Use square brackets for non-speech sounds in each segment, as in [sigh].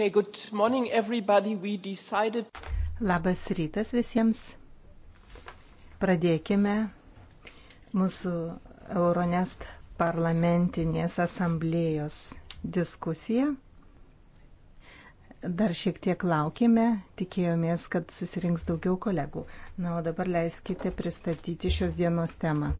Okay, good morning everybody. We decided. Labas rytas visiems. Pradėkime mūsų Euronest parlamentinės asamblėjos diskusiją. Dar šiek tiek laukime, tikėjomės, kad susirinks daugiau kolegų. Na, o dabar leiskite pristatyti šios dienos temą.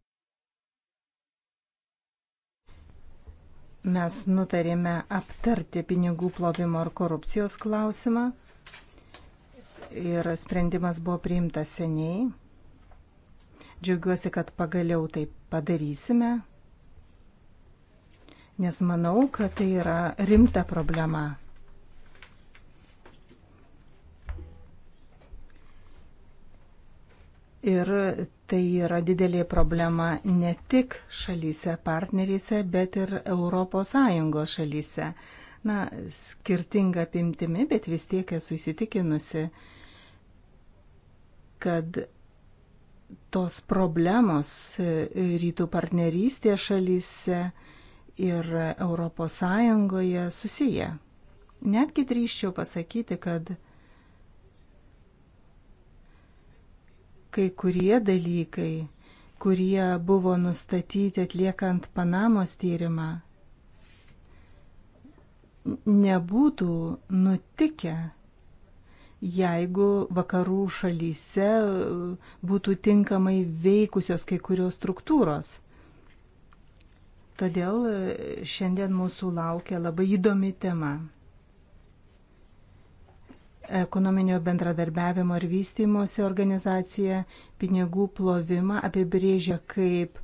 mes nutarėme aptarti pinigų plovimo ir korupcijos klausimą. Ir sprendimas buvo priimtas seniai. Džiaugiuosi, kad pagaliau tai padarysime, nes manau, kad tai yra rimta problema. Ir tai yra didelė problema ne tik šalyse partnerėse, bet ir ES šalyse. Na, skirtinga apimtimi, bet vis tiek esu įsitikinusi, kad tos problemos rytų partnerystė šalyse ir ES susiję. Netgi drįščiau pasakyti, kad kai kurie dalykai, kurie buvo nustatyti atliekant Panamos tyrimą, nebūtų nutikę, jeigu vakarų šalyse būtų tinkamai veikusios kai kurios struktūros. Todėl šiandien mūsų laukia labai įdomi tema ekonominio bendradarbiavimo ir vystymosi organizacija pinigų plovimą apibrėžia kaip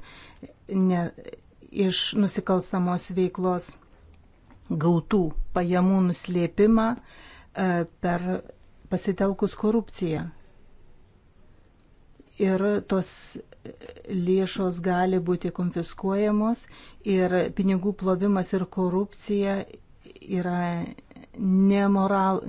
ne, iš nusikalstamos veiklos gautų pajamų nuslėpimą e, per pasitelkus korupciją. Ir tos lėšos gali būti konfiskuojamos ir pinigų plovimas ir korupcija yra nemoral,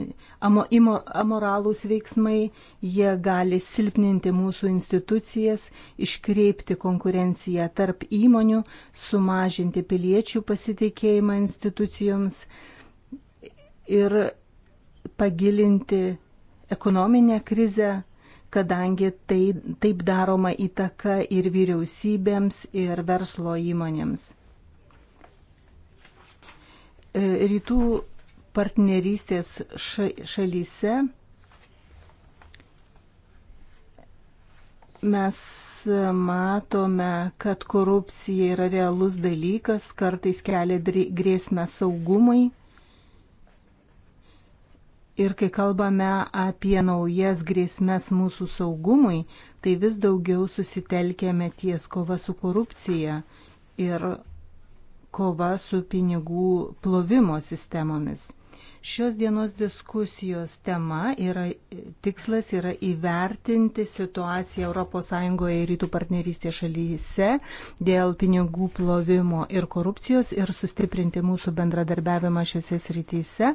amo, imo, amoralūs veiksmai, jie gali silpninti mūsų institucijas, iškreipti konkurenciją tarp įmonių, sumažinti piliečių pasitikėjimą institucijoms ir pagilinti ekonominę krizę, kadangi tai, taip daroma įtaka ir vyriausybėms, ir verslo įmonėms. E, rytų partnerystės šalyse mes matome, kad korupcija yra realus dalykas, kartais kelia grėsmę saugumui. Ir kai kalbame apie naujas grėsmės mūsų saugumui, tai vis daugiau susitelkėme ties kova su korupcija ir kova su pinigų plovimo sistemomis. Šios dienos diskusijos tema yra, tikslas yra įvertinti situaciją ES ir rytų partnerystės šalyse dėl pinigų plovimo ir korupcijos ir sustiprinti mūsų bendradarbiavimą šiuose srityse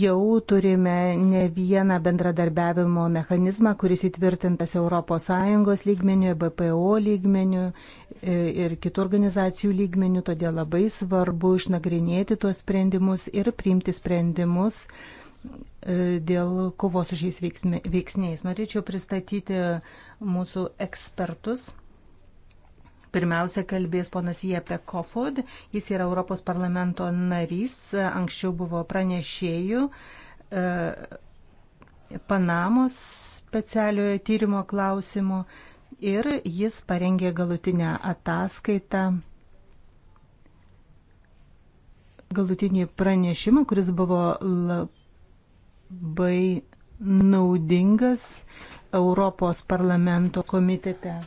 jau turime ne vieną bendradarbiavimo mechanizmą, kuris įtvirtintas ES lygmenių, BPO lygmenių e, ir kitų organizacijų lygmenių, todėl labai svarbu išnagrinėti tuos sprendimus ir priimti sprendimus e, dėl kovos su šiais veiksniais. Norėčiau pristatyti mūsų ekspertus Pirmiausia, kalbės ponas Jepe Kofod, jis yra Europos parlamento narys, anksčiau buvo pranešėjų e, Panamos specialiojo tyrimo klausimų ir jis parengė galutinę ataskaitą galutinį pranešimą, kuris buvo labai naudingas Europos parlamento komitete.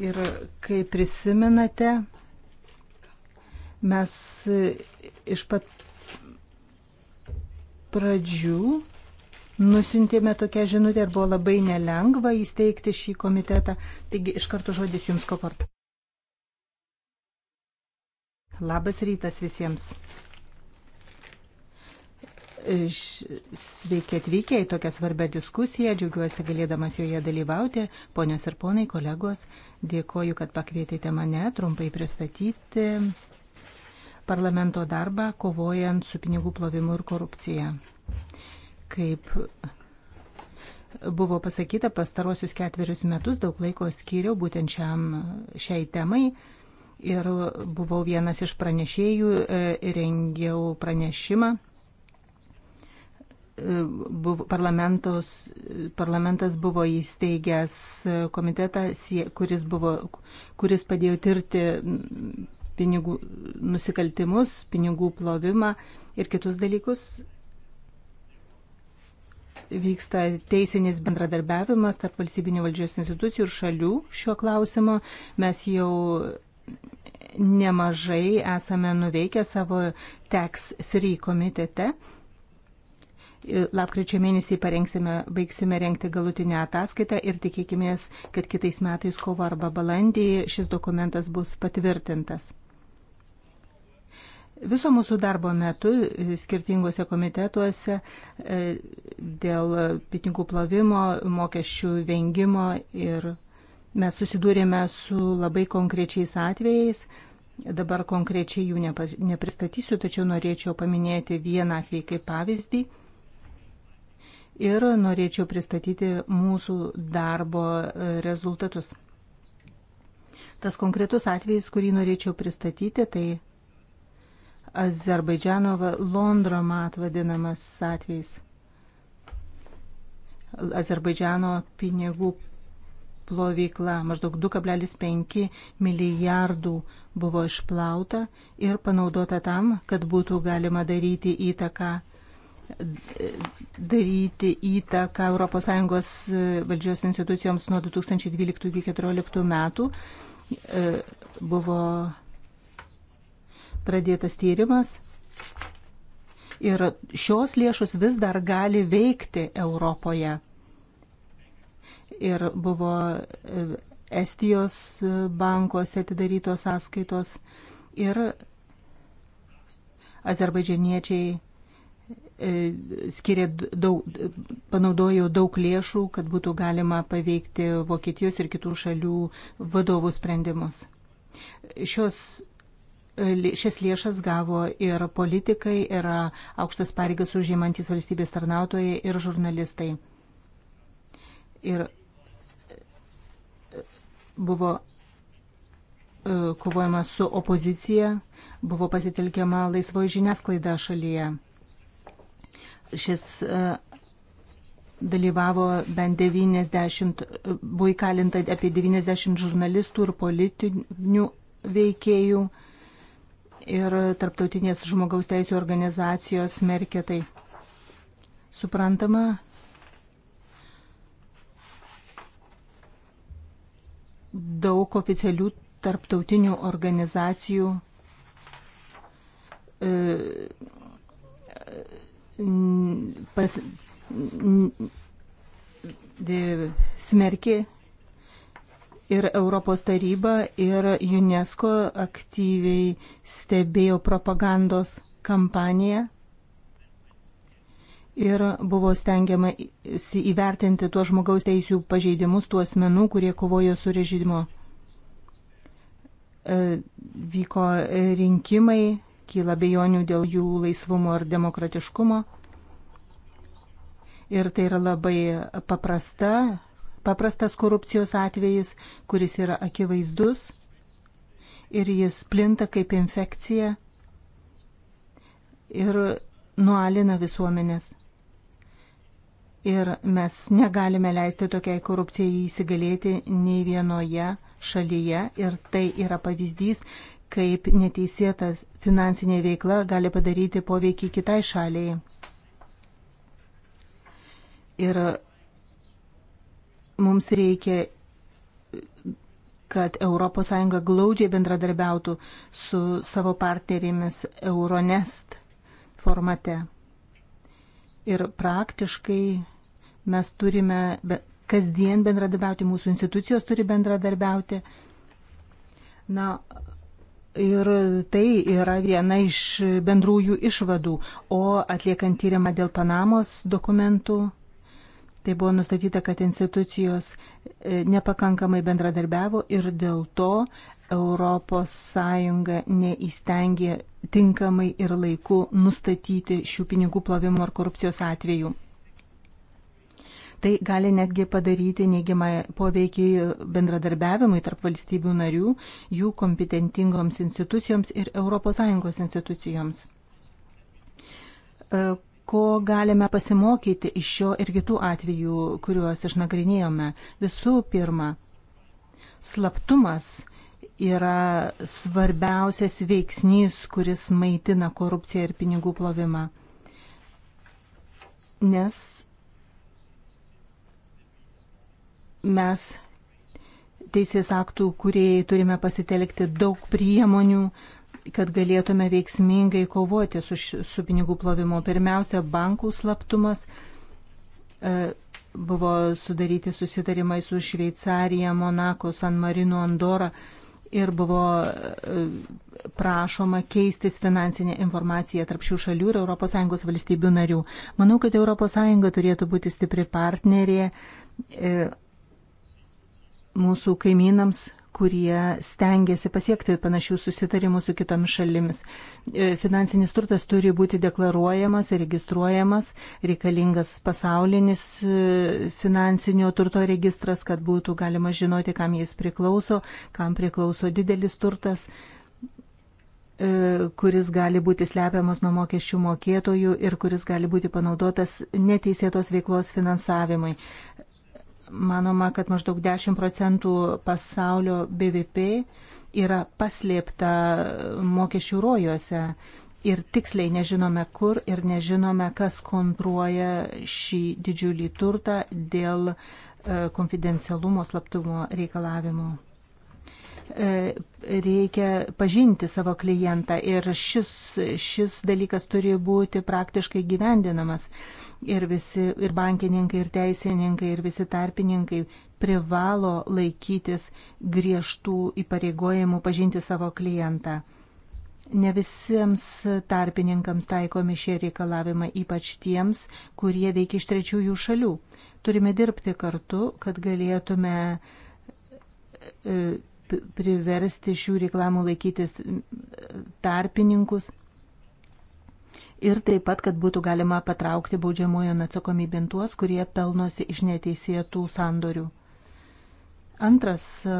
Ir kaip prisimenate, mes iš pat pradžių nusintėme tokią žinutę ir buvo labai nelengva įsteigti šį komitetą. Taigi iš karto žodis Jums, Kovart. Labas rytas visiems. Sveiki atvykę į tokią svarbę diskusiją, džiaugiuosi galėdamas joje dalyvauti. Ponios ir ponai, kolegos, dėkoju, kad pakvietėte mane trumpai pristatyti parlamento darbą, kovojant su pinigų plovimu ir korupcija. Kaip buvo pasakyta, pastarosius ketverius metus daug laiko skiriau būtent šiam, šiai temai ir buvau vienas iš pranešėjų, e, rengiau pranešimą buvo, parlamentas buvo įsteigęs komitetą, kuris, buvo, kuris padėjo tirti pinigų nusikaltimus, pinigų plovimą ir kitus dalykus. Vyksta teisinis bendradarbiavimas tarp valstybinių valdžios institucijų ir šalių šiuo klausimu. Mes jau nemažai esame nuveikę savo teks 3 komitete Lapkričio mėnesį parengsime, baigsime renkti galutinę ataskaitą ir tikėkime, kad kitais metais kovo arba balandį šis dokumentas bus patvirtintas. Viso mūsų darbo metu e, skirtingose komitetuose e, dėl pinigų plovimo, mokesčių vengimo ir mes susidūrėme su labai konkrečiais atvejais. Dabar konkrečiai jų nepristatysiu, tačiau norėčiau paminėti vieną atvejį kaip pavyzdį ir norėčiau pristatyti mūsų darbo e, rezultatus. Tas konkretus atvejis, kurį norėčiau pristatyti, tai Azerbaidžiano Londromat vadinamas atvejis. Azerbaidžiano pinigų plovykla maždaug 2,5 milijardų buvo išplauta ir panaudota tam, kad būtų galima daryti įtaką daryti įtaką ES valdžios institucijoms nuo 2012 iki 2014 metų. E, buvo pradėtas tyrimas ir šios lėšos vis dar gali veikti Europoje. Ir buvo e, Estijos bankuose atidarytos sąskaitos ir azerbaidžianiečiai E, skiria daug, panaudojo daug lėšų, kad būtų galima paveikti Vokietijos ir kitų šalių vadovų sprendimus. Šios e, Šias lėšas gavo ir politikai, ir aukštas pareigas užimantis valstybės tarnautojai ir žurnalistai. Ir e, buvo kovojama su opozicija, buvo pasitelkiama laisvoji žiniasklaida šalyje Šis e, dalyvavo bent 90, buvo įkalinta apie 90 žurnalistų ir politinių veikėjų ir tarptautinės žmogaus teisų organizacijos smerkė tai. Suprantama, daug oficialių tarptautinių organizacijų e, pas, smerkė ir Europos taryba, ir UNESCO aktyviai stebėjo propagandos kampaniją ir buvo stengiama įvertinti tuos žmogaus teisų pažeidimus, tų asmenų, kurie kovojo su režimu. E, vyko rinkimai kyla bejonių dėl jų laisvumo ir demokratiškumo. Ir tai yra labai paprasta, paprastas korupcijos atvejis, kuris yra akivaizdus ir jis plinta kaip infekcija ir nualina visuomenės. Ir mes negalime leisti tokiai korupcijai įsigalėti nei vienoje šalyje ir tai yra pavyzdys, kaip neteisėtas finansinė veikla gali padaryti poveikį kitai šaliai. Ir mums reikia, kad ES glaudžiai bendradarbiautų su savo partnerėmis Euronest formate. Ir praktiškai mes turime kasdien bendradarbiauti, mūsų institucijos turi bendradarbiauti. Na, Ir tai yra viena iš bendrųjų išvadų. O atliekant tyrimą dėl Panamos dokumentų, tai buvo nustatyta, kad institucijos e, nepakankamai bendradarbiavo ir dėl to ES neįstengė tinkamai ir laiku nustatyti šių pinigų plovimo ar korupcijos atvejų. Tai gali netgi padaryti neigiamą poveikį bendradarbiavimui tarp valstybių narių, jų kompetentingoms institucijoms ir ES institucijoms. E, ko galime pasimokyti iš šio ir kitų atvejų, kuriuos išnagrinėjome? Visų pirma, slaptumas yra svarbiausias veiksnys, kuris maitina korupciją ir pinigų plovimą. Nes mes teisės aktų, kuriai turime pasitelkti daug priemonių, kad galėtume veiksmingai kovoti su, su pinigų plovimu. Pirmiausia, bankų slaptumas e, buvo sudaryti susitarimai su Šveicarija, Monako, San Marino, Andora ir buvo e, prašoma keistis finansinė informacija tarp šių šalių ir ES valstybių narių. Manau, kad ES turėtų būti stipri partnerė e, mūsų kaimynams, kurie stengiasi pasiekti panašių susitarimų su kitomis šalimis. E, finansinis turtas turi būti deklaruojamas ir registruojamas, reikalingas pasaulinis e, finansinio turto registras, kad būtų galima žinoti, kam jis priklauso, kam priklauso didelis turtas e, kuris gali būti slepiamas nuo mokesčių mokėtojų ir kuris gali būti panaudotas neteisėtos veiklos finansavimui manoma, kad maždaug 10 procentų pasaulio BVP yra paslėpta mokesčių rojuose ir tiksliai nežinome kur ir nežinome, kas kontruoja šį didžiulį turtą dėl e, konfidencialumo slaptumo reikalavimo. E, reikia pažinti savo klientą ir šis, šis dalykas turi būti praktiškai gyvendinamas ir visi, ir bankininkai, ir teisininkai, ir visi tarpininkai privalo laikytis griežtų įpareigojimų pažinti savo klientą. Ne visiems tarpininkams taikomi šie reikalavimai, ypač tiems, kurie veikia iš trečiųjų šalių. Turime dirbti kartu, kad galėtume e, priversti šių reklamų laikytis tarpininkus ir taip pat, kad būtų galima patraukti baudžiamojo atsakomybėn tuos, kurie pelnosi iš neteisėtų sandorių. Antras, e,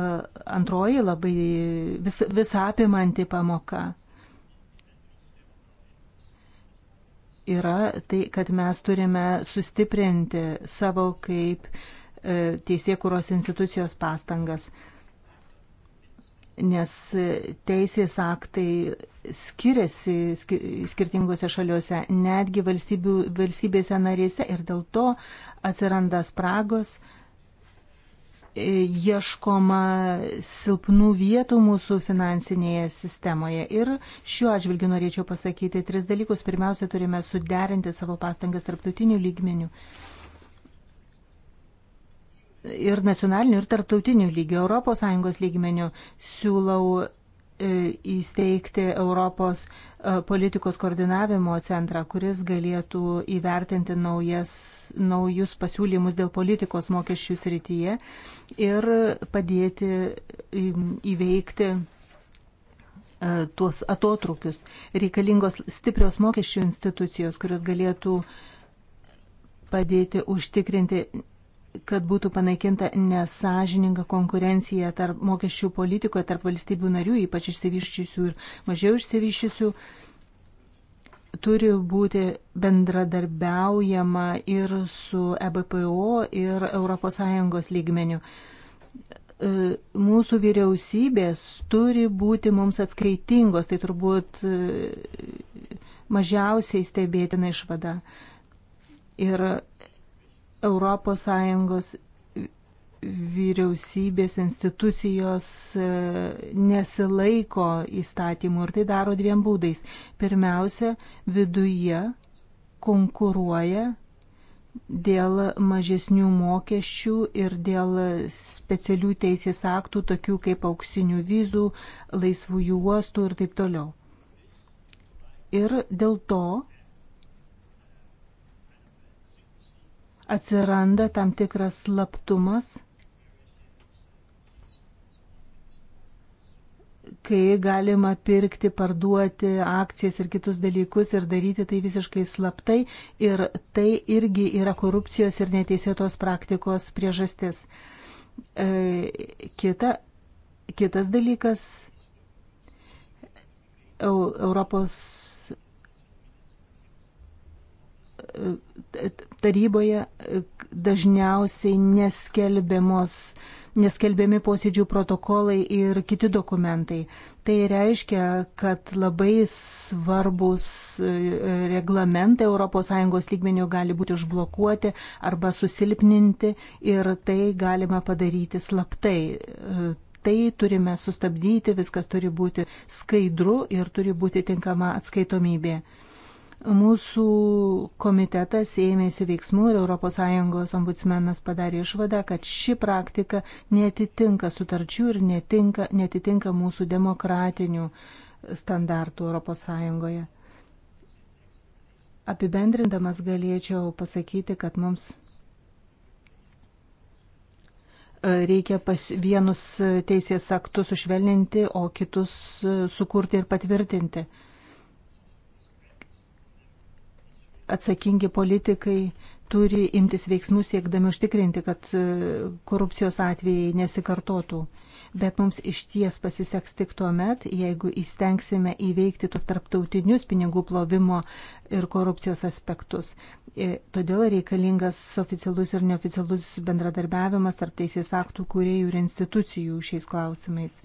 antroji labai vis, visapimanti pamoka yra tai, kad mes turime sustiprinti savo kaip e, teisėkuros institucijos pastangas nes teisės aktai skiriasi skirtingose šaliuose, netgi valstybėse narėse ir dėl to atsiranda spragos, e, ieškoma silpnų vietų mūsų finansinėje sistemoje. Ir šiuo atžvilgiu norėčiau pasakyti tris dalykus. Pirmiausia, turime suderinti savo pastangas tarptautinių lygmenių ir nacionaliniu, ir tarptautiniu lygiu, ES lygmeniu siūlau e, įsteigti Europos e, politikos koordinavimo centrą, kuris galėtų įvertinti naujas, naujus pasiūlymus dėl politikos mokesčių srityje ir padėti įveikti e, tuos atotrukius. Reikalingos stiprios mokesčių institucijos, kurios galėtų padėti užtikrinti kad būtų panaikinta nesažininga konkurencija tarp mokesčių politikoje, tarp valstybių narių, ypač išsivyščiusių ir mažiau išsivyščiusių, turi būti bendradarbiaujama ir su EBPO, ir ES lygmeniu. E, mūsų vyriausybės turi būti mums atskaitingos, tai turbūt e, mažiausiai stebėtina išvada. Ir ES vyriausybės institucijos e, nesilaiko įstatymų ir tai daro dviem būdais. Pirmiausia, viduje konkuruoja dėl mažesnių mokesčių ir dėl specialių teisės aktų, tokių kaip auksinių vizų, laisvųjų uostų ir taip toliau. Ir dėl to atsiranda tam tikras slaptumas, kai galima pirkti, parduoti akcijas ir kitus dalykus ir daryti tai visiškai slaptai ir tai irgi yra korupcijos ir neteisėtos praktikos priežastis. E, kita, kitas dalykas Europos taryboje dažniausiai neskelbiamos, neskelbiami posėdžių protokolai ir kiti dokumentai. Tai reiškia, kad labai svarbus e, reglamentai ES lygmenių gali būti užblokuoti arba susilpninti ir tai galima padaryti slaptai e, tai turime sustabdyti, viskas turi būti skaidru ir turi būti tinkama atskaitomybė. Mūsų komitetas ėmėsi veiksmų ir ES ombudsmenas padarė išvadą, kad ši praktika netitinka sutarčių ir netinka, netitinka mūsų demokratinių standartų ES. Apibendrindamas galėčiau pasakyti, kad mums e, reikia pas, vienus teisės aktus sušvelninti, o kitus e, sukurti ir patvirtinti. atsakingi politikai turi imtis veiksmų siekdami užtikrinti, kad e, korupcijos atvejai nesikartotų. Bet mums iš ties pasiseks tik tuo met, jeigu įstengsime įveikti tuos tarptautinius pinigų plovimo ir korupcijos aspektus. E, todėl reikalingas oficialus ir neoficialus bendradarbiavimas tarp teisės aktų kuriejų ir institucijų šiais klausimais.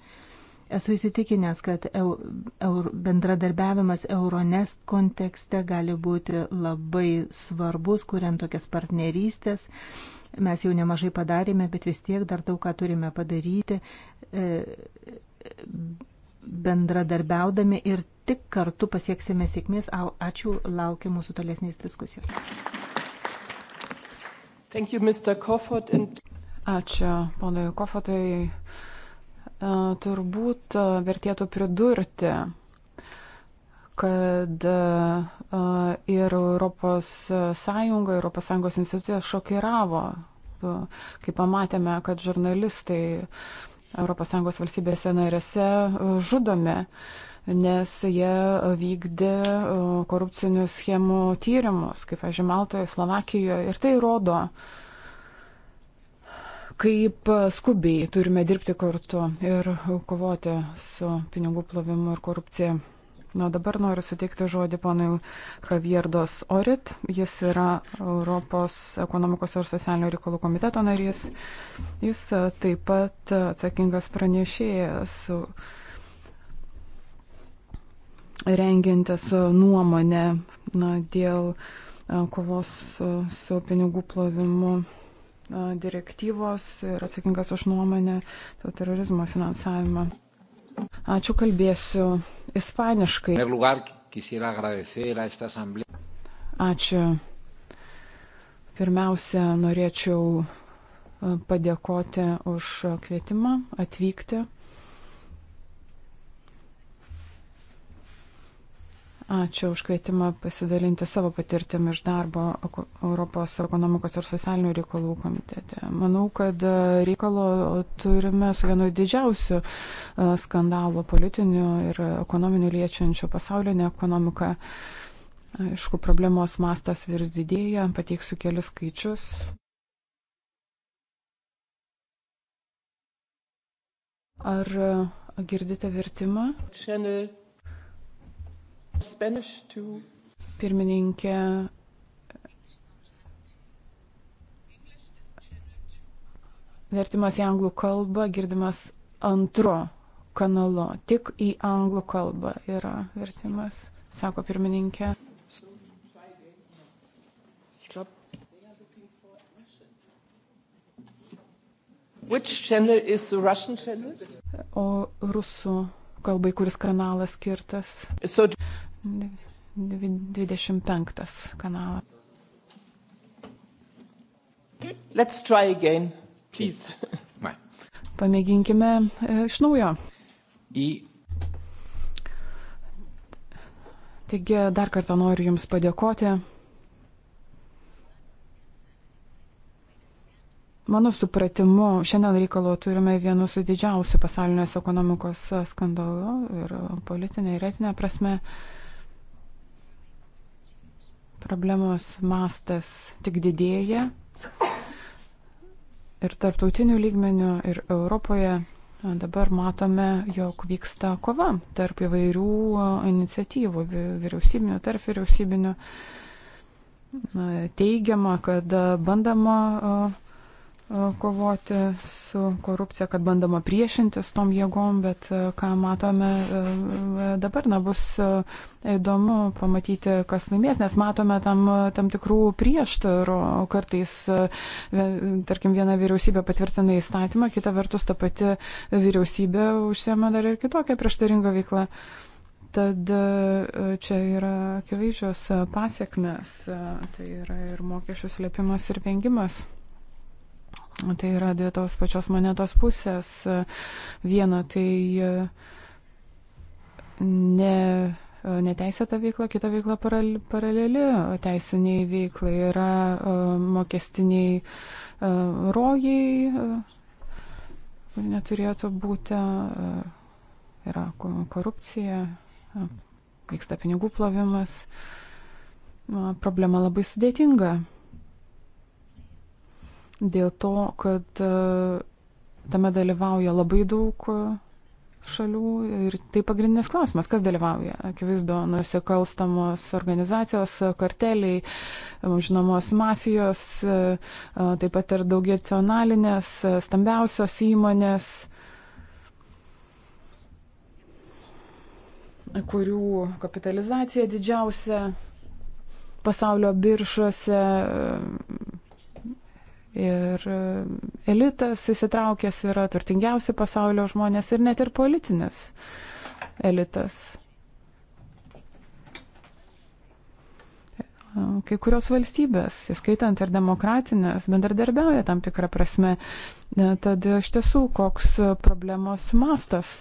Esu įsitikinęs, kad eur, eur, bendradarbiavimas Euronest kontekste gali būti labai svarbus, kuriant tokias partnerystės. Mes jau nemažai padarėme, bet vis tiek dar daug ką turime padaryti e, bendradarbiaudami ir tik kartu pasieksime sėkmės. Ačiū, laukia mūsų tolesnės diskusijos. Thank you, Mr. Kofod. And... Ačiū, ponui Kofodai turbūt vertėtų pridurti, kad ir Europos Sąjunga, Europos Sąjungos institucijos šokiravo, kai pamatėme, kad žurnalistai Europos Sąjungos valstybėse narėse žudomi, nes jie vykdė korupcinių schemų tyrimus, kaip, pažiūrėjau, Maltoje, Slovakijoje. Ir tai rodo, kaip e, skubiai turime dirbti kartu ir kovoti su pinigų plovimu ir korupcija. Na, dabar noriu suteikti žodį ponui Javierdos Orit. Jis yra Europos ekonomikos ir socialinio reikalų komiteto narys. Jis e, taip pat atsakingas pranešėjas rengiantis nuomonę na, dėl e, kovos su pinigų plovimu direktyvos ir atsakingas už nuomonę dėl terorizmo finansavimą. Ačiū, kalbėsiu ispaniškai. Ačiū. Pirmiausia, norėčiau padėkoti už kvietimą atvykti Ačiū už kvietimą pasidalinti savo patirtim iš darbo Europos ekonomikos ir socialinių reikalų komitete. Manau, kad e, reikalo turime su vienu didžiausių e, skandalų politinių ir ekonominių liečiančių pasaulinę ekonomiką. Aišku, problemos mastas vis didėja, pateiksiu kelius skaičius. Ar e, girdite vertimą? Channel. Pirmininkė. Vertimas į anglų kalbą girdimas antro kanalu. Tik į anglų kalbą yra vertimas, sako pirmininkė. O rusų kalbai, kuris kanalas skirtas. 25 kanalas. Let's try again, please. [laughs] Pamėginkime e, iš naujo. Į. Taigi dar kartą noriu Jums padėkoti. Mano supratimu, šiandien reikalo turime vienu su didžiausiu pasaulinės ekonomikos skandalu ir politinė ir etinė prasme. Problemos mastas tik didėja ir tarptautinių lygmenių, ir Europoje dabar matome, jog vyksta kova tarp įvairių iniciatyvų, vyriausybinių, tarp vyriausybinių. Teigiama, kad bandama E, kovoti su korupcija, kad bandoma priešintis tom jėgom, bet e, ką matome e, dabar, na, bus įdomu pamatyti, kas laimės, nes matome tam, tam tikrų prieštarų. Kartais, tarkim, viena vyriausybė patvirtina įstatymą, kita vertus ta pati vyriausybė užsiema dar ir kitokią prieštaringą veiklą. Tad čia yra akivaizdžios pasiekmes, tai yra ir mokesčių slėpimas ir vengimas. Tai yra dvi tos pačios monetos pusės. Viena tai e, ne e, neteisėta veikla, kita veikla paraleli teisiniai veiklai yra e, mokestiniai rojai, neturėtų būti, yra korupcija, vyksta pinigų plovimas. Problema labai sudėtinga dėl to, kad e, tame dalyvauja labai daug e, šalių ir tai pagrindinis klausimas, kas dalyvauja. Akivaizdu, nusikalstamos organizacijos, karteliai, e, žinomos mafijos, taip pat ir daugiacionalinės, stambiausios įmonės, kurių kapitalizacija didžiausia pasaulio biržose ir e, elitas įsitraukęs yra, turtingiausi pasaulio žmonės ir net ir politinis elitas. E, kai kurios valstybės, įskaitant ir demokratinės, bendradarbiauja tam tikrą prasme. E, tad iš tiesų, koks problemos mastas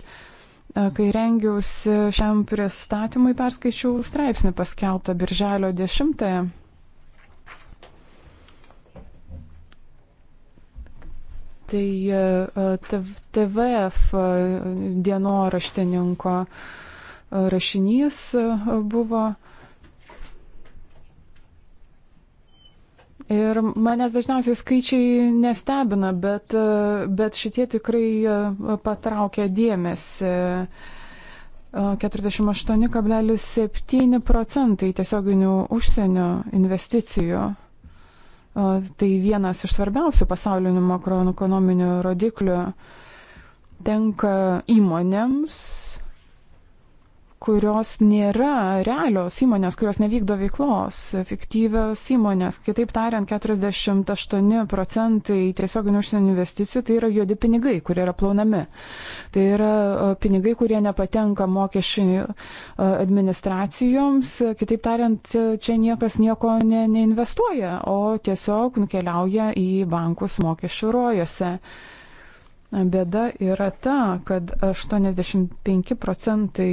kai rengiausi šiam pristatymui, perskaičiau straipsnį paskelbtą Birželio 10-ąją tai e, TVF e, dienoraštininko e, rašinys buvo. Ir manęs dažniausiai skaičiai nestebina, bet, bet šitie tikrai patraukia dėmesį. 48,7 procentai tiesioginių užsienio investicijų Tai vienas iš svarbiausių pasaulinių makroekonominių rodiklių tenka įmonėms kurios nėra realios įmonės, kurios nevykdo veiklos, fiktyvios įmonės. Kitaip tariant, 48 procentai tiesioginių užsienio investicijų tai yra juodi pinigai, kurie yra plaunami. Tai yra e, pinigai, kurie nepatenka mokesčių e, administracijoms. Kitaip tariant, čia niekas nieko ne, neinvestuoja, o tiesiog nukeliauja į bankus mokesčių rojose. Bėda yra ta, kad 85 procentai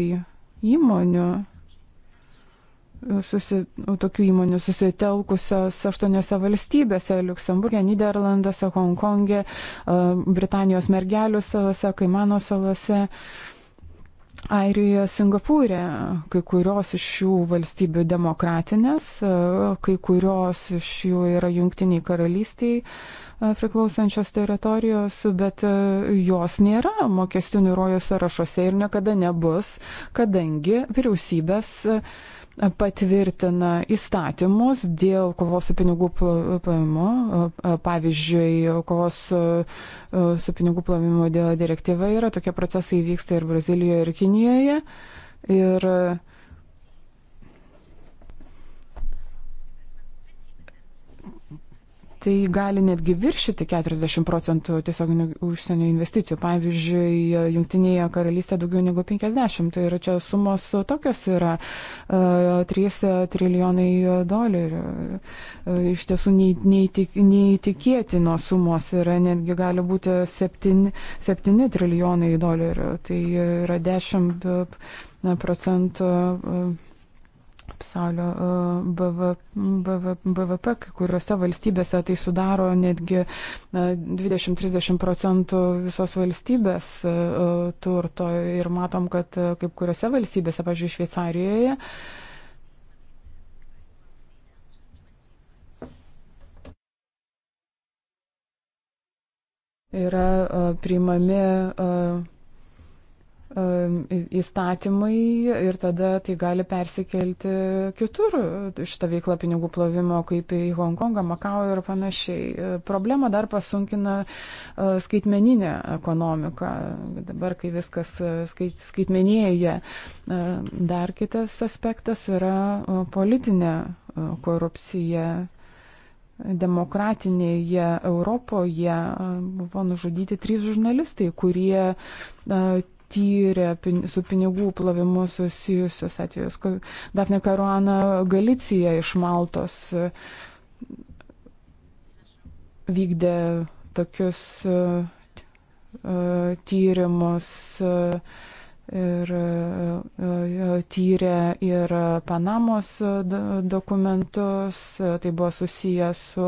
įmonių susi, tokių įmonių susitelkusios aštuoniose valstybėse - Luksemburgė, Niderlanduose, Hongkongė, Britanijos mergelių salose, Kaimano salose. Uh, Airijoje, Singapūrė, kai kurios iš šių valstybių demokratinės, e, kai kurios iš jų yra jungtiniai karalystiai e, priklausančios teritorijos, bet e, jos nėra mokestinių rojų sąrašuose ir niekada nebus, kadangi vyriausybės patvirtina įstatymus dėl kovos su pinigų plovimu. Pavyzdžiui, kovos su pinigų plovimu dėl direktyva yra, tokie procesai vyksta ir Brazilijoje, ir Kinijoje. Ir uh, tai gali netgi viršyti 40 procentų tiesioginių užsienio investicijų. Pavyzdžiui, Junktinėje karalystėje daugiau negu 50. Tai yra čia sumos tokios yra 3 e, trilijonai dolerių. E, iš tiesų neįtik, neįtikėtinos sumos yra netgi gali būti 7, 7 trilijonai dolerių. Tai yra 10 e, procentų pasaulio e, BVP, kai kuriuose valstybėse tai sudaro netgi 20-30 procentų visos valstybės e, turto ir matom, kad e, kaip kuriuose valstybėse, pažiūrėjau, Šveicarijoje, yra priimami įstatymai ir tada tai gali persikelti kitur šitą veiklą pinigų plovimo, kaip į Hongkongą, Makao ir panašiai. E, Problemą dar pasunkina e, skaitmeninė ekonomika. Dabar, kai viskas e, skait, skaitmenėja, dar kitas aspektas yra politinė korupcija demokratinėje Europoje buvo nužudyti trys žurnalistai, kurie tyrė su pinigų plovimu susijusius atvejus. Dafne Karuana Galicija iš Maltos e, vykdė tokius e, e, tyrimus ir tyrė ir Panamos dokumentus, tai buvo susiję su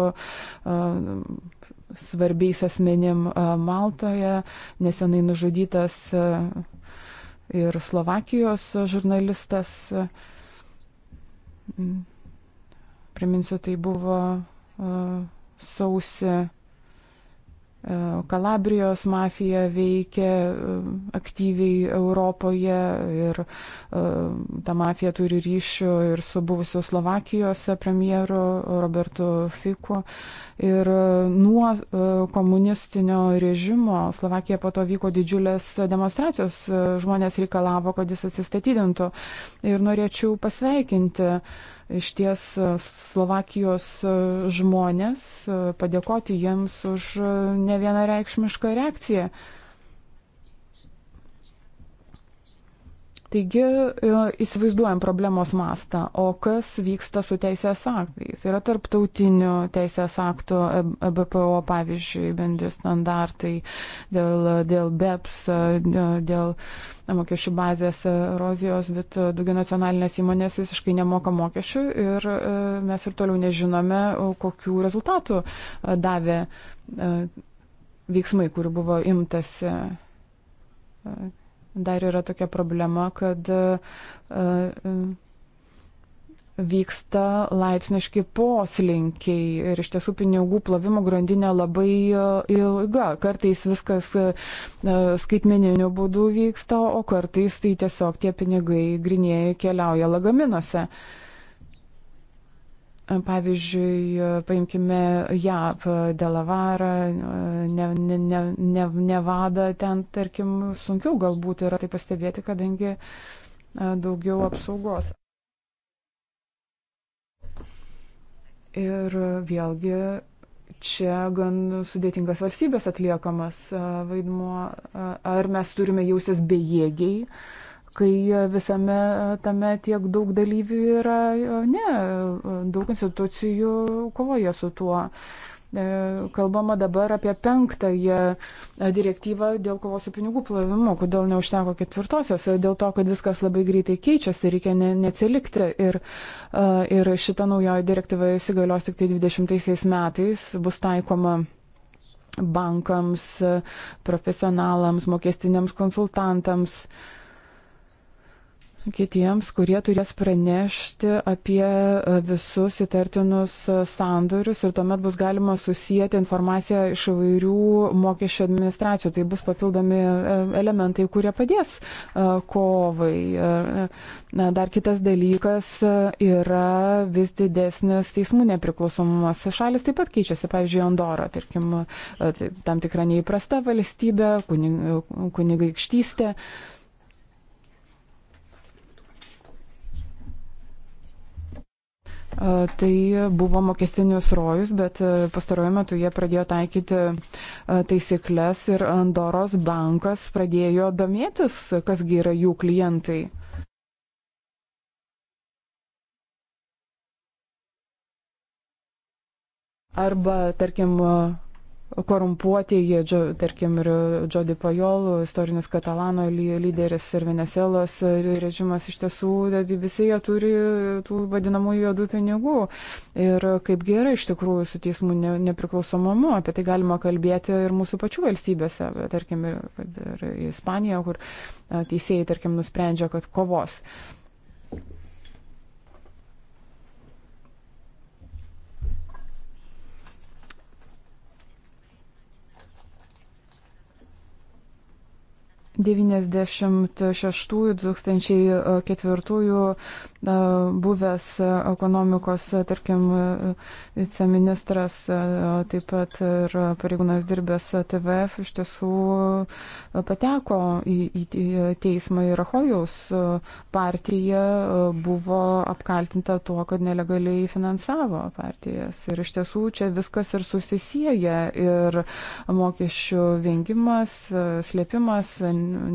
svarbiais asmenim Maltoje, nesenai nužudytas ir Slovakijos žurnalistas. Mm. Priminsiu, tai buvo sausi Kalabrijos mafija veikia e, aktyviai Europoje ir e, ta mafija turi ryšių ir su buvusiu Slovakijos premjeru Robertu Fiku. Ir e, nuo komunistinio režimo Slovakija po to vyko didžiulės demonstracijos, žmonės reikalavo, kad jis atsistatydintų. Ir norėčiau pasveikinti iš ties e, Slovakijos e, žmonės, e, padėkoti jiems už nevienareikšmišką reakciją Taigi e, įsivaizduojam problemos mastą, o kas vyksta su teisės aktais. Yra tarptautinių teisės aktų e, e BPO, pavyzdžiui, bendri standartai dėl, dėl BEPS, dėl, dėl mokesčių bazės erozijos, bet daugia nacionalinės įmonės visiškai nemoka mokesčių ir mes ir toliau nežinome, kokių rezultatų davė veiksmai, kurių buvo imtasi dar yra tokia problema, kad e, e, vyksta laipsniški poslinkiai ir iš tiesų pinigų plovimo grandinė labai e, ilga. Kartais viskas skaitmeniniu būdu vyksta, o kartais tai tiesiog tie pinigai grinėjai keliauja lagaminuose. Uh, Pavyzdžiui, paimkime JAP, Delavarą, Nevada, ne, ne, ne, ne ten, tarkim, sunkiau galbūt yra tai pastebėti, kadangi daugiau apsaugos. Ir vėlgi čia gan sudėtingas valstybės atliekamas vaidmuo, ar mes turime jausis bejėgiai, uh, kai visame tame tiek daug dalyvių yra, ne, daug institucijų kovoja su tuo. E, kalbama dabar apie penktąją direktyvą dėl kovos su pinigų plovimu. Kodėl neužteko ketvirtosios? Dėl to, kad viskas labai greitai keičiasi, reikia ne, neatsilikti. Ir, e, ir šita naujoji direktyva įsigalios tik tai 20 metais, bus taikoma bankams, profesionalams, mokestiniams konsultantams. Uh, kitiems, kurie turės pranešti apie e, visus įtartinus e, sandorius ir tuomet bus galima susijęti informaciją iš įvairių mokesčių administracijų. Tai bus papildomi e, elementai, kurie padės kovai. Na, dar kitas dalykas yra vis didesnis teismų nepriklausomumas. Šalis taip pat keičiasi, pavyzdžiui, Andorą, tarkim, tai tam tikra neįprasta valstybė, kunig, kunigaikštystė. Kuning tai buvo mokestinius rojus, bet e, pastaruoju metu jie pradėjo taikyti e, taisyklės ir Andoros bankas pradėjo domėtis, kasgi yra jų klientai. Arba, tarkim, korumpuotieji, tarkim, ir Jody Pajol, istorinis katalano lyderis ir Venezuelos režimas iš tiesų, visi jie turi tų vadinamųjų juodų pinigų. Ir kaip gerai iš tikrųjų su teismų nepriklausomumu, apie tai galima kalbėti ir mūsų pačių valstybėse, tarkim, ir, ir Ispanija, kur teisėjai, tarkim, nusprendžia, kad kovos. Uh, 96-2004 buvęs ekonomikos, tarkim, viceministras, taip pat ir pareigūnas dirbęs TVF, iš tiesų pateko į, į, į teismą ir Ahojaus partija buvo apkaltinta tuo, kad nelegaliai finansavo partijas. Ir iš tiesų čia viskas ir susisieja. Ir mokesčių vengimas, slėpimas,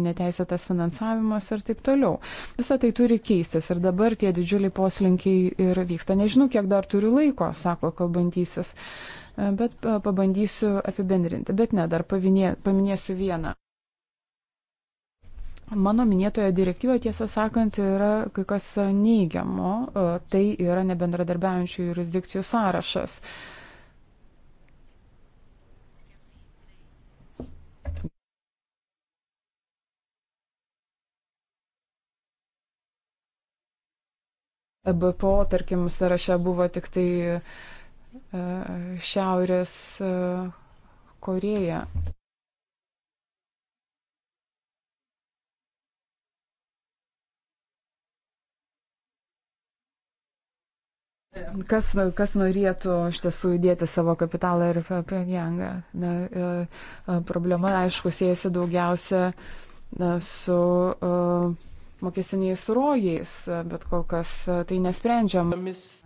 neteisėtas finansavimas ir taip toliau. Visą tai turi keistis ir dabar tie didžiuliai poslinkiai ir vyksta. Nežinau, kiek dar turiu laiko, sako kalbantysis, bet pabandysiu apibendrinti. Bet ne, dar pavinė, paminėsiu vieną. Mano minėtoje direktyvoje, tiesą sakant, yra kai kas neigiamo, tai yra nebendradarbiaujančių jurisdikcijų sąrašas. Uh, EBPO, tarkim, sąraše buvo tik tai e, Šiaurės e, Koreja. Kas, kas norėtų iš tiesų įdėti savo kapitalą ir Pyongyangą? Na, e, problema, aišku, siejasi daugiausia na, su uh, mokesiniais rojais, bet kol kas e, tai nesprendžiam.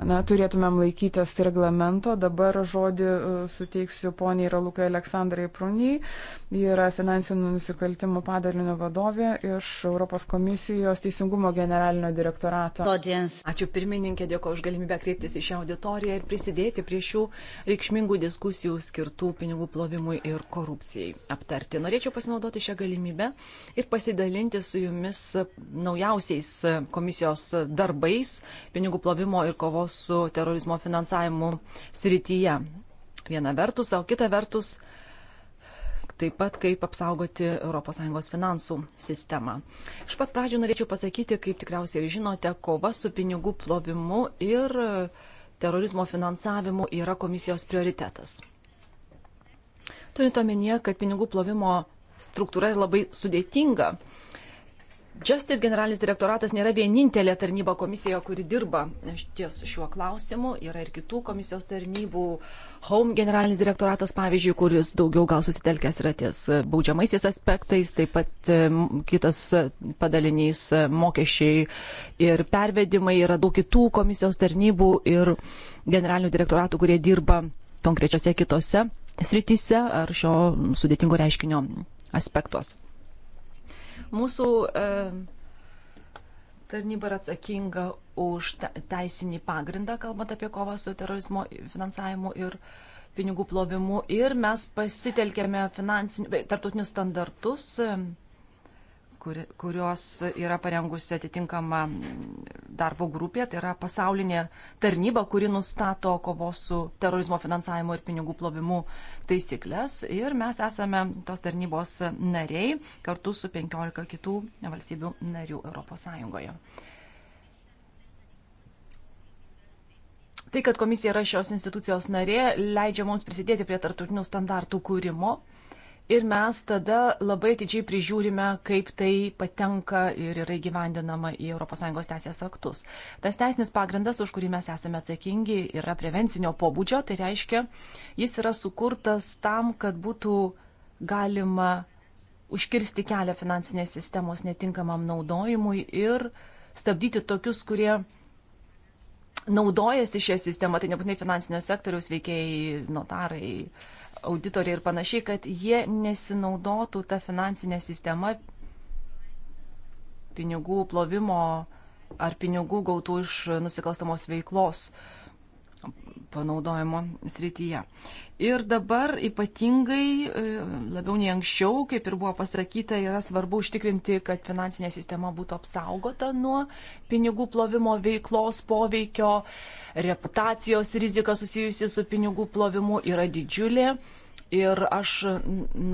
Na, turėtumėm laikytis tai reglamento. Dabar žodį e, suteiksiu poniai Ralukai Aleksandrai Pruniai. Ji yra finansinių nusikaltimų padalinio vadovė iš Europos komisijos teisingumo generalinio direktorato. Ačiū pirmininkė, dėkoju už galimybę kreiptis į šią auditoriją ir prisidėti prie šių reikšmingų diskusijų skirtų pinigų plovimui ir korupcijai aptarti. Norėčiau pasinaudoti šią galimybę ir pasidalinti su jumis naujausiais e, komisijos darbais pinigų plovimo ir kovos su terorizmo finansavimu srityje. Viena vertus, o kita vertus, taip pat kaip apsaugoti ES finansų sistemą. Iš pat pradžių norėčiau pasakyti, kaip tikriausiai ir žinote, kova su pinigų plovimu ir terorizmo finansavimu yra komisijos prioritetas. Turint omenyje, kad pinigų plovimo struktūra yra labai sudėtinga, Justice generalinis direktoratas nėra vienintelė tarnyba komisijoje, kuri dirba ties šiuo klausimu. Yra ir kitų komisijos tarnybų. Home generalinis direktoratas, pavyzdžiui, kuris daugiau gal susitelkęs yra ties baudžiamaisiais aspektais, taip pat e, kitas padalinys e, mokesčiai ir pervedimai. Yra daug kitų komisijos tarnybų ir generalinių direktoratų, kurie dirba konkrečiose kitose srityse ar šio sudėtingo reiškinio aspektuose. Mūsų e, tarnyba yra atsakinga už teisinį pagrindą, kalbant apie kovą su terorizmo finansavimu ir pinigų plovimu. Ir mes pasitelkėme tarptautinius standartus, kuri, kurios yra parengusi atitinkama darbo grupė, tai yra pasaulinė tarnyba, kuri nustato kovos su terorizmo finansavimu ir pinigų plovimu taisyklės. Ir mes esame tos tarnybos nariai kartu su 15 kitų valstybių narių ES. Tai, kad komisija yra šios institucijos narė, leidžia mums prisidėti prie tartutinių standartų kūrimo ir mes tada labai didžiai prižiūrime, kaip tai patenka ir yra įgyvendinama į ES teisės aktus. Tas teisinis pagrindas, už kurį mes esame atsakingi, yra prevencinio pobūdžio, tai reiškia, jis yra sukurtas tam, kad būtų galima užkirsti kelią finansinės sistemos netinkamam naudojimui ir stabdyti tokius, kurie naudojasi šią sistemą, tai nebūtinai finansinio sektoriaus veikėjai, notarai, uh, auditoriai ir panašiai, kad jie nesinaudotų tą finansinę sistemą pinigų plovimo ar pinigų gautų iš nusikalstamos veiklos uh, panaudojimo srityje. Ir dabar ypatingai, e, labiau nei anksčiau, kaip ir buvo pasakyta, yra svarbu užtikrinti, kad finansinė sistema būtų apsaugota nuo pinigų plovimo veiklos poveikio, reputacijos rizika susijusi su pinigų plovimu yra didžiulė. Ir aš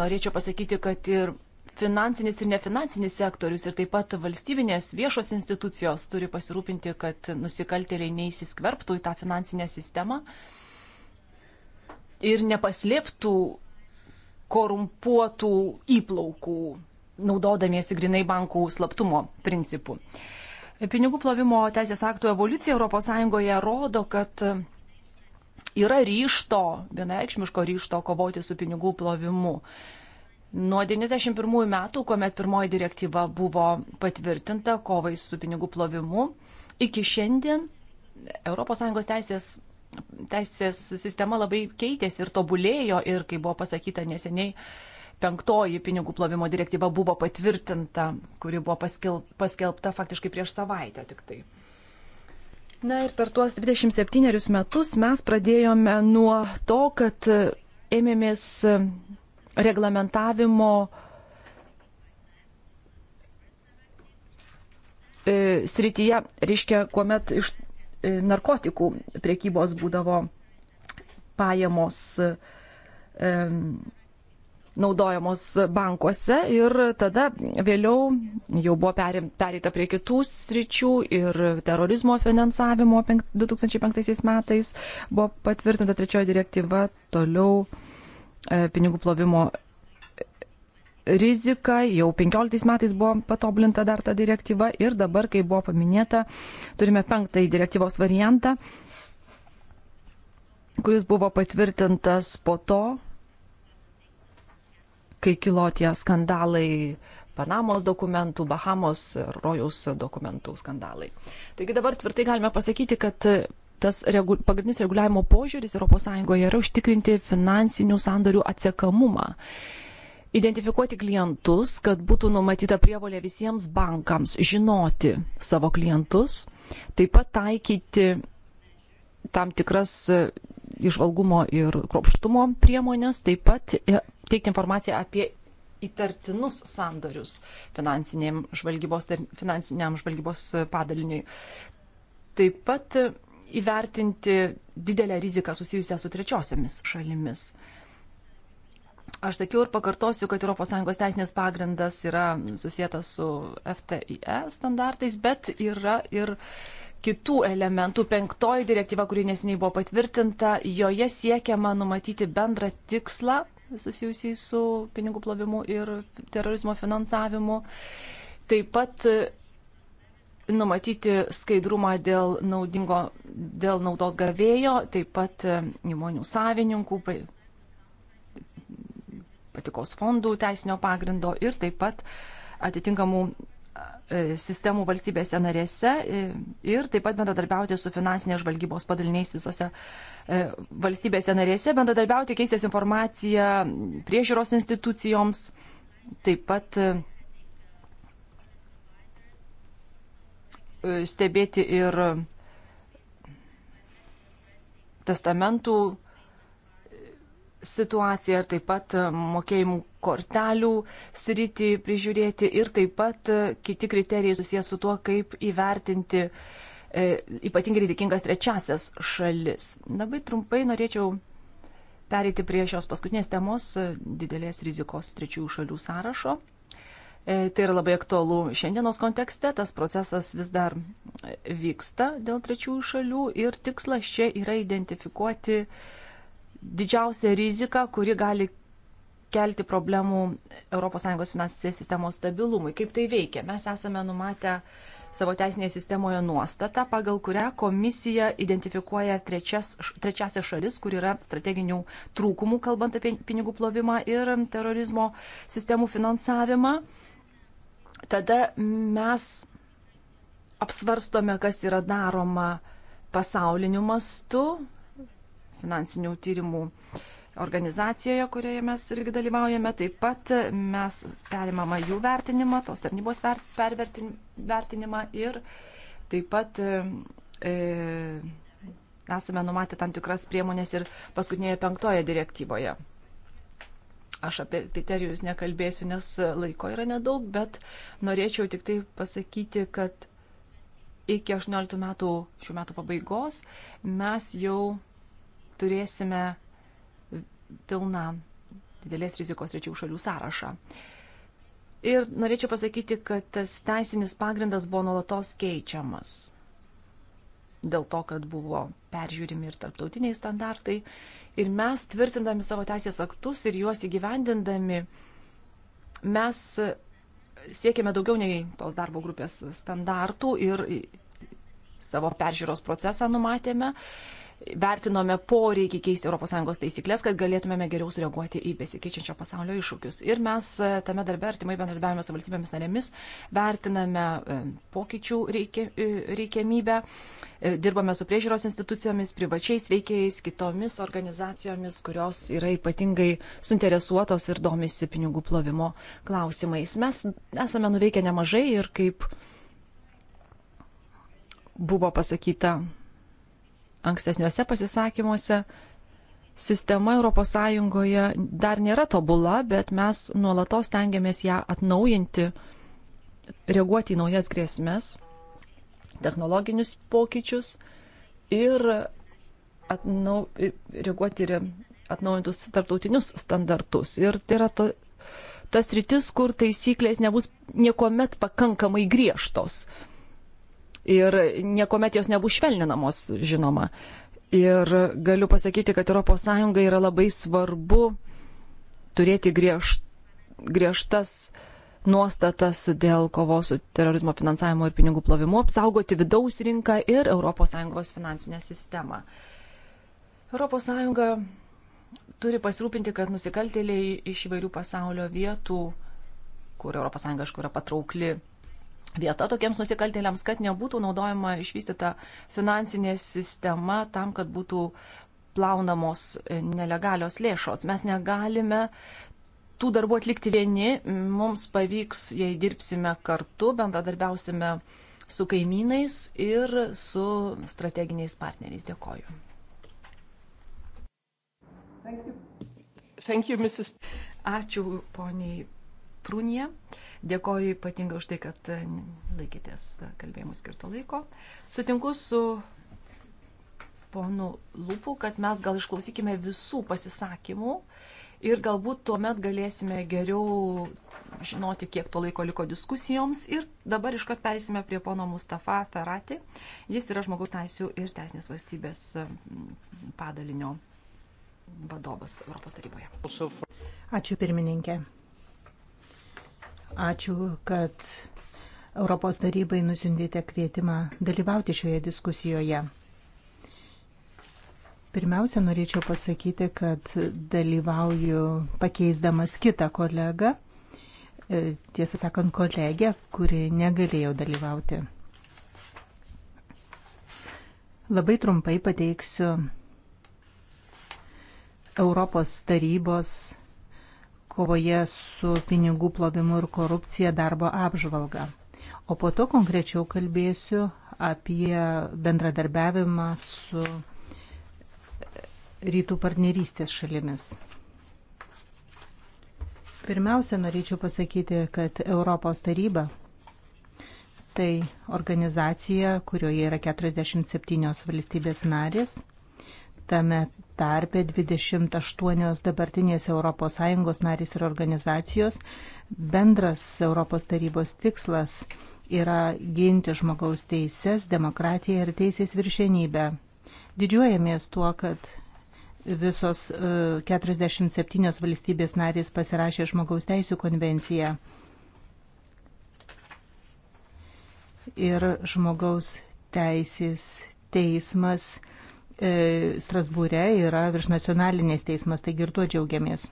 norėčiau pasakyti, kad ir finansinis ir nefinansinis sektorius ir taip pat valstybinės viešos institucijos turi pasirūpinti, kad nusikaltėliai neįsiskverbtų į tą finansinę sistemą ir nepaslėptų korumpuotų įplaukų, naudodamiesi grinai bankų slaptumo principu. Pinigų plovimo teisės aktų evoliucija ES rodo, kad yra ryšto, vienareikšmiško ryšto kovoti su pinigų plovimu. Nuo 91 metų, kuomet pirmoji direktyva buvo patvirtinta kovai su pinigų plovimu, iki šiandien ES teisės, teisės sistema labai keitėsi ir tobulėjo ir, kaip buvo pasakyta neseniai, penktoji pinigų plovimo direktyva buvo patvirtinta, kuri buvo paskel, paskelbta faktiškai prieš savaitę tik tai. Na ir per tuos 27 metus mes pradėjome nuo to, kad ėmėmės reglamentavimo e, srityje, reiškia, kuomet iš e, narkotikų priekybos būdavo pajamos e, naudojamos bankuose ir tada vėliau jau buvo pereita prie kitų sričių ir terorizmo finansavimo 2005 metais buvo patvirtinta trečioji direktyva, toliau E, pinigų plovimo riziką. Jau 15 metais buvo patoblinta dar ta direktyva ir dabar, kai buvo paminėta, turime penktąjį direktyvos variantą, kuris buvo patvirtintas po to, kai kilo tie skandalai. Panamos dokumentų, Bahamos, Rojaus dokumentų skandalai. Taigi dabar tvirtai galime pasakyti, kad tas regu, pagrindinis reguliavimo požiūris ES yra užtikrinti finansinių sandorių atsekamumą. Identifikuoti klientus, kad būtų numatyta prievolė visiems bankams žinoti savo klientus, taip pat taikyti tam tikras išvalgumo e, ir kropštumo priemonės, taip pat e, teikti informaciją apie įtartinus sandorius finansiniam žvalgybos, finansiniam žvalgybos e, padaliniui. Taip pat įvertinti didelę riziką susijusią su trečiosiomis šalimis. Aš sakiau ir pakartosiu, kad ES teisinės pagrindas yra susijęs su FTIE standartais, bet yra ir kitų elementų. Penktoji direktyva, kuri nesiniai buvo patvirtinta, joje siekiama numatyti bendrą tikslą susijusiai su pinigų plovimu ir terorizmo finansavimu. Taip pat numatyti skaidrumą dėl, naudingo, dėl naudos gavėjo, taip pat e, įmonių savininkų, patikos fondų teisinio pagrindo ir taip pat atitinkamų e, sistemų valstybėse narėse e, ir taip pat bendradarbiauti su finansinės žvalgybos padaliniais visose valstybėse narėse, bendradarbiauti keistės informaciją priežiūros institucijoms, taip pat E, stebėti ir testamentų situaciją ir taip pat mokėjimų kortelių sritį prižiūrėti ir taip pat kiti kriterijai susijęs su tuo, kaip įvertinti e, ypatingai rizikingas trečiasias šalis. Labai trumpai norėčiau pereiti prie šios paskutinės temos didelės rizikos trečiųjų šalių sąrašo. E, tai yra labai aktualu šiandienos kontekste, tas procesas vis dar vyksta dėl trečiųjų šalių ir tikslas čia yra identifikuoti didžiausią riziką, kuri gali kelti problemų ES finansinės sistemos stabilumui. Kaip tai veikia? Mes esame numatę savo teisinėje sistemoje nuostatą, pagal kurią komisija identifikuoja trečias, trečiasią šalis, kur yra strateginių trūkumų, kalbant apie pinigų plovimą ir terorizmo sistemų finansavimą tada mes apsvarstome, kas yra daroma pasauliniu mastu, finansinių tyrimų organizacijoje, kurioje mes irgi dalyvaujame. Taip pat mes perimama jų vertinimą, tos tarnybos vertinimą ir taip pat e, e, esame numatę tam tikras priemonės ir paskutinėje penktoje direktyvoje Aš apie kriterijus nekalbėsiu, nes laiko yra nedaug, bet norėčiau tik tai pasakyti, kad iki 18 metų šių metų pabaigos mes jau turėsime pilną didelės rizikos trečių šalių sąrašą. Ir norėčiau pasakyti, kad tas teisinis pagrindas buvo nuolatos keičiamas. Dėl to, kad buvo peržiūrimi ir tarptautiniai standartai, Ir mes tvirtindami savo teisės aktus ir juos įgyvendindami, mes siekime daugiau nei tos darbo grupės standartų ir savo peržiūros procesą numatėme vertinome poreikį keisti ES taisyklės, kad galėtumėme geriau sureaguoti į besikeičiančio pasaulio iššūkius. Ir mes e, tame darbe artimai bendradarbiavime su valstybėmis narėmis vertiname e, pokyčių reikia, e, reikiamybę, dirbame su priežiūros institucijomis, privačiais veikėjais, kitomis organizacijomis, kurios yra ypatingai suinteresuotos ir domisi pinigų plovimo klausimais. Mes esame nuveikę nemažai ir kaip buvo pasakyta ankstesniuose pasisakymuose, sistema ES dar nėra tobula, bet mes nuolatos tengiamės ją atnaujinti, reaguoti į naujas grėsmės, technologinius pokyčius ir atnau, reaguoti ir atnaujintus tarptautinius standartus. Ir tai yra to, tas rytis, kur taisyklės nebus niekuomet pakankamai griežtos ir niekuomet jos nebus švelninamos, žinoma. Ir galiu pasakyti, kad ES yra labai svarbu turėti griež, griežtas nuostatas dėl kovos su terorizmo finansavimo ir pinigų plovimu, apsaugoti vidaus rinką ir ES finansinę sistemą. ES turi pasirūpinti, kad nusikaltėliai iš įvairių pasaulio vietų, kur ES aišku yra patraukli vieta tokiems nusikaltėliams, kad nebūtų naudojama išvystyta finansinė sistema tam, kad būtų plaunamos e, nelegalios lėšos. Mes negalime tų darbų atlikti vieni, mums pavyks, jei dirbsime kartu, bendradarbiausime su kaimynais ir su strateginiais partneriais. Dėkoju. Thank you. Thank you, Mrs. Ačiū poniai Prūnie. Dėkoju ypatingai už tai, kad e, laikytės kalbėjimų skirto laiko. Sutinku su ponu Lūpu, kad mes gal išklausykime visų pasisakymų ir galbūt tuomet galėsime geriau žinoti, kiek to laiko liko diskusijoms. Ir dabar iškart perėsime prie pono Mustafa Ferrati. Jis yra žmogaus teisų ir teisinės valstybės padalinio vadovas Europos taryboje. Ačiū pirmininkė. Ačiū, kad Europos tarybai nusindėte kvietimą dalyvauti šioje diskusijoje. Pirmiausia, norėčiau pasakyti, kad dalyvauju pakeisdamas kitą kolegą, e, tiesą sakant, kolegę, kuri negalėjo dalyvauti. Labai trumpai pateiksiu Europos tarybos kovoje su pinigų plovimu ir korupcija darbo apžvalgą. O po to konkrečiau kalbėsiu apie bendradarbiavimą su rytų partnerystės šalimis. Pirmiausia, norėčiau pasakyti, kad Europos taryba tai organizacija, kurioje yra 47 valstybės narės. Tame tarpe 28 dabartinės ES narys ir organizacijos. Bendras Europos tarybos tikslas yra ginti žmogaus teises, demokratiją ir teisės viršenybę. Didžiuojamės tuo, kad visos 47 e, valstybės narės pasirašė žmogaus teisų konvenciją. Ir žmogaus teisės teismas E, Strasbūre yra viršnacionalinės teismas, taigi ir tuo džiaugiamės.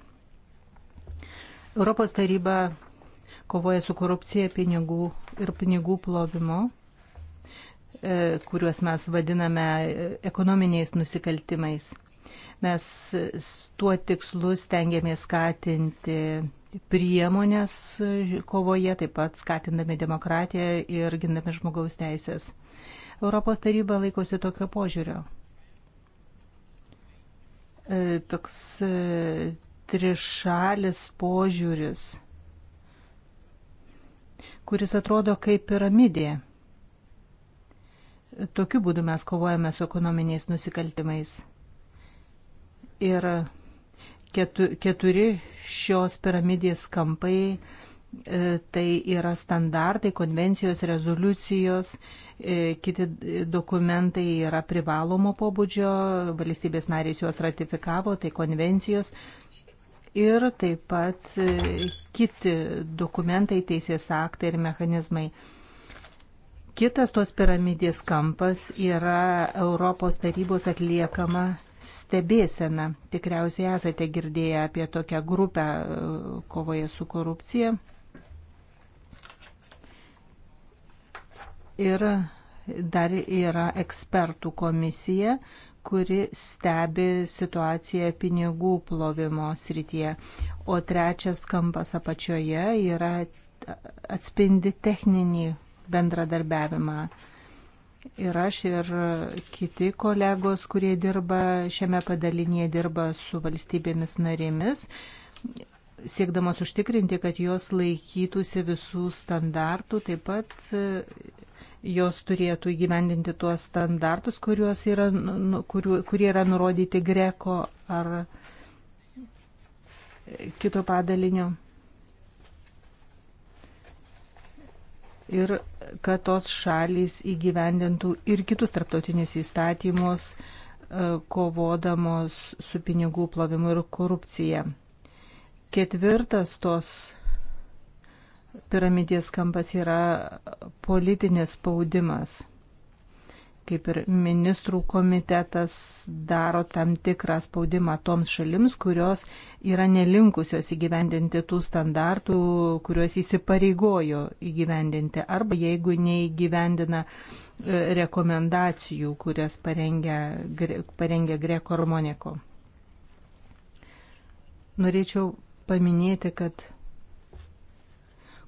Europos taryba kovoja su korupcija pinigų ir pinigų plovimu, e, kuriuos mes vadiname ekonominiais nusikaltimais. Mes tuo tikslu stengiamės skatinti priemonės kovoje, taip pat skatindami demokratiją ir gindami žmogaus teisės. Europos taryba laikosi tokio požiūrio. E, toks e, trišalis požiūris, kuris atrodo kaip piramidė. Tokiu būdu mes kovojame su ekonominiais nusikaltimais. Ir keturi šios piramidės kampai E, tai yra standartai, konvencijos, rezoliucijos, e, kiti dokumentai yra privalomo pobūdžio, valstybės narės juos ratifikavo, tai konvencijos ir taip pat e, kiti dokumentai, teisės aktai ir mechanizmai. Kitas tos piramidės kampas yra Europos tarybos atliekama stebėsena. Tikriausiai esate girdėję apie tokią grupę kovoje su korupcija. Ir dar yra ekspertų komisija, kuri stebi situaciją pinigų plovimo srityje. O trečias kampas apačioje yra atspindi techninį bendradarbiavimą. Ir aš ir kiti kolegos, kurie dirba šiame padalinėje, dirba su valstybėmis narėmis, siekdamas užtikrinti, kad jos laikytųsi visų standartų, taip pat jos turėtų įgyvendinti tuos standartus, yra, nu, nu, kurių, kurie yra nurodyti greko ar kito padalinio. Ir kad tos šalys įgyvendintų ir kitus tarptautinius įstatymus, e, kovodamos su pinigų plovimu ir korupcija. Ketvirtas tos piramidės kampas yra politinis spaudimas. Kaip ir ministrų komitetas daro tam tikrą spaudimą toms šalims, kurios yra nelinkusios įgyvendinti tų standartų, kuriuos įsipareigojo įgyvendinti, arba jeigu neįgyvendina e, rekomendacijų, kurias parengia, parengia Greko Armoniko. Norėčiau paminėti, kad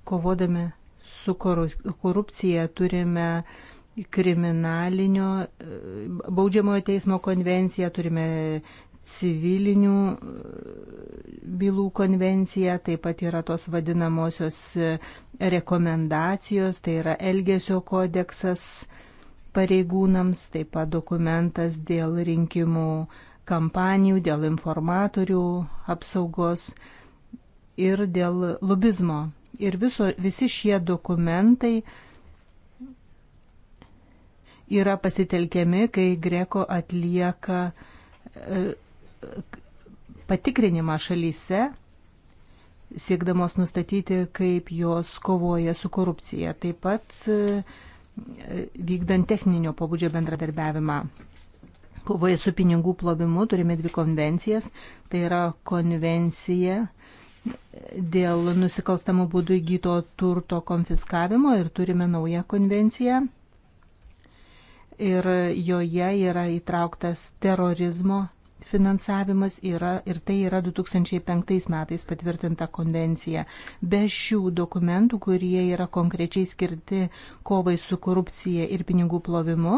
kovodami su korupcija turime kriminalinio baudžiamojo teismo konvenciją, turime civilinių e, bylų konvencija, taip pat yra tos vadinamosios e, rekomendacijos, tai yra Elgesio kodeksas pareigūnams, taip pat dokumentas dėl rinkimų kampanijų, dėl informatorių apsaugos ir dėl lobizmo Ir viso, visi šie dokumentai yra pasitelkiami, kai Greko atlieka e, patikrinimą šalyse, siekdamos nustatyti, kaip jos kovoja su korupcija. Taip pat e, vykdant techninio pobūdžio bendradarbiavimą. Kovoje su pinigų plovimu turime dvi konvencijas. Tai yra konvencija dėl nusikalstamų būdų įgyto turto konfiskavimo ir turime naują konvenciją. Ir joje yra įtrauktas terorizmo finansavimas yra ir tai yra 2005 metais patvirtinta konvencija. Be šių dokumentų, kurie yra konkrečiai skirti kovai su korupcija ir pinigų plovimu,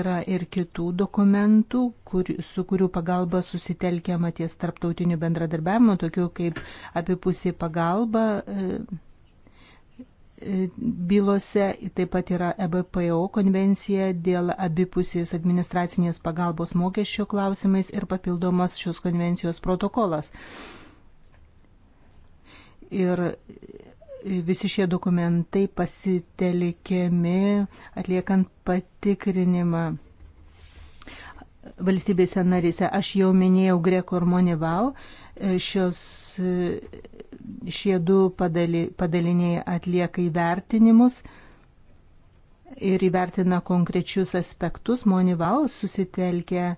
yra ir kitų dokumentų, kur, su kurių pagalba susitelkiama ties tarptautiniu bendradarbiavimu, tokių kaip apipusė pagalba. E, bylose, taip pat yra EBPO konvencija dėl abipusės administracinės pagalbos mokesčio klausimais ir papildomas šios konvencijos protokolas. Ir visi šie dokumentai pasitelkiami atliekant patikrinimą valstybėse narise. Aš jau minėjau Greko ir Monival, šios šie du padali, padaliniai atlieka įvertinimus ir įvertina konkrečius aspektus. Monival susitelkia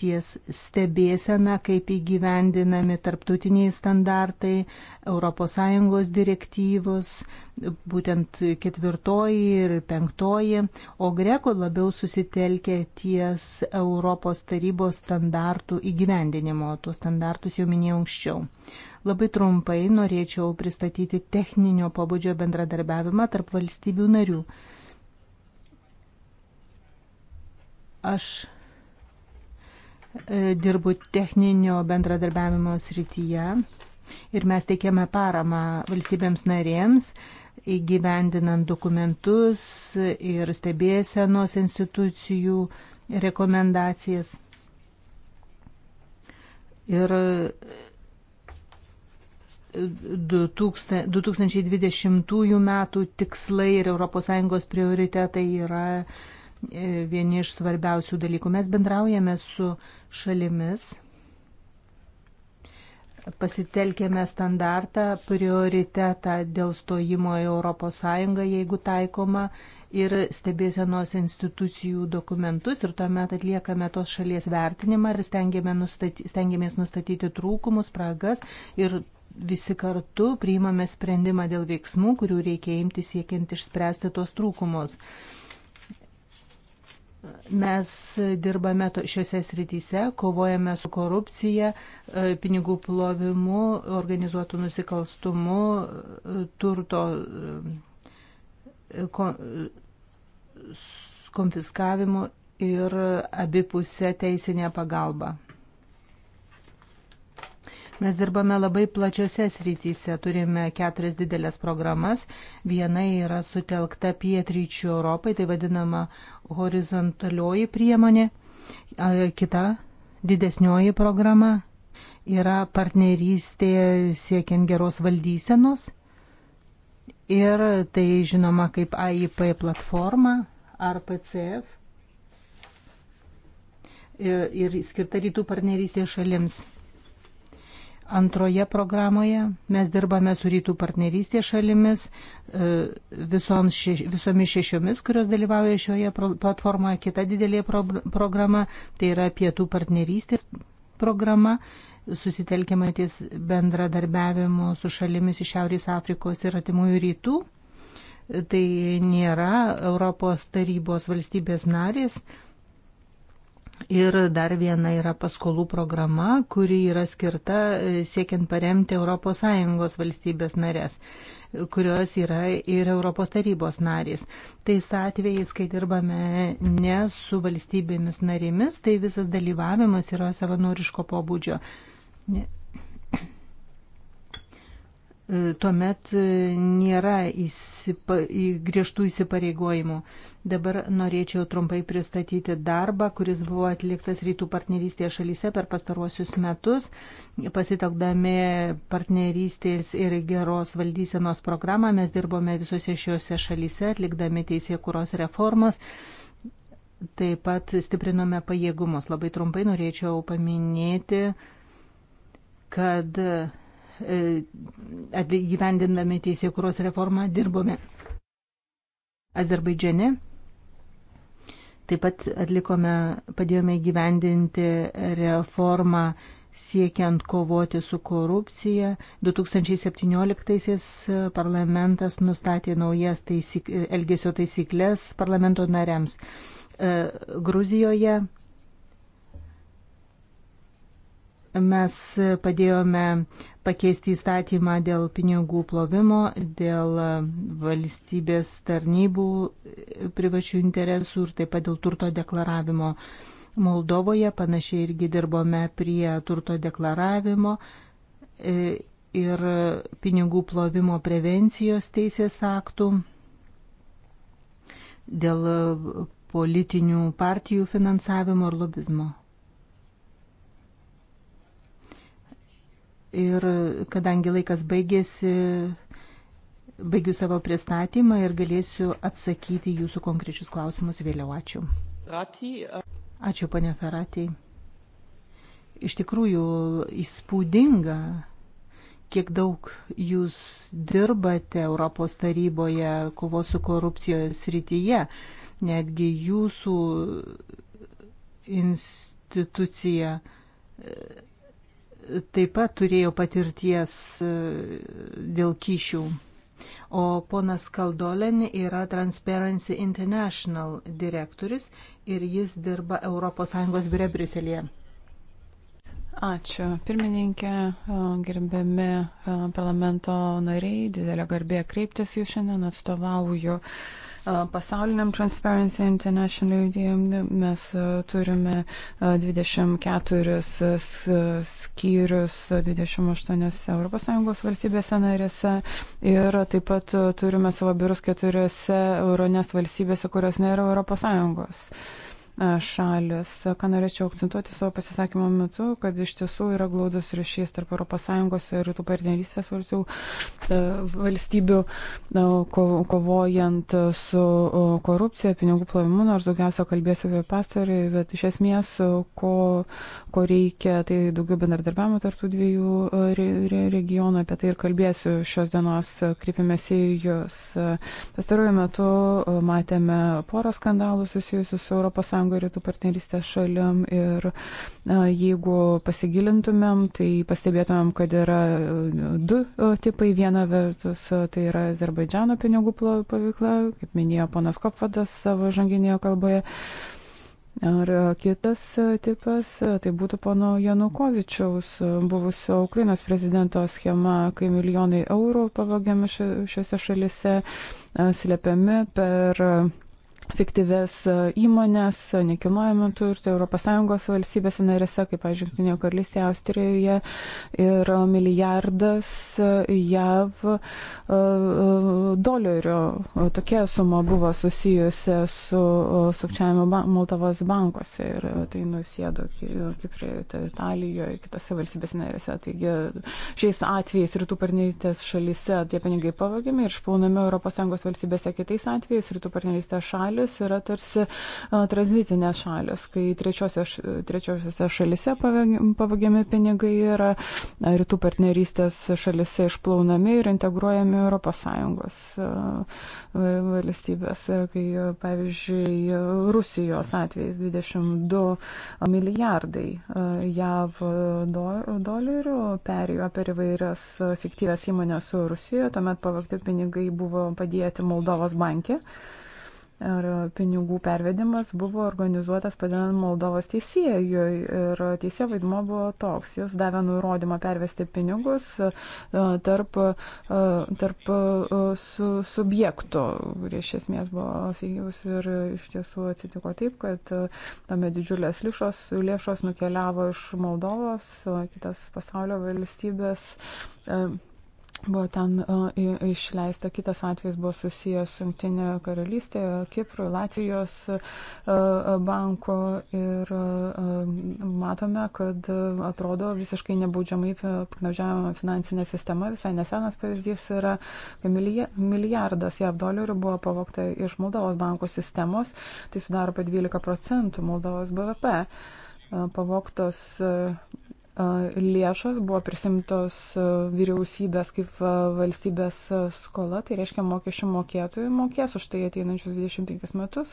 ties stebėsena, kaip įgyvendinami tarptautiniai standartai, ES direktyvos, būtent ketvirtoji ir penktoji, o Greko labiau susitelkia ties Europos tarybos standartų įgyvendinimo. Tuos standartus jau minėjau anksčiau. Labai trumpai norėčiau pristatyti techninio pobūdžio bendradarbiavimą tarp valstybių narių. Aš e, dirbu techninio bendradarbiavimo srityje ir mes teikiame paramą valstybėms narėms įgyvendinant dokumentus ir stebėsenos institucijų rekomendacijas. Ir 2020 metų tikslai ir ES prioritetai yra e, vieni iš svarbiausių dalykų. Mes bendraujame su šalimis, pasitelkėme standartą, prioritetą dėl stojimo į ES, jeigu taikoma, ir stebėsenos institucijų dokumentus ir tuomet atliekame tos šalies vertinimą ir stengiamės nustatyti, stengiamės nustatyti trūkumus, spragas ir visi kartu priimame sprendimą dėl veiksmų, kurių reikia imti siekiant išspręsti tos trūkumus. Mes dirbame šiuose srityse, kovojame su korupcija, e, pinigų plovimu, organizuotų nusikalstumu, e, turto e, konfiskavimu ir abipusę teisinę pagalbą. Mes dirbame labai plačiose srityse, turime keturias didelės programas. Viena yra sutelkta pietryčių Europai, tai vadinama horizontalioji priemonė. Kita didesnioji programa yra partnerystė siekiant geros valdysenos. Ir tai žinoma kaip AIP platforma ar PCF ir skirta rytų partnerystė šalims. Antroje programoje mes dirbame su rytų partnerystės šalimis, e, visoms, šeš, visomis šešiomis, kurios dalyvauja šioje platformoje. Kita didelė pro, programa tai yra pietų partnerystės programa, susitelkiama ties bendradarbiavimu su šalimis iš Šiaurės Afrikos ir Atimųjų rytų. E, tai nėra Europos tarybos valstybės narės, Ir dar viena yra paskolų programa, kuri yra skirta e, siekiant paremti ES valstybės narės, kurios yra ir ES narys. Tais atvejais, kai dirbame ne su valstybėmis narėmis, tai visas dalyvavimas yra savanoriško pobūdžio. E, tuomet e, nėra įsipa, griežtų įsipareigojimų. Dabar norėčiau trumpai pristatyti darbą, kuris buvo atliktas rytų partnerystėje šalyse per pastaruosius metus, pasitakdami partnerystės ir geros valdysenos programą. Mes dirbome visose šiuose šalyse, atlikdami teisėkuros reformas. Taip pat stiprinome pajėgumus. Labai trumpai norėčiau paminėti, kad E, gyvendindami teisėkuros reformą dirbome. Azerbaidžiane taip pat atlikome, padėjome gyvendinti reformą siekiant kovoti su korupcija. 2017-aisiais parlamentas nustatė naujas taisyk, elgesio taisyklės parlamento nariams. E, Gruzijoje mes padėjome pakeisti įstatymą dėl pinigų plovimo, dėl valstybės tarnybų privačių interesų ir taip pat dėl turto deklaravimo. Moldovoje panašiai irgi dirbome prie turto deklaravimo e, ir pinigų plovimo prevencijos teisės aktų, dėl politinių partijų finansavimo ir lobizmo. Ir kadangi laikas baigėsi, baigiu savo pristatymą ir galėsiu atsakyti jūsų konkrečius klausimus vėliau. Ačiū. Ačiū, ponia Ferati. Iš tikrųjų įspūdinga, kiek daug jūs dirbate Europos taryboje kovos su korupcijos rytyje. Netgi jūsų institucija taip pat turėjo patirties e, dėl kyšių. O ponas Kaldolen yra Transparency International direktorius ir jis dirba ES biure Briuselėje. Ačiū. Pirmininkė, e, gerbiami e, parlamento nariai, didelė garbė kreiptis jūs šiandien atstovauju. Uh, pasauliniam Transparency International judėjimui. Mes turime 24 skyrius 28 ES valstybėse narėse ir taip pat turime savo biurus keturiose Euronės valstybėse, kurios nėra ES šalis. Ką norėčiau akcentuoti savo pasisakymo metu, kad iš tiesų yra glaudus ryšys tarp ES ir rytų partnerystės valstybių, kovojant su korupcija, pinigų plovimu, nors daugiausia kalbėsiu apie pastarį, bet iš esmės, ko, ko reikia, tai daugiau bendradarbiavimo tarptų dviejų re, re, regionų, apie tai ir kalbėsiu šios dienos krypimės į jūs. Pastaruoju metu matėme porą skandalų susijusių su ES rytų partnerystės šalim. Ir jeigu pasigilintumėm, tai pastebėtumėm, kad yra du tipai. Viena vertus tai yra Azerbaidžiano pinigų pavykla, kaip minėjo ponas Kopvadas savo žanginėje kalboje. Ar kitas tipas, tai būtų pono Janukovičiaus, buvusio Ukrainos prezidento schema, kai milijonai eurų pavogiami šiuose šalise, slepiami per fiktyves įmones nekilnojamą turtą ES valstybėse narėse, kaip, pavyzdžiui, Junktinėje karalystėje, Austrijoje ir e, milijardas e, JAV e, dolerių. Tokia suma buvo susijusi su sukčiavimu ba Moldovos bankuose ir tai nusėdo Kiprėje, tai Italijoje, kitose valstybėse narėse. Taigi šiais atvejais rytų partnerystės šalyse tie pinigai pavagiami ir išplaunami ES valstybėse kitais atvejais rytų partnerystės šalyse šalis yra tarsi tranzitinės šalis, kai trečiosiose, trečiosiose šalise pavagiami pinigai yra rytų partnerystės šalise išplaunami ir integruojami ES valstybės, kai pavyzdžiui Rusijos atvejais 22 milijardai JAV dolerių perėjo per įvairias fiktyvės įmonės Rusijoje, tuomet pavakti pinigai buvo padėti Moldovos bankė. Uh, Ir pinigų pervedimas buvo organizuotas padedant Moldovos teisėjui. Ir teisėjo vaidmo buvo toks. Jis davė nurodymą pervesti pinigus e, tarp, e, tarp e, su, subjektų, kurie iš esmės buvo figijus. Ir iš tiesų atsitiko taip, kad tame didžiulės lišos, lėšos nukeliavo iš Moldovos, kitas pasaulio valstybės. Uh, buvo ten išleista. Kitas atvejis buvo susijęs su Junktinė karalystė, Kipru, Latvijos banku ir matome, kad atrodo visiškai nebaudžiamai piknaudžiavama finansinė sistema. Visai nesenas pavyzdys yra, kad milijardas jav dolerių buvo pavokta iš Moldovos banko sistemos, tai sudaro apie 12 procentų Moldovos BVP pavoktos lėšos buvo prisimtos vyriausybės kaip valstybės skola, tai reiškia mokesčių mokėtojų mokės už tai ateinančius 25 metus.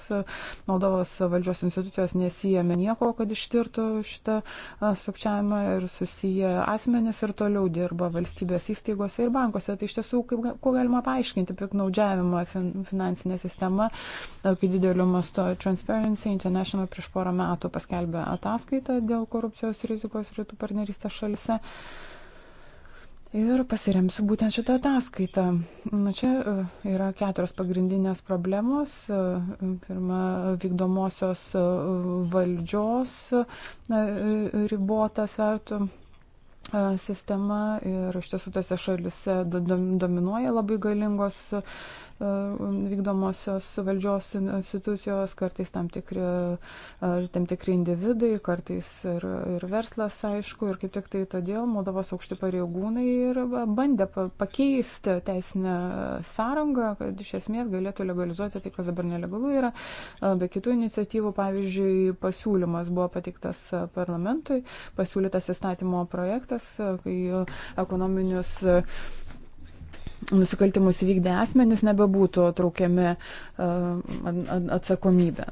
Moldovos valdžios institucijos nesijėmė nieko, kad ištirtų šitą sukčiavimą ir susiję asmenys ir toliau dirba valstybės įstaigose ir bankose. Tai iš tiesų, kaip, kuo galima paaiškinti piknaudžiavimą fin, finansinė sistema, kai dideliu mastu Transparency International prieš porą metų paskelbė ataskaitą dėl korupcijos rizikos rytų per partnerystės šalise. Ir pasiremsiu būtent šitą ataskaitą. Na, čia e, yra keturios pagrindinės problemos. E, pirma, vykdomosios e, valdžios ribotas artų sistema ir iš tiesų tose šalise dominuoja labai galingos E, vykdomosios valdžios institucijos, kartais tam tikri, e, tam tikri individai, kartais ir, ir verslas, aišku, ir kaip tik tai todėl Moldovos aukšti pareigūnai ir bandė pakeisti teisinę sąrangą, kad iš esmės galėtų legalizuoti tai, kas dabar nelegalu yra. E, be kitų iniciatyvų, pavyzdžiui, pasiūlymas buvo patiktas parlamentui, pasiūlytas įstatymo projektas, kai ekonominius nusikaltimus įvykdę asmenys nebebūtų traukiami e, atsakomybę.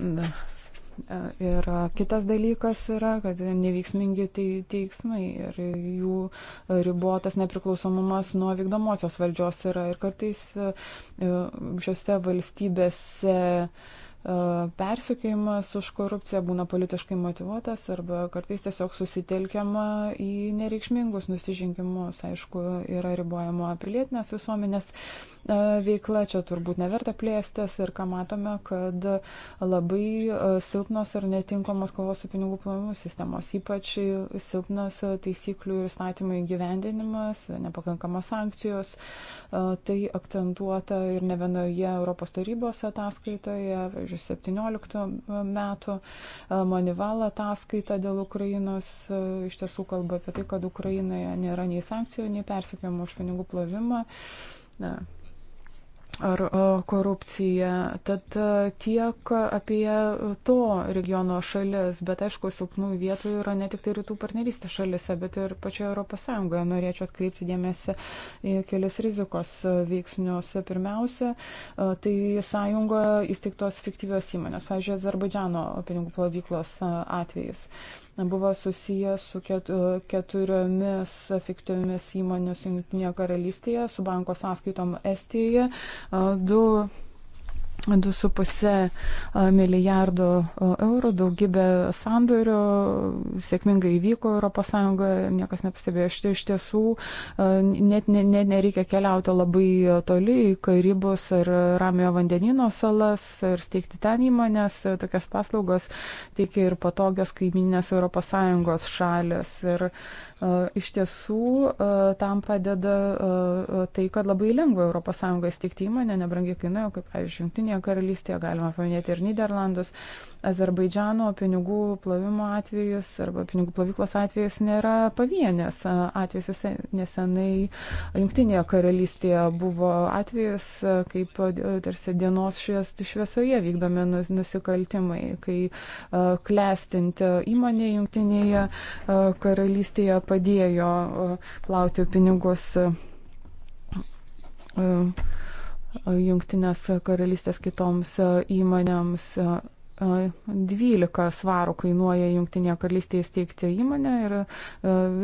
Ir kitas dalykas yra, kad neveiksmingi teiksmai ir jų ribotas nepriklausomumas nuo vykdomosios valdžios yra. Ir kartais e, šiuose valstybėse E, persikėjimas už korupciją būna politiškai motivuotas arba kartais tiesiog susitelkiama į nereikšmingus nusižengimus. Aišku, yra ribojama pilietinės visuomenės e, veikla, čia turbūt neverta plėstis ir ką matome, kad labai e, silpnos ir netinkamos kovos su pinigų plovimu sistemos, ypač silpnas taisyklių ir statymų įgyvendinimas, nepakankamos sankcijos, tai akcentuota ir ne vienoje Europos tarybos ataskaitoje pavyzdžiui, 17 e, metų e, Manivalą ataskaita dėl Ukrainos e, iš tiesų kalba apie tai, kad Ukrainoje nėra nei sankcijų, nei persikėjimų už pinigų plovimą. Na, ar korupcija. Tad e, tiek apie to regiono šalis, bet aišku, silpnųjų vietų yra ne tik tai rytų partnerystės šalise, bet ir pačioje Europos Sąjungoje. Norėčiau atkreipti dėmesį į kelias rizikos veiksnius. Pirmiausia, e, tai sąjungoje įsteigtos fiktyvios įmonės, pavyzdžiui, Azerbaidžiano pinigų plovyklos e, atvejais buvo susijęs su e, keturiomis fiktyviomis įmonės Junktinėje karalystėje, su banko sąskaitom Estijoje, e, du 2,5 milijardo eurų, daugybė sandorių sėkmingai įvyko ES, niekas nepastebėjo. Štai iš tiesų net, net, net nereikia keliauti labai toli į Karibus ar Ramiojo vandenino salas ir steigti ten įmonės, tokias paslaugos teikia ir patogios kaiminės ES šalis. Ir iš tiesų tam padeda tai, kad labai lengva ES steigti įmonę, nebrangiai kainuoja, kaip, pavyzdžiui, jungtinė Junktinėje karalystėje, galima paminėti ir Niderlandus. Azerbaidžiano pinigų plovimo atvejus arba pinigų plovyklos atvejus nėra pavienės. Atvejs nesenai Junktinėje karalystėje buvo atvejus, kaip tarsi dienos švies, šviesoje vykdomi nusikaltimai, kai klestinti įmonė Junktinėje karalystėje padėjo plauti pinigus. Uh, Junktinės karalystės kitoms e, įmonėms 12 e, e, svarų kainuoja Junktinėje karalystėje įsteigti įmonę ir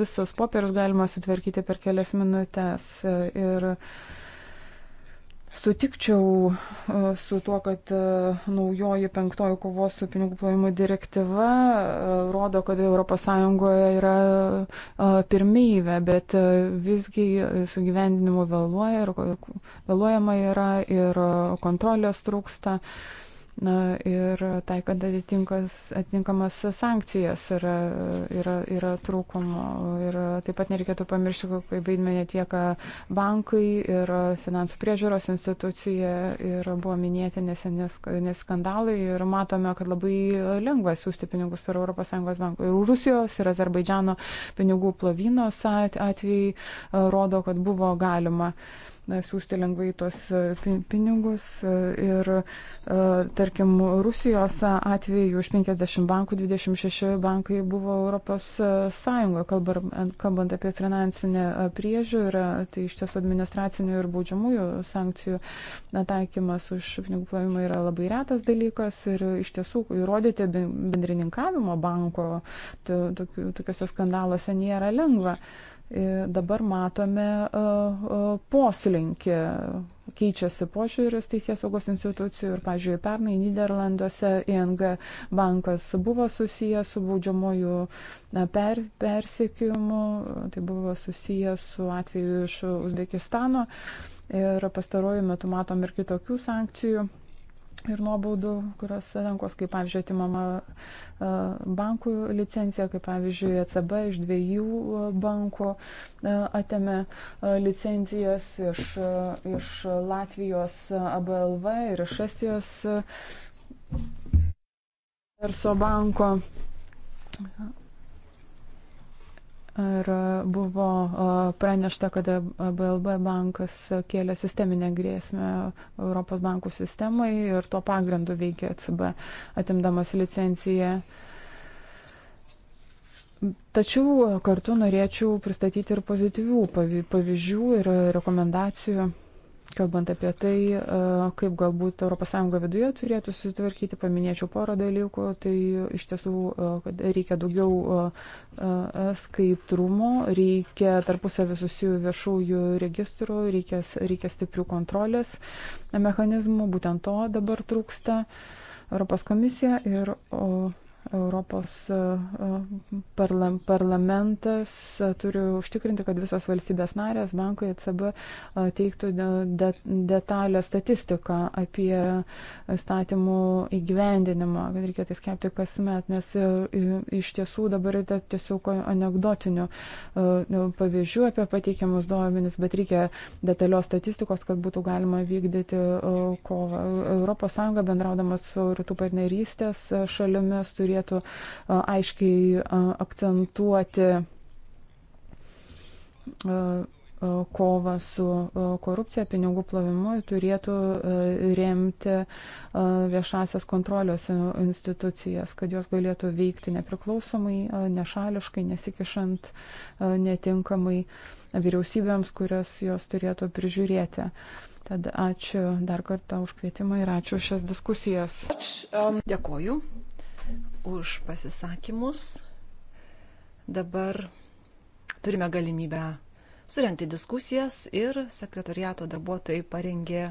visus popierius galima sutvarkyti per kelias minutės. Ir Sutikčiau e, su tuo, kad e, naujoji penktoji kovos su pinigų plovimu direktyva e, rodo, kad ES yra pirmyvė, bet visgi su gyvendinimu vėluoja ir vėluojama yra ir kontrolės trūksta. Uh, na, ir taikant atitinkamas sankcijas yra, yra, yra trūkumų. Ir taip pat nereikėtų pamiršti, kokį vaidmenį atlieka bankai ir finansų priežiūros institucija. Ir buvo minėti neseni nes skandalai ir matome, kad labai lengva siūsti pinigus per ES banką. Ir Rusijos ir Azerbaidžiano pinigų plovynos atvejai e, rodo, kad buvo galima. Uh, na, siūsti lengvai tuos e, pinigus. E, ir e, tarkim, Rusijos atveju už 50 bankų 26 bankai buvo Europos Sąjungoje, kalbant apie finansinę priežiūrą, tai iš tiesų administracinių ir baudžiamųjų sankcijų taikymas už pinigų plovimą yra labai retas dalykas ir iš tiesų įrodyti bendrininkavimo banko tokiuose skandaluose nėra lengva. E, dabar matome e, e, poslinkį, keičiasi požiūris teisės saugos institucijų ir, pažiūrėjau, pernai Niderlanduose ING bankas buvo susijęs su baudžiamoju per, persekiumu, tai buvo susijęs su atveju iš Uzbekistano ir pastaruoju metu matom ir kitokių sankcijų ir nuobaudų, kurios rankos, kaip pavyzdžiui, atimama e, bankų licencija, kaip pavyzdžiui, ECB iš dviejų e, bankų e, atėmė licencijas iš, iš Latvijos ABLV ir iš Estijos Verso banko. Ir buvo pranešta, kad BLB bankas kėlė sisteminę grėsmę Europos bankų sistemai ir tuo pagrindu veikia ECB, atimdamas licenciją. Tačiau kartu norėčiau pristatyti ir pozityvių pavyzdžių ir rekomendacijų kalbant apie tai, e, kaip galbūt ES viduje turėtų susitvarkyti, paminėčiau porą dalykų. Tai iš tiesų, e, kad reikia daugiau e, skaidrumo, reikia tarpusavį susijusių viešųjų registrų, reikia, reikia stiprių kontrolės mechanizmų, būtent to dabar trūksta. Europos komisija ir Europos e, e, parlamentas e, turi užtikrinti, kad visos valstybės narės bankui ECB teiktų detalę statistiką apie statymų įgyvendinimą, kad reikia tai skelbti kasmet, nes iš tiesų dabar yra tiesiog anegdotinių pavyzdžių apie pateikiamus duomenis, bet reikia detalios statistikos, kad būtų galima vykdyti kovą. Europos Sąjunga bendraudama su rytų partnerystės šalimis turi turėtų aiškiai akcentuoti kovą su korupcija, pinigų plovimu turėtų remti viešasias kontrolės institucijas, kad jos galėtų veikti nepriklausomai, nešališkai, nesikišant netinkamai vyriausybėms, kurias jos turėtų prižiūrėti. Tad ačiū dar kartą už kvietimą ir ačiū šias diskusijas. Um, Dėkoju už pasisakymus. Dabar turime galimybę surenti diskusijas ir sekretariato darbuotojai parengė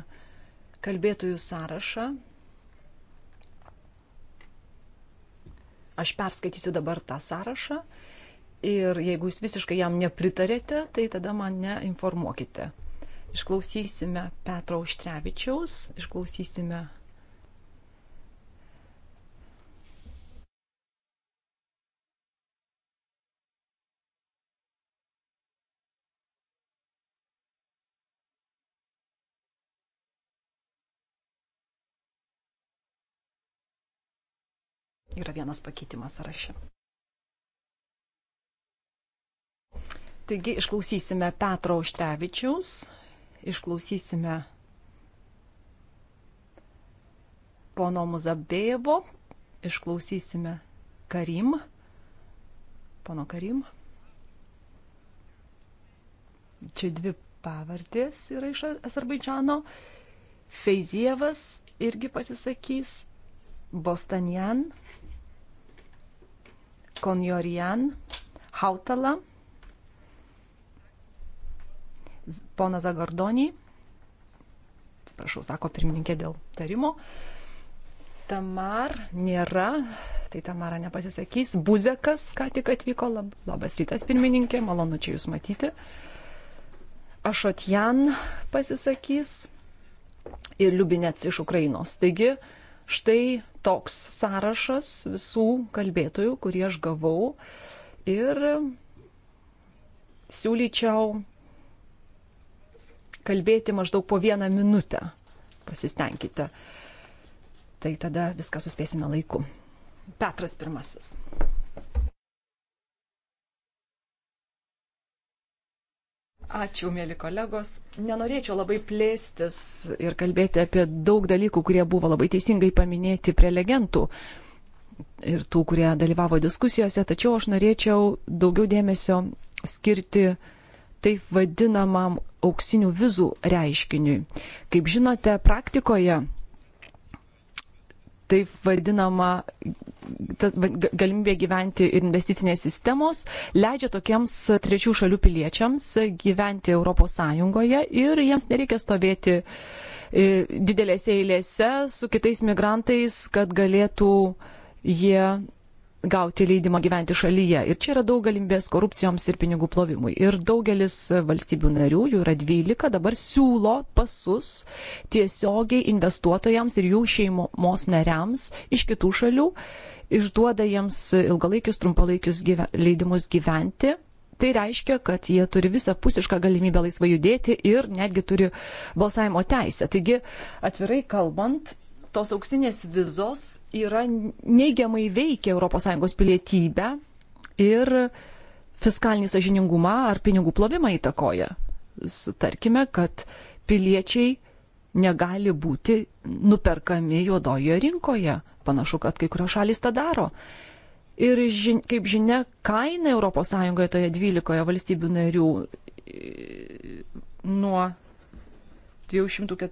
kalbėtojų sąrašą. Aš perskaitysiu dabar tą sąrašą ir jeigu jūs visiškai jam nepritarėte, tai tada mane informuokite. Išklausysime Petro Užtrevičiaus, išklausysime Yra vienas pakeitimas sąraše. Taigi išklausysime Petro Užtrevičiaus, išklausysime pono Muzabėjevo, išklausysime Karim, pono Karim. Čia dvi pavardės yra iš Azerbaidžiano. Feizievas irgi pasisakys, Bostanian Konjorian, Hautala, pono Zagordonį, atsiprašau, sako pirmininkė dėl tarimo. Tamar nėra, tai Tamara nepasisakys. Buzekas ką tik atvyko, lab, labas rytas pirmininkė, malonu čia jūs matyti. Ašotjan pasisakys ir Liubinets iš Ukrainos. Taigi, uh, Štai toks sąrašas visų kalbėtojų, kurį aš gavau ir siūlyčiau kalbėti maždaug po vieną minutę. Pasistengkite. Tai tada viską suspėsime laiku. Petras pirmasis. Ačiū, mėly kolegos. Nenorėčiau labai plėstis ir kalbėti apie daug dalykų, kurie buvo labai teisingai paminėti prie legendų ir tų, kurie dalyvavo diskusijose, tačiau aš norėčiau daugiau dėmesio skirti taip vadinamam auksinių vizų reiškiniui. Kaip žinote, praktikoje taip vadinama ta, galimybė gyventi investicinės sistemos leidžia tokiems trečių šalių piliečiams gyventi ES ir jiems nereikia stovėti e, didelėse eilėse su kitais migrantais, kad galėtų jie gauti leidimą gyventi šalyje. Ir čia yra daug galimybės korupcijoms ir pinigų plovimui. Ir daugelis valstybių narių, jų yra 12, dabar siūlo pasus tiesiogiai investuotojams ir jų šeimos nariams iš kitų šalių, išduoda jiems ilgalaikius, trumpalaikius gyve, leidimus gyventi. Tai reiškia, kad jie turi visą pusišką galimybę laisvai judėti ir netgi turi balsavimo teisę. Taigi, atvirai kalbant, tos auksinės vizos yra neigiamai veikia ES pilietybę ir fiskalinį sažiningumą ar pinigų plovimą įtakoja. Sutarkime, kad piliečiai negali būti nuperkami juodojoje rinkoje. Panašu, kad kai kurios šalys tą daro. Ir žin, kaip žinia, kaina ES toje 12 valstybių narių e, nuo 204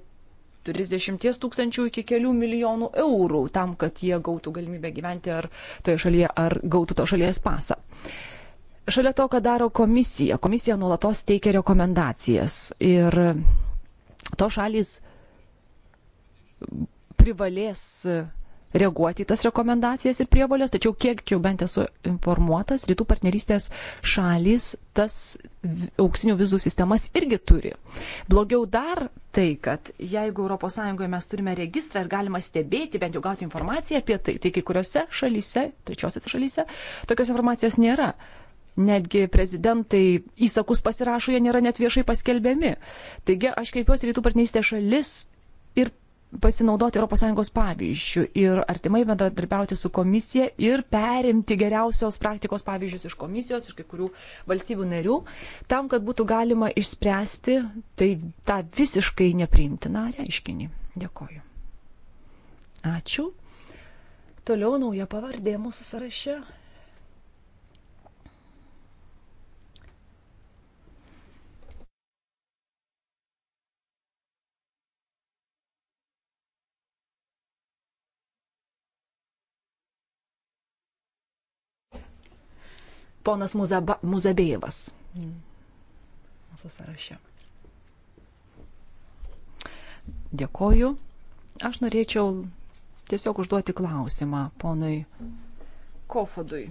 30 tūkstančių iki kelių milijonų eurų tam, kad jie gautų galimybę gyventi ar toje šalyje, ar gautų to šalies pasą. Šalia to, ką daro komisija, komisija nuolatos teikia rekomendacijas ir to šalis privalės reaguoti į tas rekomendacijas ir prievolės, tačiau kiek jau bent esu informuotas, rytų partnerystės šalis tas auksinių vizų sistemas irgi turi. Blogiau dar tai, kad jeigu ES mes turime registrą ir galima stebėti, bent jau gauti informaciją apie tai, tai kai kuriuose šalyse, trečiosiose šalyse, tokios informacijos nėra netgi prezidentai įsakus pasirašo, jie nėra net viešai paskelbiami. Taigi aš kreipiuosi rytų partnerystės šalis ir pasinaudoti ES pavyzdžių ir artimai bendradarbiauti su komisija ir perimti geriausios praktikos pavyzdžius iš komisijos, iš kai kurių valstybių narių, tam, kad būtų galima išspręsti tai, tą visiškai nepriimtiną reiškinį. Dėkoju. Ačiū. Toliau nauja pavardė mūsų sąraše. ponas Muzaba, Muzabėjevas. Mūsų sąraše. Dėkoju. Aš norėčiau tiesiog užduoti klausimą ponui Kofodui.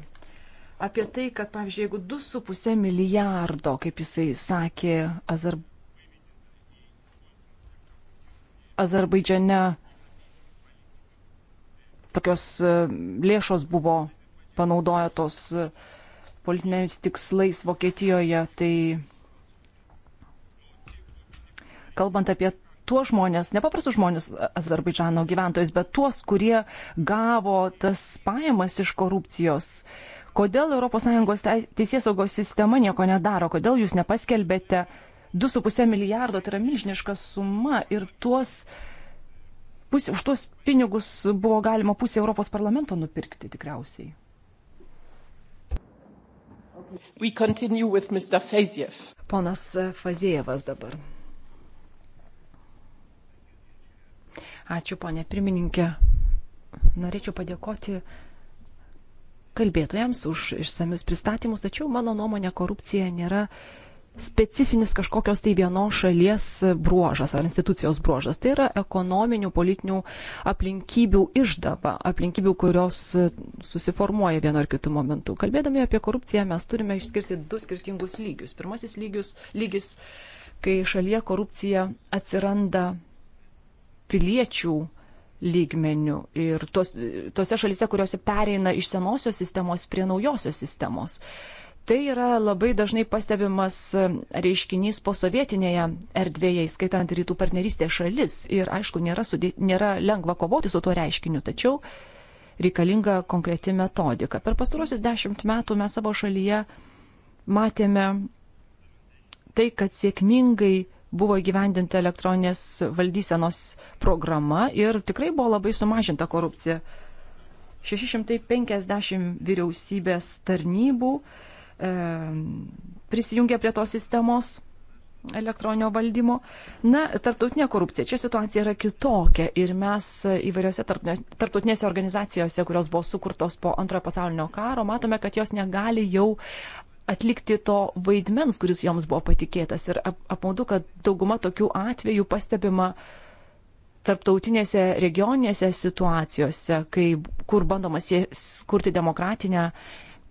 Apie tai, kad, pavyzdžiui, jeigu 2,5 milijardo, kaip jisai sakė, Azar... Azerbaidžiane tokios e, lėšos buvo panaudojotos tos politiniais tikslais Vokietijoje, tai kalbant apie tuos žmonės, nepaprastus žmonės, Azerbaidžano gyventojus, bet tuos, kurie gavo tas pajamas iš korupcijos. Kodėl ES teisėsaugos sistema nieko nedaro, kodėl jūs nepaskelbėte 2,5 milijardo, tai yra milžiniška suma ir tuos, pus, už tuos pinigus buvo galima pusę Europos parlamento nupirkti tikriausiai. Ponas e, Fazievas dabar. Ačiū, ponė pirmininkė. Norėčiau padėkoti kalbėtojams už išsamius pristatymus, tačiau mano nuomonė korupcija nėra specifinis kažkokios tai vienos šalies bruožas ar institucijos bruožas. Tai yra ekonominių, politinių aplinkybių išdava, aplinkybių, kurios e, susiformuoja vienu ar kitu momentu. Kalbėdami apie korupciją mes turime išskirti du skirtingus lygius. Pirmasis lygius, lygis, kai šalyje korupcija atsiranda piliečių lygmenių ir tos, tose šalyse, kuriuose pereina iš senosios sistemos prie naujosios sistemos Tai yra labai dažnai pastebimas reiškinys posovietinėje erdvėje, skaitant rytų partnerystės šalis. Ir aišku, nėra, sudė... nėra lengva kovoti su tuo reiškiniu, tačiau reikalinga konkreti metodika. Per pastarosius dešimt metų mes savo šalyje matėme tai, kad sėkmingai buvo įgyvendinta elektroninės valdysenos programa ir tikrai buvo labai sumažinta korupcija. 650 vyriausybės tarnybų prisijungia prie tos sistemos elektroninio valdymo. Na, tarptautinė korupcija. Čia situacija yra kitokia ir mes įvairiose tarptautinėse organizacijose, kurios buvo sukurtos po antrojo pasaulinio karo, matome, kad jos negali jau atlikti to vaidmens, kuris joms buvo patikėtas. Ir ap apmaudu, kad dauguma tokių atvejų pastebima tarptautinėse regioninėse situacijose, kai, kur bandoma kurti demokratinę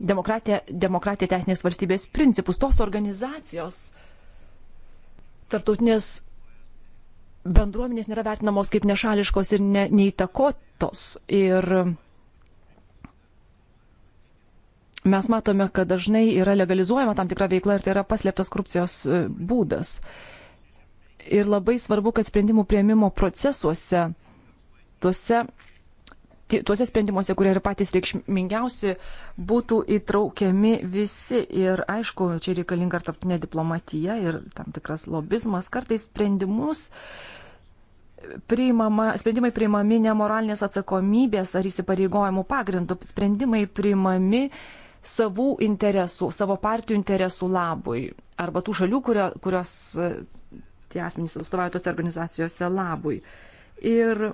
demokratiją, demokratiją teisinės valstybės principus. Tos organizacijos, tarptautinės bendruomenės nėra vertinamos kaip nešališkos ir ne, neįtakotos. Ir mes matome, kad dažnai yra legalizuojama tam tikra veikla ir tai yra paslėptas korupcijos e, būdas. Ir labai svarbu, kad sprendimų prieimimo procesuose, tuose tuose sprendimuose, kurie yra patys reikšmingiausi, būtų įtraukiami visi. Ir aišku, čia reikalinga ir tarptinė diplomatija ir tam tikras lobizmas. Kartais sprendimus priimama, sprendimai priimami ne moralinės atsakomybės ar įsipareigojimų pagrindų. Sprendimai priimami savų interesų, savo partijų interesų labui arba tų šalių, kurio, kurios e, tie asmenys atstovauja tose organizacijose labui. Ir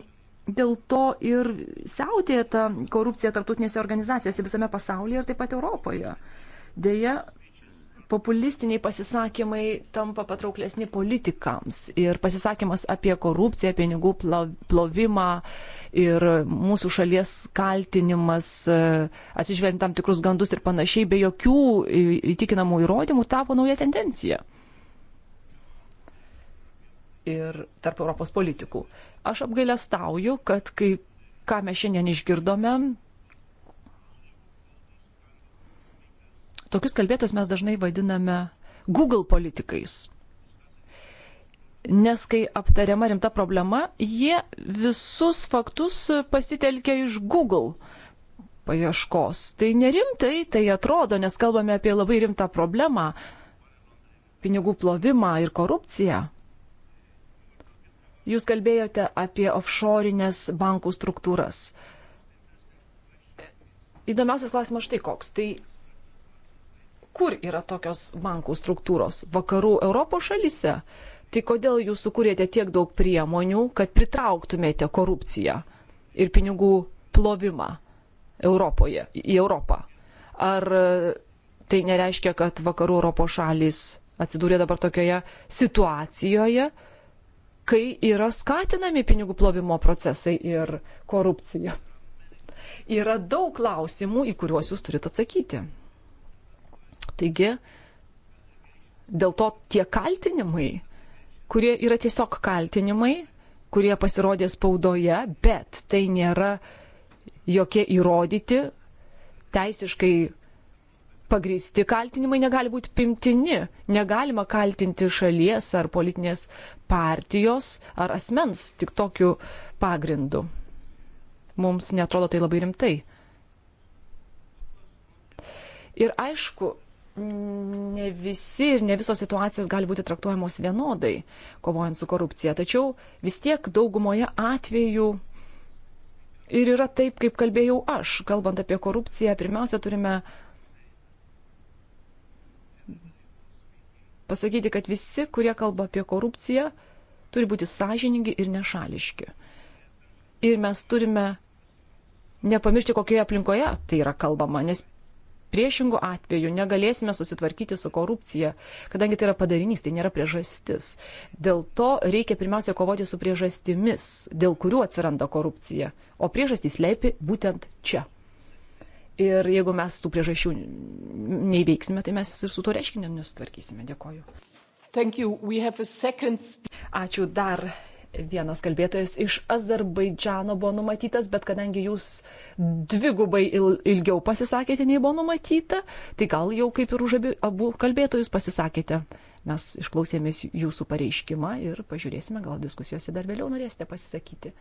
Dėl to ir siautėja ta korupcija tarptautinėse organizacijose visame pasaulyje ir taip pat Europoje. Deja, populistiniai pasisakymai tampa patrauklesni politikams ir pasisakymas apie korupciją, pinigų plovimą ir mūsų šalies kaltinimas, e, atsižvelgiant tam tikrus gandus ir panašiai, be jokių įtikinamų įrodymų tapo nauja tendencija ir tarp Europos politikų. Aš apgailestauju, kad kai ką mes šiandien išgirdome, tokius kalbėtus mes dažnai vadiname Google politikais. Nes kai aptariama rimta problema, jie visus faktus pasitelkia iš Google paieškos. Tai nerimtai tai atrodo, nes kalbame apie labai rimtą problemą - pinigų plovimą ir korupciją. Jūs kalbėjote apie offshore'inės bankų struktūras. Įdomiausias klausimas štai koks. Tai kur yra tokios bankų struktūros? Vakarų Europos šalyse? Tai kodėl jūs sukūrėte tiek daug priemonių, kad pritrauktumėte korupciją ir pinigų plovimą Europoje, į Europą? Ar tai nereiškia, kad vakarų Europos šalis atsidūrė dabar tokioje situacijoje, kai yra skatinami pinigų plovimo procesai ir korupcija. Yra daug klausimų, į kuriuos jūs turite atsakyti. Taigi, dėl to tie kaltinimai, kurie yra tiesiog kaltinimai, kurie pasirodė spaudoje, bet tai nėra jokie įrodyti, teisiškai pagristi kaltinimai negali būti pimtini. Negalima kaltinti šalies ar politinės partijos ar asmens tik tokiu pagrindu. Mums netrodo tai labai rimtai. Ir aišku, ne visi ir ne visos situacijos gali būti traktuojamos vienodai, kovojant su korupcija. Tačiau vis tiek daugumoje atvejų ir yra taip, kaip kalbėjau aš. Kalbant apie korupciją, pirmiausia turime pasakyti, kad visi, kurie kalba apie korupciją, turi būti sąžiningi ir nešališki. Ir mes turime nepamiršti, kokioje aplinkoje tai yra kalbama, nes priešingų atveju negalėsime susitvarkyti su korupcija, kadangi tai yra padarinys, tai nėra priežastis. Dėl to reikia pirmiausia kovoti su priežastimis, dėl kurių atsiranda korupcija, o priežastys leipi būtent čia. Ir jeigu mes tų priežasčių neįveiksime, tai mes ir su tuo reiškiniu nesutvarkysime. Dėkoju. Ačiū dar. Vienas kalbėtojas iš Azerbaidžano buvo numatytas, bet kadangi jūs dvigubai il, ilgiau pasisakėte, nei buvo numatyta, tai gal jau kaip ir už abi, abu kalbėtojus pasisakėte. Mes išklausėmės jūsų pareiškimą ir pažiūrėsime, gal diskusijose dar vėliau norėsite pasisakyti.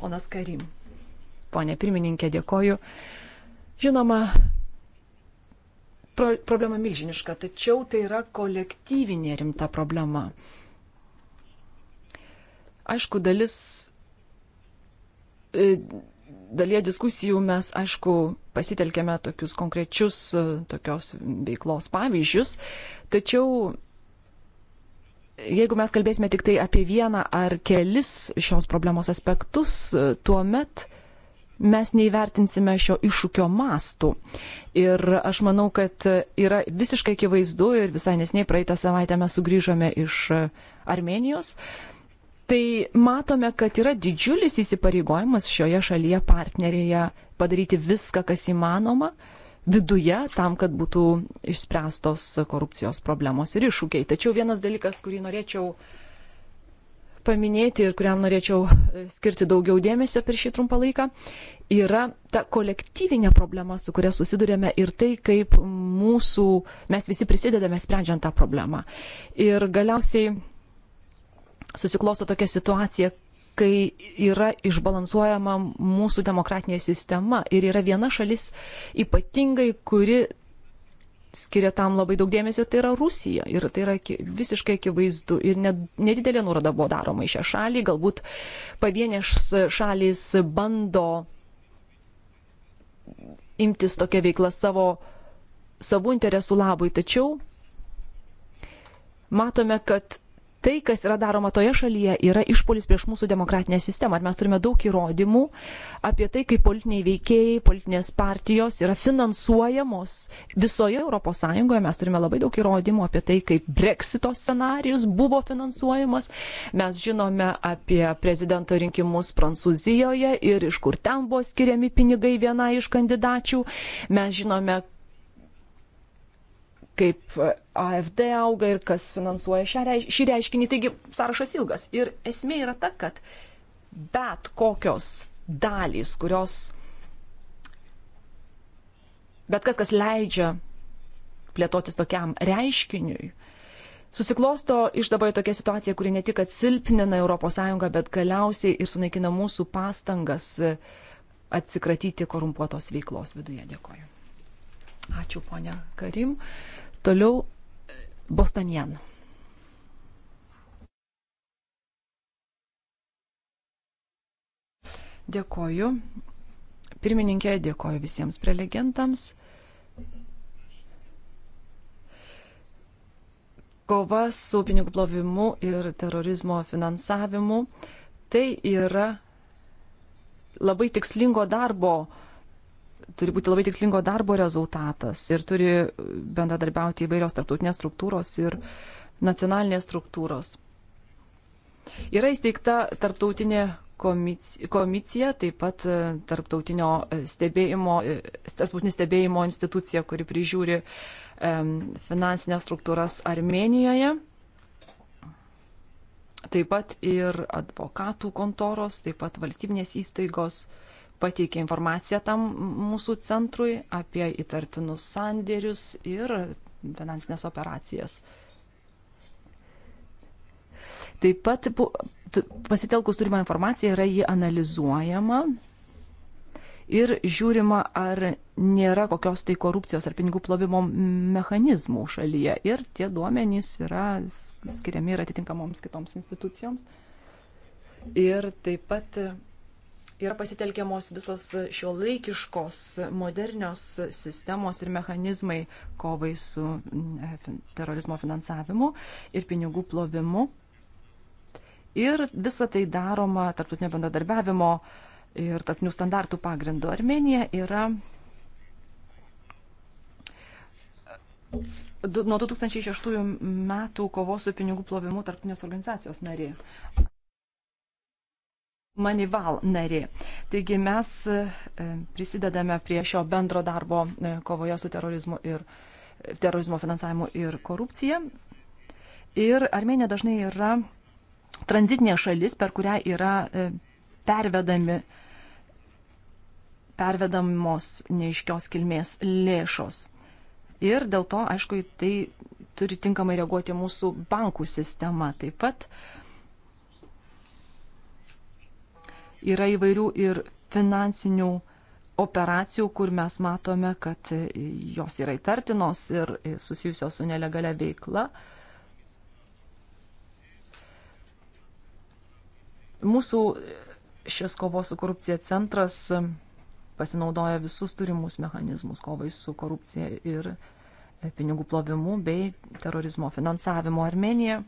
ponas Karim. Pone pirmininkė, dėkoju. Žinoma, pro, problema milžiniška, tačiau tai yra kolektyvinė rimta problema. Aišku, dalis, e, dalyje diskusijų mes, aišku, pasitelkėme tokius konkrečius e, tokios veiklos pavyzdžius, tačiau jeigu mes kalbėsime tik tai apie vieną ar kelis šios problemos aspektus, tuomet mes neįvertinsime šio iššūkio mastų. Ir aš manau, kad yra visiškai akivaizdu ir visai nesniai praeitą savaitę mes sugrįžome iš Armenijos. Tai matome, kad yra didžiulis įsipareigojimas šioje šalyje partnerėje padaryti viską, kas įmanoma, uh, viduje tam, kad būtų išspręstos korupcijos problemos ir iššūkiai. Tačiau vienas dalykas, kurį norėčiau paminėti ir kuriam norėčiau e, skirti daugiau dėmesio per šį trumpą laiką, yra ta kolektyvinė problema, su kuria susidurėme ir tai, kaip mūsų, mes visi prisidedame sprendžiant tą problemą. Ir galiausiai susiklosto tokia situacija, kai yra išbalansuojama mūsų demokratinė sistema ir yra viena šalis ypatingai, kuri skiria tam labai daug dėmesio, tai yra Rusija. Ir tai yra visiškai akivaizdu. Ir nedidelė nuoroda buvo daroma į šią šalį. Galbūt pavienės šalis bando imtis tokią veiklą savo, savų interesų labui. Tačiau matome, kad tai, kas yra daroma toje šalyje, yra išpolis prieš mūsų demokratinę sistemą. Ir mes turime daug įrodymų apie tai, kaip politiniai veikėjai, politinės partijos yra finansuojamos visoje ES. Mes turime labai daug įrodymų apie tai, kaip breksito scenarius buvo finansuojamas. Mes žinome apie prezidento rinkimus Prancūzijoje ir iš kur ten buvo skiriami pinigai vienai iš kandidačių. Mes žinome, kaip AFD auga ir kas finansuoja reiš, šį reiškinį. Taigi sąrašas ilgas. Ir esmė yra ta, kad bet kokios dalys, kurios bet kas, kas leidžia plėtotis tokiam reiškiniui, susiklosto iš dabar tokia situacija, kuri ne tik atsilpnina ES, bet galiausiai ir sunaikina mūsų pastangas atsikratyti korumpuotos veiklos viduje. Dėkoju. Ačiū, ponia Karim. Toliau Bostanian. Dėkoju. Pirmininkė, dėkoju visiems prelegentams. Kova su pinigų plovimu ir terorizmo finansavimu tai yra labai tikslingo darbo uh, turi būti labai tikslingo darbo rezultatas ir turi bendradarbiauti įvairios tarptautinės struktūros ir nacionalinės struktūros. Yra įsteigta tarptautinė komisija, taip pat e, tarptautinio e, stebėjimo, e, tarptautinio stebėjimo institucija, kuri prižiūri finansinės struktūras Armenijoje. Taip pat ir advokatų kontoros, taip pat valstybinės įstaigos, uh, pateikė informaciją tam mūsų centrui apie įtartinus sandėrius ir finansinės operacijas. Taip pat pasitelkus turimą informaciją yra jį analizuojama ir žiūrima, ar nėra kokios tai korupcijos ar pinigų plovimo mechanizmų šalyje. Ir tie duomenys yra skiriami ir atitinkamoms kitoms institucijoms. Ir taip pat yra pasitelkiamos visos šio laikiškos, modernios sistemos ir mechanizmai kovai su mm, e, terorizmo finansavimu ir pinigų plovimu. Ir visa tai daroma tarptautinio bendradarbiavimo ir tarptautinių standartų pagrindu. Armenija yra nuo 2006 metų kovos su pinigų plovimu tarptautinės organizacijos narė. Manival nari. Taigi mes e, prisidedame prie šio bendro darbo e, kovoje su terorizmu ir e, terorizmo finansavimu ir korupcija. Ir Armenija dažnai yra tranzitinė šalis, per kurią yra pervedami, pervedamos neiškios kilmės lėšos. Ir dėl to, aišku, tai turi tinkamai reaguoti mūsų bankų sistema. Taip pat uh, yra įvairių ir finansinių operacijų, kur mes matome, kad jos yra įtartinos ir susijusios su nelegalia veikla. Mūsų šis kovos su korupcija centras pasinaudoja visus turimus mechanizmus kovai su korupcija ir pinigų plovimu bei terorizmo finansavimo Armenija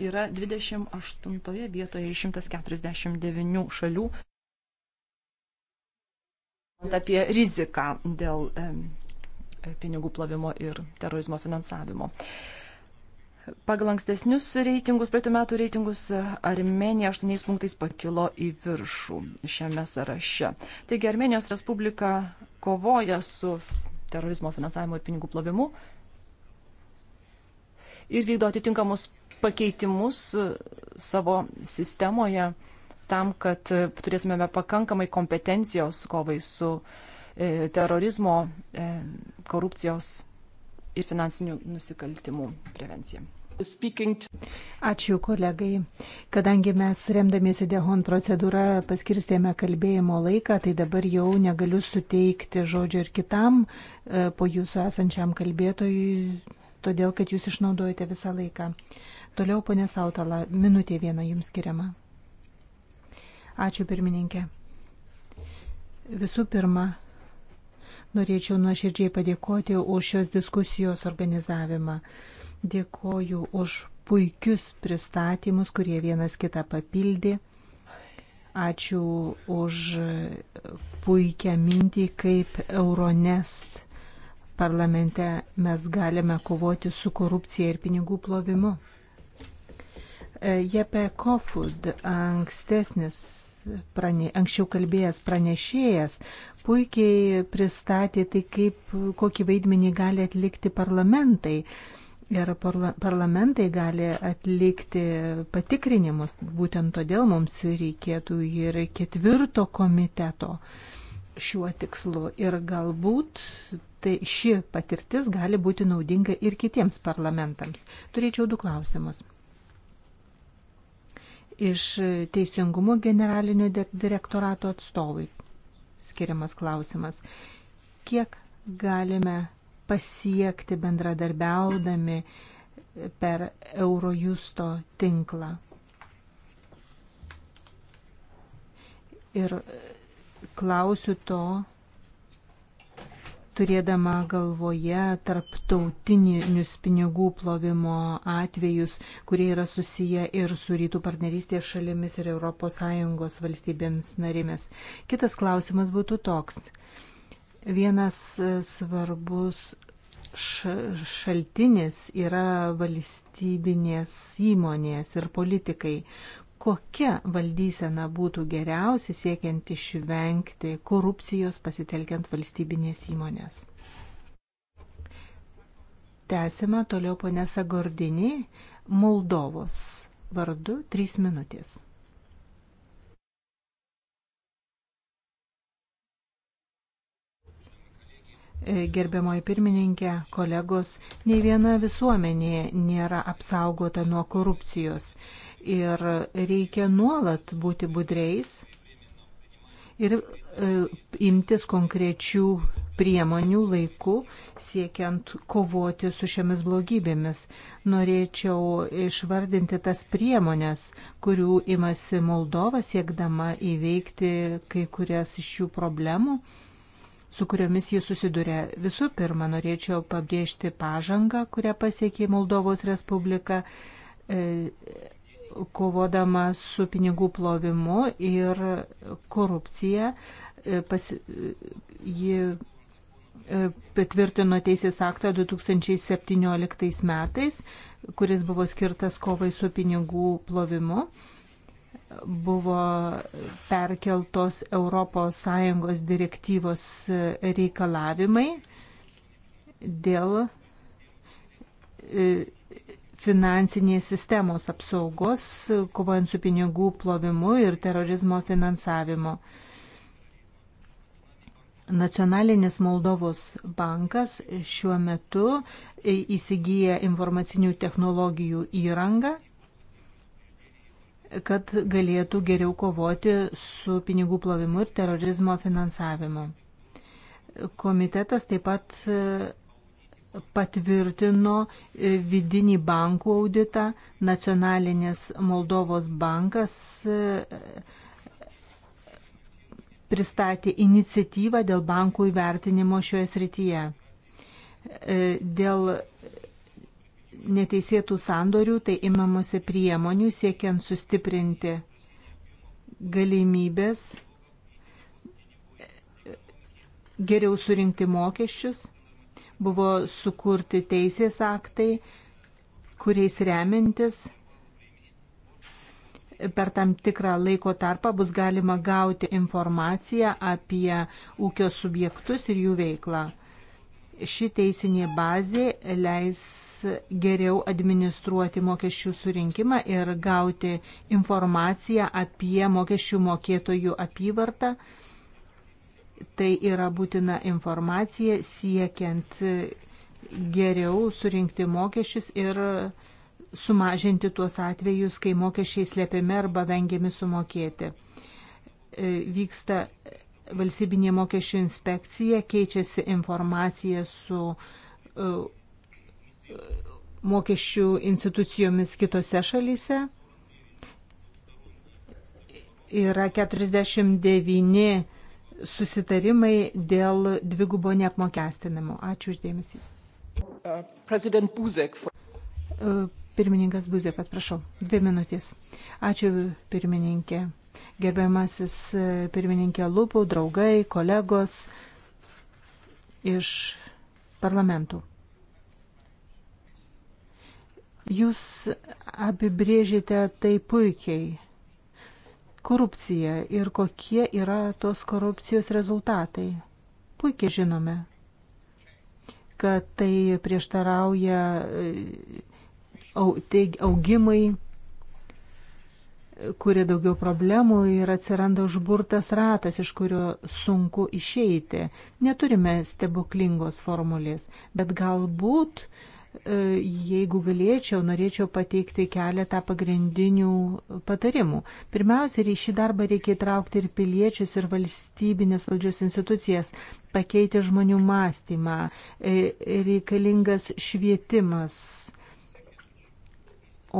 yra 28 vietoje iš 149 šalių. Apie riziką dėl pinigų plovimo ir terorizmo finansavimo. Pagal ankstesnius reitingus, praeitų metų reitingus, e, Armenija 8 punktais pakilo į viršų šiame sąraše. Taigi Armenijos Respublika kovoja su terorizmo finansavimu ir pinigų plovimu ir vykdo atitinkamus pakeitimus e, savo sistemoje tam, kad e, turėtumėme pakankamai kompetencijos kovai su e, terorizmo, korupcijos ir finansinių nusikaltimų prevencija. Ačiū kolegai. Kadangi mes remdamiesi Dehon procedūrą paskirstėme kalbėjimo laiką, tai dabar jau negaliu suteikti žodžio ir kitam po jūsų esančiam kalbėtojui, todėl kad jūs išnaudojate visą laiką. Toliau, ponė Sautala, minutė viena jums skiriama. Ačiū, pirmininkė. Visų pirma, norėčiau nuoširdžiai padėkoti už šios diskusijos organizavimą. Dėkoju už puikius pristatymus, kurie vienas kitą papildė. Ačiū už puikią mintį, kaip Euronest parlamente mes galime kovoti su korupcija ir pinigų plovimu. Jepe Kofud, ankstesnis prane, anksčiau kalbėjęs pranešėjas, puikiai pristatė tai, kaip, kokį vaidmenį gali atlikti parlamentai. Ir parla, parlamentai gali atlikti patikrinimus, būtent todėl mums reikėtų ir ketvirto komiteto šiuo tikslu. Ir galbūt tai ši patirtis gali būti naudinga ir kitiems parlamentams. Turėčiau du klausimus iš Teisingumo generalinio direktorato atstovui skiriamas klausimas. Kiek galime pasiekti bendradarbiaudami per Eurojusto tinklą? Ir klausiu to, turėdama galvoje tarptautinius pinigų plovimo atvejus, kurie yra susiję ir su rytų partnerystės šalimis ir ES valstybėms narėmis. Kitas klausimas būtų toks. Vienas e, svarbus šaltinis yra valstybinės įmonės ir politikai, kokia valdysena būtų geriausia siekiant išvengti korupcijos pasitelkiant valstybinės įmonės. Tęsime toliau ponę Sagordinį Moldovos vardu 3 minutės. Gerbiamoji pirmininkė, kolegos, nei viena visuomenė nėra apsaugota nuo korupcijos ir reikia nuolat būti budreis ir e, imtis konkrečių priemonių laiku siekiant kovoti su šiomis blogybėmis. Norėčiau išvardinti tas priemonės, kurių imasi Moldova siekdama įveikti kai kurias iš šių problemų su kuriomis jis susiduria. Visų pirma, norėčiau pabrėžti pažangą, kurią pasiekė Moldovos Respublika e, kovodama su pinigų plovimu ir korupcija. E, Pasi, e, ji e, patvirtino teisės aktą 2017 metais, kuris buvo skirtas kovai su pinigų plovimu. Buvo perkeltos ES direktyvos reikalavimai dėl finansinės sistemos apsaugos, kovojant su pinigų plovimu ir terorizmo finansavimu. Nacionalinis Moldovos bankas šiuo metu įsigyja informacinių technologijų įrangą, kad galėtų geriau kovoti su pinigų plovimu ir terorizmo finansavimu. Komitetas taip pat patvirtino e, vidinį bankų auditą, nacionalinis Moldovos bankas e, pristatė iniciatyvą dėl bankų įvertinimo šioje srityje. E, dėl neteisėtų sandorių tai imamosi priemonių siekiant sustiprinti galimybės geriau surinkti mokesčius buvo sukurti teisės aktai, kuriais remintis per tam tikrą laiko tarpą bus galima gauti informaciją apie ūkio subjektus ir jų veiklą. Ši teisinė bazė leis geriau administruoti mokesčių surinkimą ir gauti informaciją apie mokesčių mokėtojų apyvartą Tai yra būtina informacija siekiant geriau surinkti mokesčius ir sumažinti tuos atvejus, kai mokesčiai slėpiami arba vengiami sumokėti. E, vyksta valstybinė mokesčių inspekcija, keičiasi informacija su e, mokesčių institucijomis kitose šalyse. Yra 49 susitarimai dėl dvigubo neapmokestinimo. Ačiū uždėmesį. E, pirmininkas Buzekas, prašau, dvi minutės. Ačiū pirmininkė. Gerbiamasis e, pirmininkė Lūpų, draugai, kolegos iš parlamentų. Jūs apibrėžėte tai puikiai korupcija ir kokie yra tos korupcijos rezultatai. Puikiai žinome, kad tai prieštarauja e, tai augimai, kuria daugiau problemų ir atsiranda užburtas ratas, iš kurio sunku išeiti. Neturime stebuklingos formulės, bet galbūt uh, E, jeigu galėčiau, norėčiau pateikti keletą pagrindinių patarimų. Pirmiausia, į šį darbą reikia įtraukti ir piliečius, ir valstybinės valdžios institucijas, pakeiti žmonių mąstymą, e, reikalingas švietimas.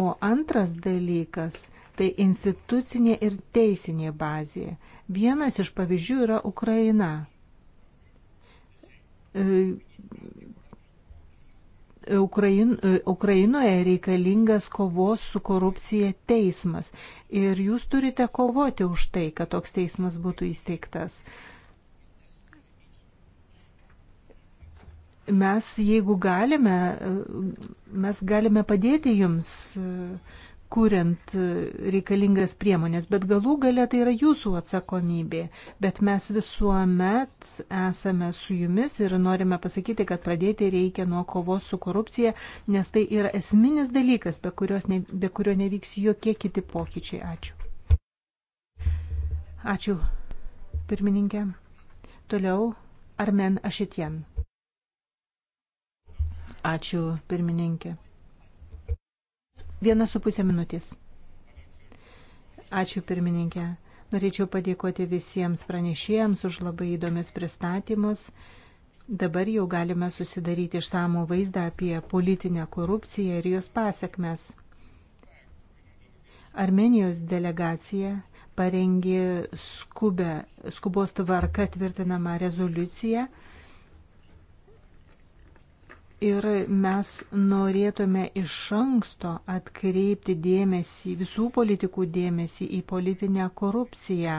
O antras dalykas - tai institucinė ir teisinė bazė. Vienas iš pavyzdžių yra Ukraina e, Ukrain, e, Ukrainoje reikalingas kovos su korupcija teismas ir jūs turite kovoti už tai, kad toks teismas būtų įsteigtas. Mes, jeigu galime, e, mes galime padėti jums uh, kuriant e, reikalingas priemonės, bet galų gale tai yra jūsų atsakomybė. Bet mes visuomet esame su jumis ir norime pasakyti, kad pradėti reikia nuo kovos su korupcija, nes tai yra esminis dalykas, be, ne, be kurio nevyks jokie kiti pokyčiai. Ačiū. Ačiū, pirmininkė. Toliau Armen Ašitien. Ačiū, pirmininkė. Viena su pusė minutės. Ačiū pirmininkė. Norėčiau padėkoti visiems pranešėjams už labai įdomius pristatymus. Dabar jau galime susidaryti išsamų vaizdą apie politinę korupciją ir jos pasiekmes. Armenijos delegacija parengė skubę, skubos tvarka tvirtinamą rezoliuciją Ir mes norėtume iš anksto atkreipti dėmesį, visų politikų dėmesį į politinę korupciją.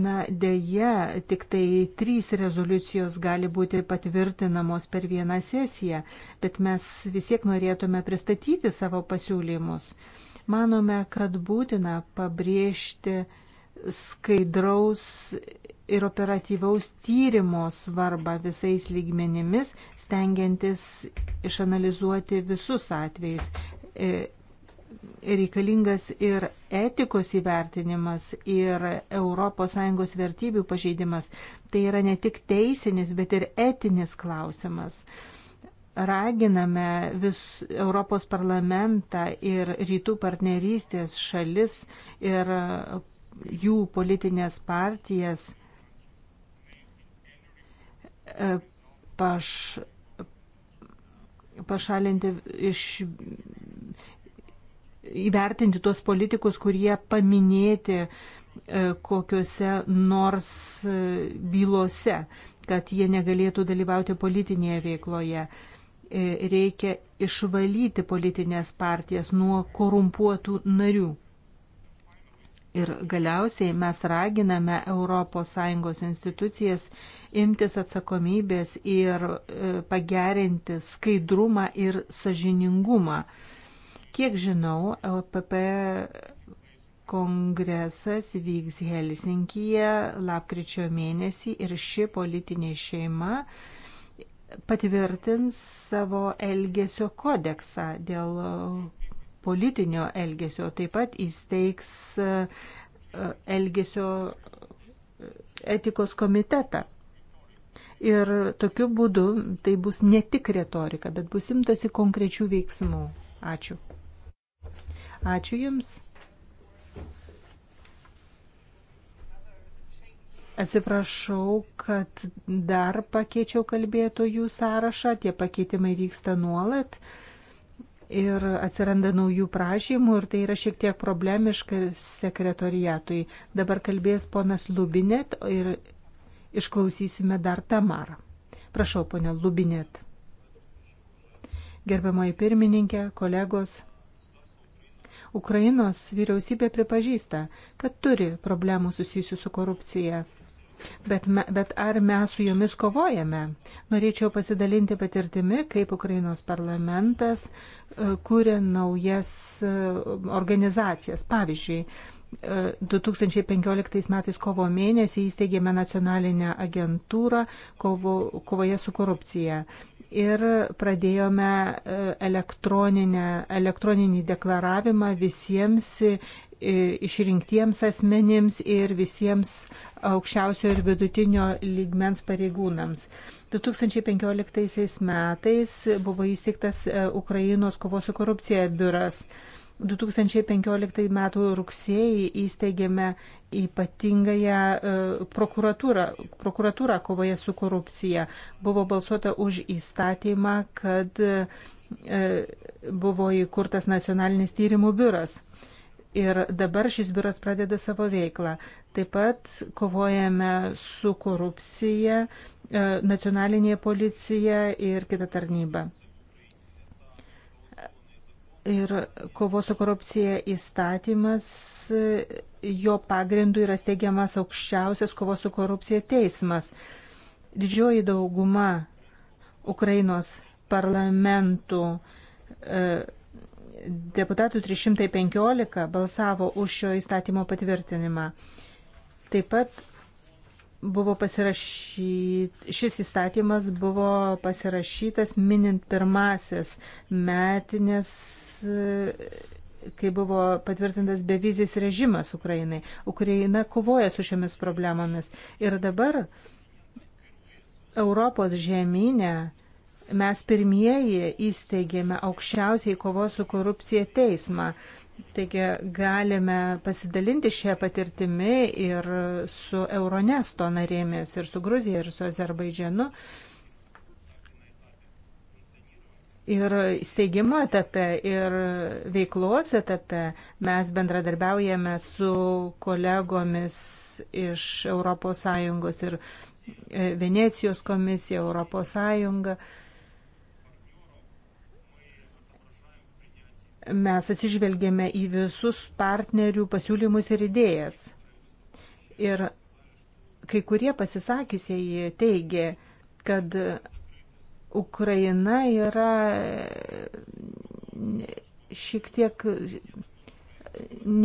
Na, dėje, tik tai trys rezoliucijos gali būti patvirtinamos per vieną sesiją, bet mes vis tiek norėtume pristatyti savo pasiūlymus. Manome, kad būtina pabrėžti, skaidraus ir operatyvaus tyrimo svarbą visais lygmenimis, stengiantis išanalizuoti visus atvejus. E, reikalingas ir etikos įvertinimas, ir ES vertybių pažeidimas. Tai yra ne tik teisinis, bet ir etinis klausimas. Raginame vis Europos parlamentą ir rytų partnerystės šalis ir jų politinės partijas e, paš, pašalinti iš įvertinti tuos politikus, kurie paminėti e, kokiuose nors e, bylose, kad jie negalėtų dalyvauti politinėje veikloje. Reikia išvalyti politinės partijas nuo korumpuotų narių. Ir galiausiai mes raginame ES institucijas imtis atsakomybės ir e, pagerinti skaidrumą ir sažiningumą. Kiek žinau, LPP e kongresas vyks Helsinkyje lapkričio mėnesį ir ši politinė šeima patvirtins savo elgesio kodeksą dėl politinio elgesio, taip pat įsteigs e, elgesio e, etikos komitetą. Ir tokiu būdu tai bus ne tik retorika, bet bus imtasi konkrečių veiksmų. Ačiū. Ačiū Jums. Atsiprašau, kad dar pakeičiau kalbėtojų sąrašą, tie pakeitimai vyksta nuolat. Uh, ir atsiranda naujų prašymų ir tai yra šiek tiek problemiška sekretoriatui. Dabar kalbės ponas Lubinet ir išklausysime dar Tamarą. Prašau, ponė Lubinet. Gerbiamoji pirmininkė, kolegos. Ukrainos vyriausybė pripažįsta, kad turi problemų susijusių su korupcija bet, me, bet ar mes su jomis kovojame? Norėčiau pasidalinti patirtimi, kaip Ukrainos parlamentas e, kūrė naujas e, organizacijas. Pavyzdžiui, 2015 e, metais kovo mėnesį įsteigėme nacionalinę agentūrą kovo, kovoje su korupcija ir pradėjome elektroninį deklaravimą visiems E, išrinktiems asmenims ir visiems aukščiausio ir vidutinio lygmens pareigūnams. 2015 metais buvo įsteigtas e, Ukrainos kovos su korupcija biuras. 2015 m. rugsėjį įsteigėme ypatingąją e, prokuratūrą, prokuratūrą kovoje su korupcija. Buvo balsuota už įstatymą, kad buvo įkurtas nacionalinis tyrimų biuras. Ir dabar šis biuras pradeda savo veiklą. Taip pat kovojame su korupcija, e, nacionalinė policija ir kita tarnyba. Ir kovos su korupcija įstatymas, jo pagrindu yra steigiamas aukščiausias kovos su korupcija teismas. Didžioji dauguma Ukrainos parlamentų e, deputatų 315 balsavo už šio įstatymo patvirtinimą. Taip pat buvo pasirašyt, šis įstatymas buvo pasirašytas minint pirmasis metinės, kai buvo patvirtintas bevizijas režimas Ukrainai. Ukraina kovoja su šiomis problemomis. Ir dabar Europos žemynė Mes pirmieji įsteigėme aukščiausiai kovos su korupcija teismą. Taigi galime pasidalinti šią patirtimį ir su Euronesto narėmis, ir su Gruzija, ir su Azerbaidžianu. Ir steigimo etape, ir veiklos etape mes bendradarbiaujame su kolegomis iš ES ir Venecijos komisija, ES. mes atsižvelgėme į visus partnerių pasiūlymus ir idėjas. Ir kai kurie pasisakiusieji teigė, kad Ukraina yra e, šiek tiek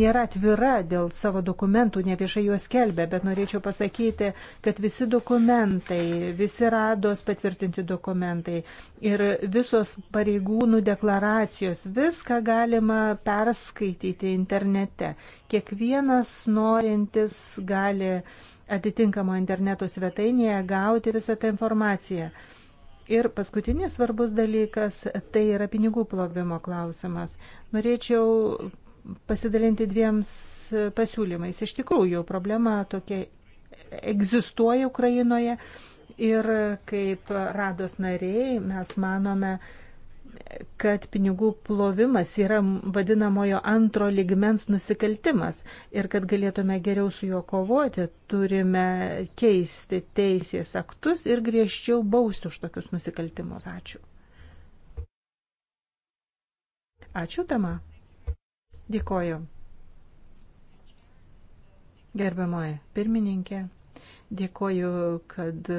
nėra atvira dėl savo dokumentų, ne viešai juos kelbė, bet norėčiau pasakyti, kad visi dokumentai, visi rados patvirtinti dokumentai ir visos pareigūnų deklaracijos, viską galima perskaityti internete. Kiekvienas norintis gali atitinkamo interneto svetainėje gauti visą tą informaciją. Ir paskutinis svarbus dalykas - tai yra pinigų plovimo klausimas. Norėčiau pasidalinti dviems pasiūlymais. Iš tikrųjų, problema tokia egzistuoja Ukrainoje ir kaip rados nariai mes manome, kad pinigų plovimas yra vadinamojo antro ligmens nusikaltimas ir kad galėtume geriau su juo kovoti, turime keisti teisės aktus ir griežčiau bausti už tokius nusikaltimus. Ačiū. Ačiū, Tama. Dėkoju. Gerbiamoji pirmininkė, dėkoju, kad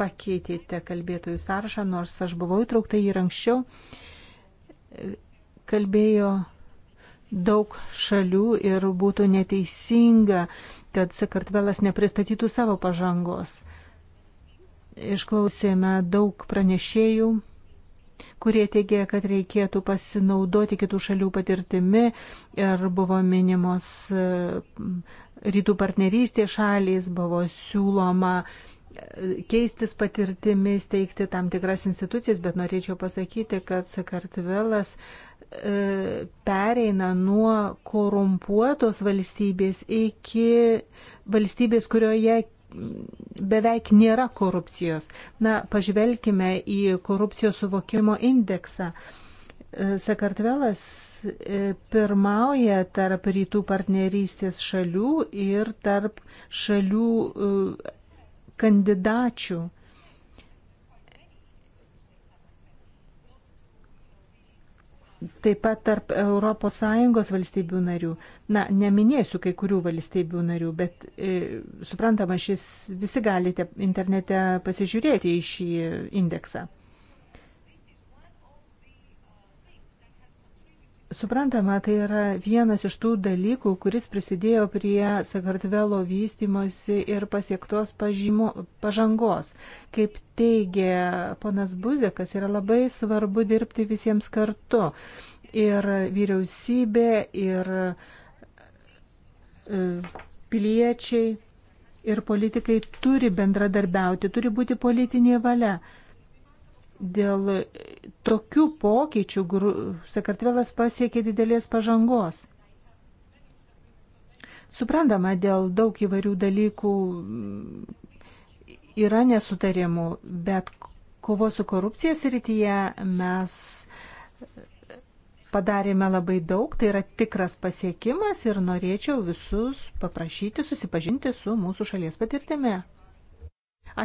pakeitėte kalbėtojų sąrašą, nors aš buvau įtraukta į anksčiau. Kalbėjo daug šalių ir būtų neteisinga, kad Sakartvelas nepristatytų savo pažangos. Išklausėme daug pranešėjų kurie teigia, kad reikėtų pasinaudoti kitų šalių patirtimi ir buvo minimos e, rytų partnerystės šalys, buvo siūloma e, keistis patirtimi, steigti tam tikras institucijas, bet norėčiau pasakyti, kad Sakartvelas e, pereina nuo korumpuotos valstybės iki valstybės, kurioje beveik nėra korupcijos. Na, pažvelkime į korupcijos suvokimo indeksą. E, Sakartvelas e, pirmauja tarp rytų partnerystės šalių ir tarp šalių e, kandidačių taip pat tarp ES valstybių narių. Na, neminėsiu kai kurių valstybių narių, bet e, suprantama, šis visi galite internete pasižiūrėti į šį indeksą. Suprantama, tai yra vienas iš tų dalykų, kuris prisidėjo prie Sakartvelo vystimosi ir pasiektos pažymo, pažangos. Kaip teigia ponas Buzekas, yra labai svarbu dirbti visiems kartu. Ir vyriausybė, ir e, piliečiai, ir politikai turi bendradarbiauti, turi būti politinė valia. Dėl tokių pokyčių Sakartvelas pasiekė didelės pažangos. Suprantama, dėl daug įvairių dalykų yra nesutarimų, bet kovo su korupcija srityje mes padarėme labai daug, tai yra tikras pasiekimas ir norėčiau visus paprašyti susipažinti su mūsų šalies patirtimi.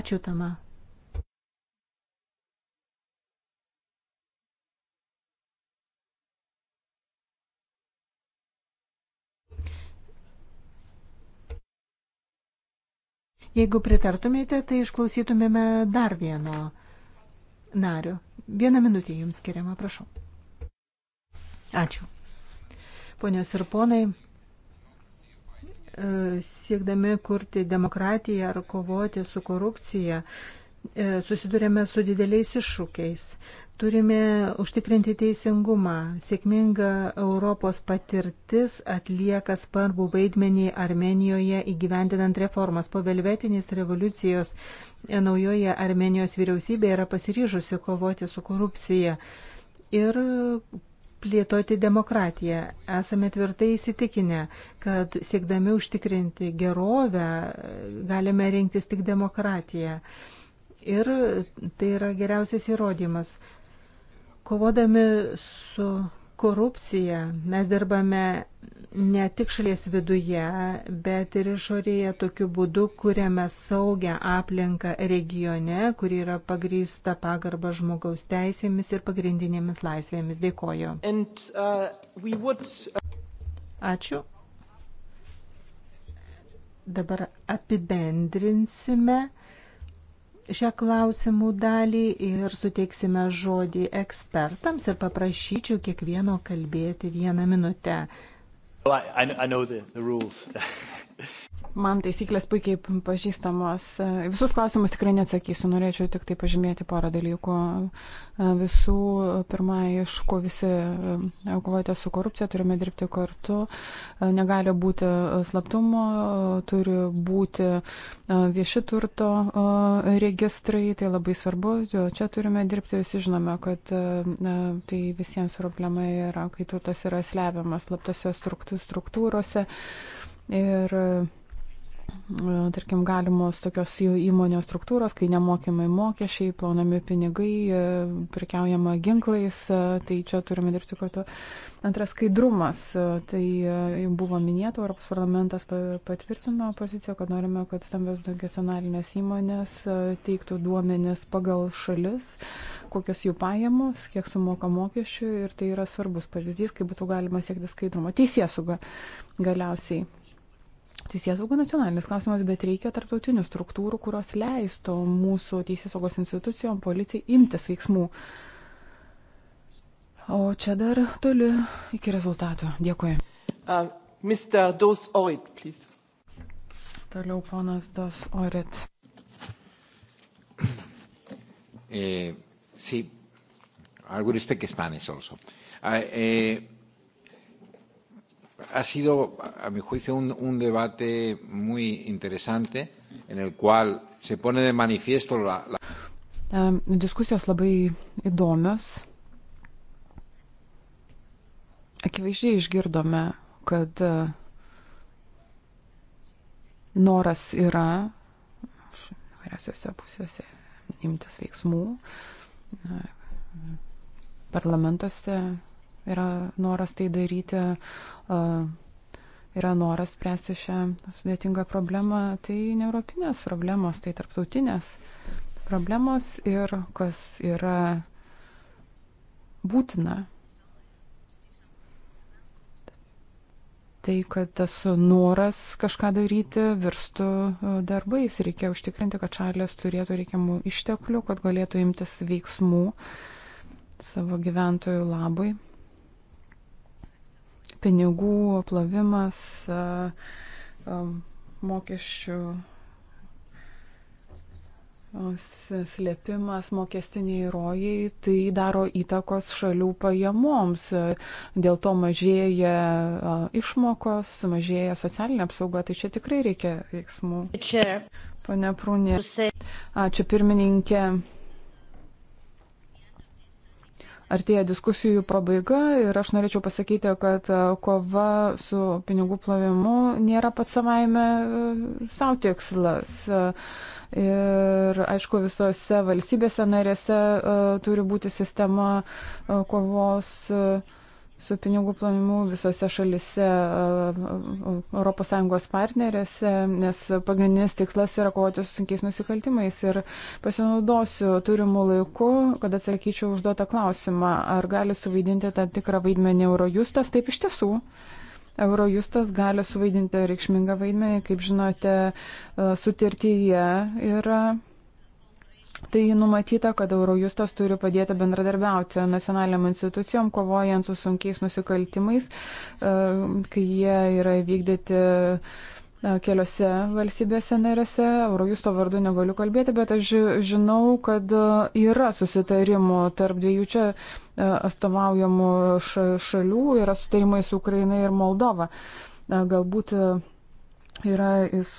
Ačiū, Tama. Jeigu pritartumėte, tai išklausytumėme dar vieno nario. Vieną minutę jums skiriama, prašau. Ačiū. Ponios ir ponai, e, siekdami kurti demokratiją ar kovoti su korupcija, e, susidurėme su dideliais iššūkiais. Turime užtikrinti teisingumą. Sėkminga Europos patirtis atlieka svarbų vaidmenį Armenijoje įgyvendinant reformas. Po velvetinės revoliucijos e, naujoje Armenijos vyriausybė yra pasiryžusi kovoti su korupcija ir plėtoti demokratiją. Esame tvirtai įsitikinę, kad siekdami užtikrinti gerovę galime rinktis tik demokratiją. Ir tai yra geriausias įrodymas Kovodami su korupcija mes dirbame ne tik šalies viduje, bet ir išorėje tokiu būdu kuriame saugią aplinką regione, kuri yra pagrįsta pagarba žmogaus teisėmis ir pagrindinėmis laisvėmis. Dėkoju. And, uh, would, uh... Ačiū. Dabar apibendrinsime šią klausimų dalį ir suteiksime žodį ekspertams ir paprašyčiau kiekvieno kalbėti vieną minutę. Well, I, I know the, the rules. [laughs] Man taisyklės puikiai pažįstamos. Visus klausimus tikrai neatsakysiu, norėčiau tik tai pažymėti porą dalykų. Visų pirma, aišku, visi e, kovojate su korupcija, turime dirbti kartu, negali būti e, slaptumo, turi būti e, vieši turto registrai, tai labai svarbu, čia turime dirbti, visi žinome, kad tai visiems problema yra, kai turtas yra slepiamas slaptose struktūrose. Ir E, tarkim, galimos tokios įmonės struktūros, kai nemokymai mokesčiai, plaunami pinigai, e, prekiaujama ginklais, e, tai čia turime dirbti kartu. Antras skaidrumas, tai buvo minėta, Europos parlamentas patvirtino poziciją, kad norime, kad stambios nacionalinės įmonės teiktų duomenis pagal šalis, kokios jų pajamos, kiek sumoka mokesčių ir tai yra svarbus pavyzdys, kaip būtų galima siekti skaidrumo. Teisėsuga galiausiai teisėsaugų nacionalinis klausimas, bet reikia tarptautinių struktūrų, kurios leistų mūsų teisėsaugos institucijom, policijai imtis veiksmų. O čia dar toli iki rezultato. Dėkui. Uh, Mr. Dos Orit, please. Toliau ponas Dos Orit. Eh, sí, I will speak Spanish also. Uh, eh, eh ha sido, a mi juicio, un, un debate muy interesante en el cual se pone de manifiesto la. la... Diskusijos labai įdomios. Akivaizdžiai išgirdome, kad noras yra įvairiosiuose pusėse imtis veiksmų, parlamentuose yra noras tai daryti, yra noras spręsti šią sudėtingą problemą, tai ne europinės problemos, tai tarptautinės problemos ir kas yra būtina. Tai, kad tas noras kažką daryti virstų darbais, reikia užtikrinti, kad šalės turėtų reikiamų išteklių, kad galėtų imtis veiksmų savo gyventojų labui pinigų plovimas, mokesčių slėpimas, mokestiniai rojai, tai daro įtakos šalių pajamoms. Dėl to mažėja išmokos, mažėja socialinė apsauga, tai čia tikrai reikia veiksmų. Čia. Pane Prūnė. Ačiū pirmininkė artėja diskusijų pabaiga ir aš norėčiau pasakyti, kad e, kova su pinigų plovimu nėra pats savaime e, savo tikslas. E, ir aišku, visose valstybėse narėse turi būti sistema kovos. Uh, su pinigų plovimu visose šalise ES partnerėse, nes pagrindinis tikslas yra kovoti su sunkiais nusikaltimais. Ir pasinaudosiu turimų laiku, kad atsakyčiau užduotą klausimą, ar gali suvaidinti tą tikrą vaidmenį Eurojustas. Taip iš tiesų. Eurojustas gali suvaidinti reikšmingą vaidmenį, kaip žinote, e, sutirtyje yra. Ir Tai numatyta, kad Eurojustas turi padėti bendradarbiauti nacionaliniam institucijom, kovojant su sunkiais nusikaltimais, e, kai jie yra vykdyti e, keliose valstybėse narėse. Eurojusto vardu negaliu kalbėti, bet aš žinau, kad e, yra susitarimų tarp dviejų čia atstovaujamų šalių, yra sutarimai su Ukraina ir Moldova. Galbūt Yra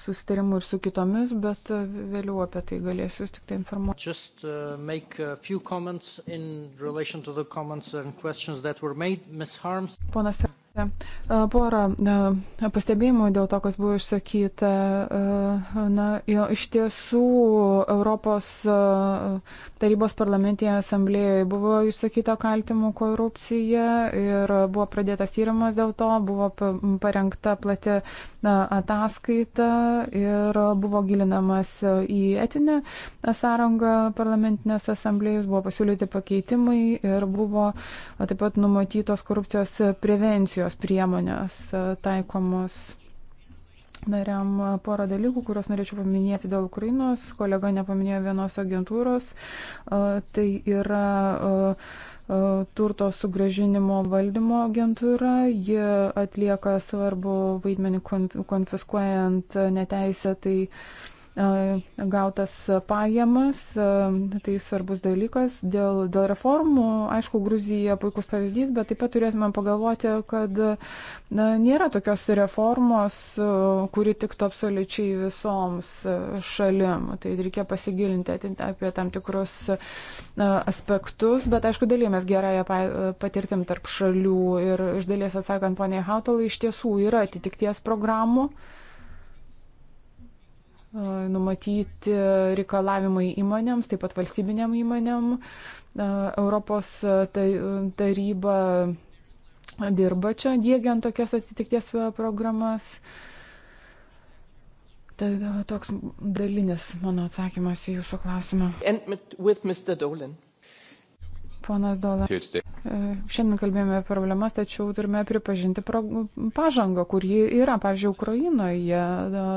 susitarimų ir su kitomis, bet e, vėliau apie tai galėsiu jūs tik tai informuoti. Just uh, make a few comments in relation to the comments and questions that were made, Ms. Harms. Ponas. E, porą e, pastebėjimų dėl to, kas buvo išsakyta. E, na, jo, iš tiesų, Europos tarybos parlamentėje asamblėjoje buvo išsakyta kaltimų korupcija ir buvo pradėtas tyrimas dėl to, buvo parengta plati ataskaita ir buvo gilinamas į etinę sąrangą parlamentinės asamblėjus, buvo pasiūlyti pakeitimai ir buvo taip pat numatytos korupcijos prevencijos prevencijos priemonės e, taikomos nariam e, porą dalykų, kuriuos norėčiau paminėti dėl Ukrainos. Kolega nepaminėjo vienos agentūros. E, tai yra turto sugražinimo valdymo agentūra. Ji atlieka svarbu vaidmenį konfiskuojant neteisėtai tai gautas pajamas. Tai svarbus dalykas. Dėl, dėl reformų, aišku, Gruzija puikus pavyzdys, bet taip pat turėtume pagalvoti, kad na, nėra tokios reformos, kuri tiktų absoliučiai visoms šalim. Tai reikia pasigilinti apie tam tikrus aspektus, bet aišku, dalymės gerąją patirtim tarp šalių ir iš dalies atsakant poniai Hautolai, iš tiesų yra atitikties programų. Uh, numatyti reikalavimai įmonėms, taip pat valstybinėm įmonėm. Europos taryba dirba čia, dėgiant tokias atitikties programas. Tai toks dalinis mano atsakymas į jūsų klausimą ponas Dola. E, šiandien kalbėjome apie problemas, tačiau turime pripažinti pažangą, kur ji yra. Pavyzdžiui, Ukrainoje e,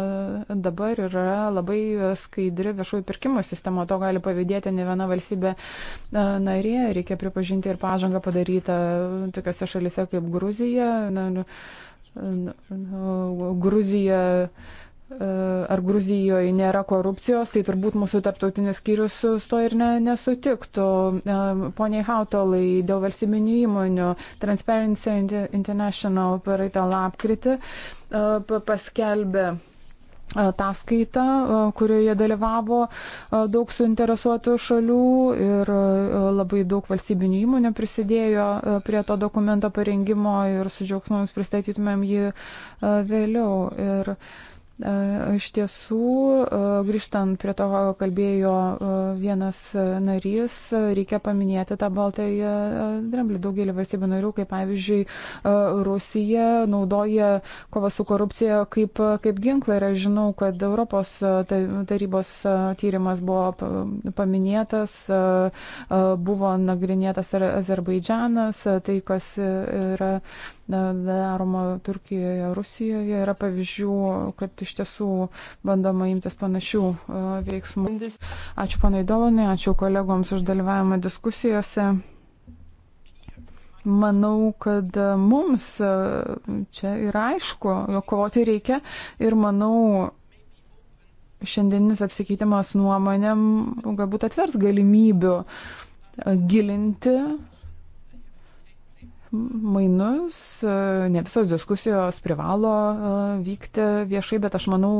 dabar yra labai skaidri viešųjų pirkimų sistema, to gali pavydėti ne viena valstybė e, narė. Reikia pripažinti ir pažangą padarytą tokiuose šalise kaip Gruzija. Na, na, nu, na, nu, Gruzija. Na, E, ar Gruzijoje nėra korupcijos, tai turbūt mūsų tarptautinis skyrius su to ir ne, nesutiktų. E, poniai Hautolai, dėl valstybinių įmonių Transparency International praeitą lapkritį e, paskelbė ataskaitą, kurioje dalyvavo daug suinteresuotų šalių ir labai daug valstybinių įmonių prisidėjo prie to dokumento parengimo ir su džiaugsmu jums pristatytumėm jį vėliau. Ir, uh, Iš tiesų, grįžtant prie to, kalbėjo vienas narys, reikia paminėti tą baltąją dramblį. Daugelį valstybių narių, kaip pavyzdžiui, Rusija naudoja kovą su korupcija kaip, kaip ginklą. Ir aš žinau, kad Europos tarybos tyrimas buvo paminėtas, buvo nagrinėtas Azerbaidžianas, tai kas e, yra daroma Turkijoje, Rusijoje. Yra pavyzdžių, kad kad iš tiesų bandoma imtis panašių e, veiksmų. Ačiū panai Dolonai, ačiū kolegoms už dalyvavimą diskusijose. Manau, kad mums e, čia yra aišku, jo kovoti reikia ir manau, šiandieninis apsikeitimas nuomonėm galbūt atvers galimybių e, gilinti mainus, ne visos diskusijos privalo e, vykti viešai, bet aš manau,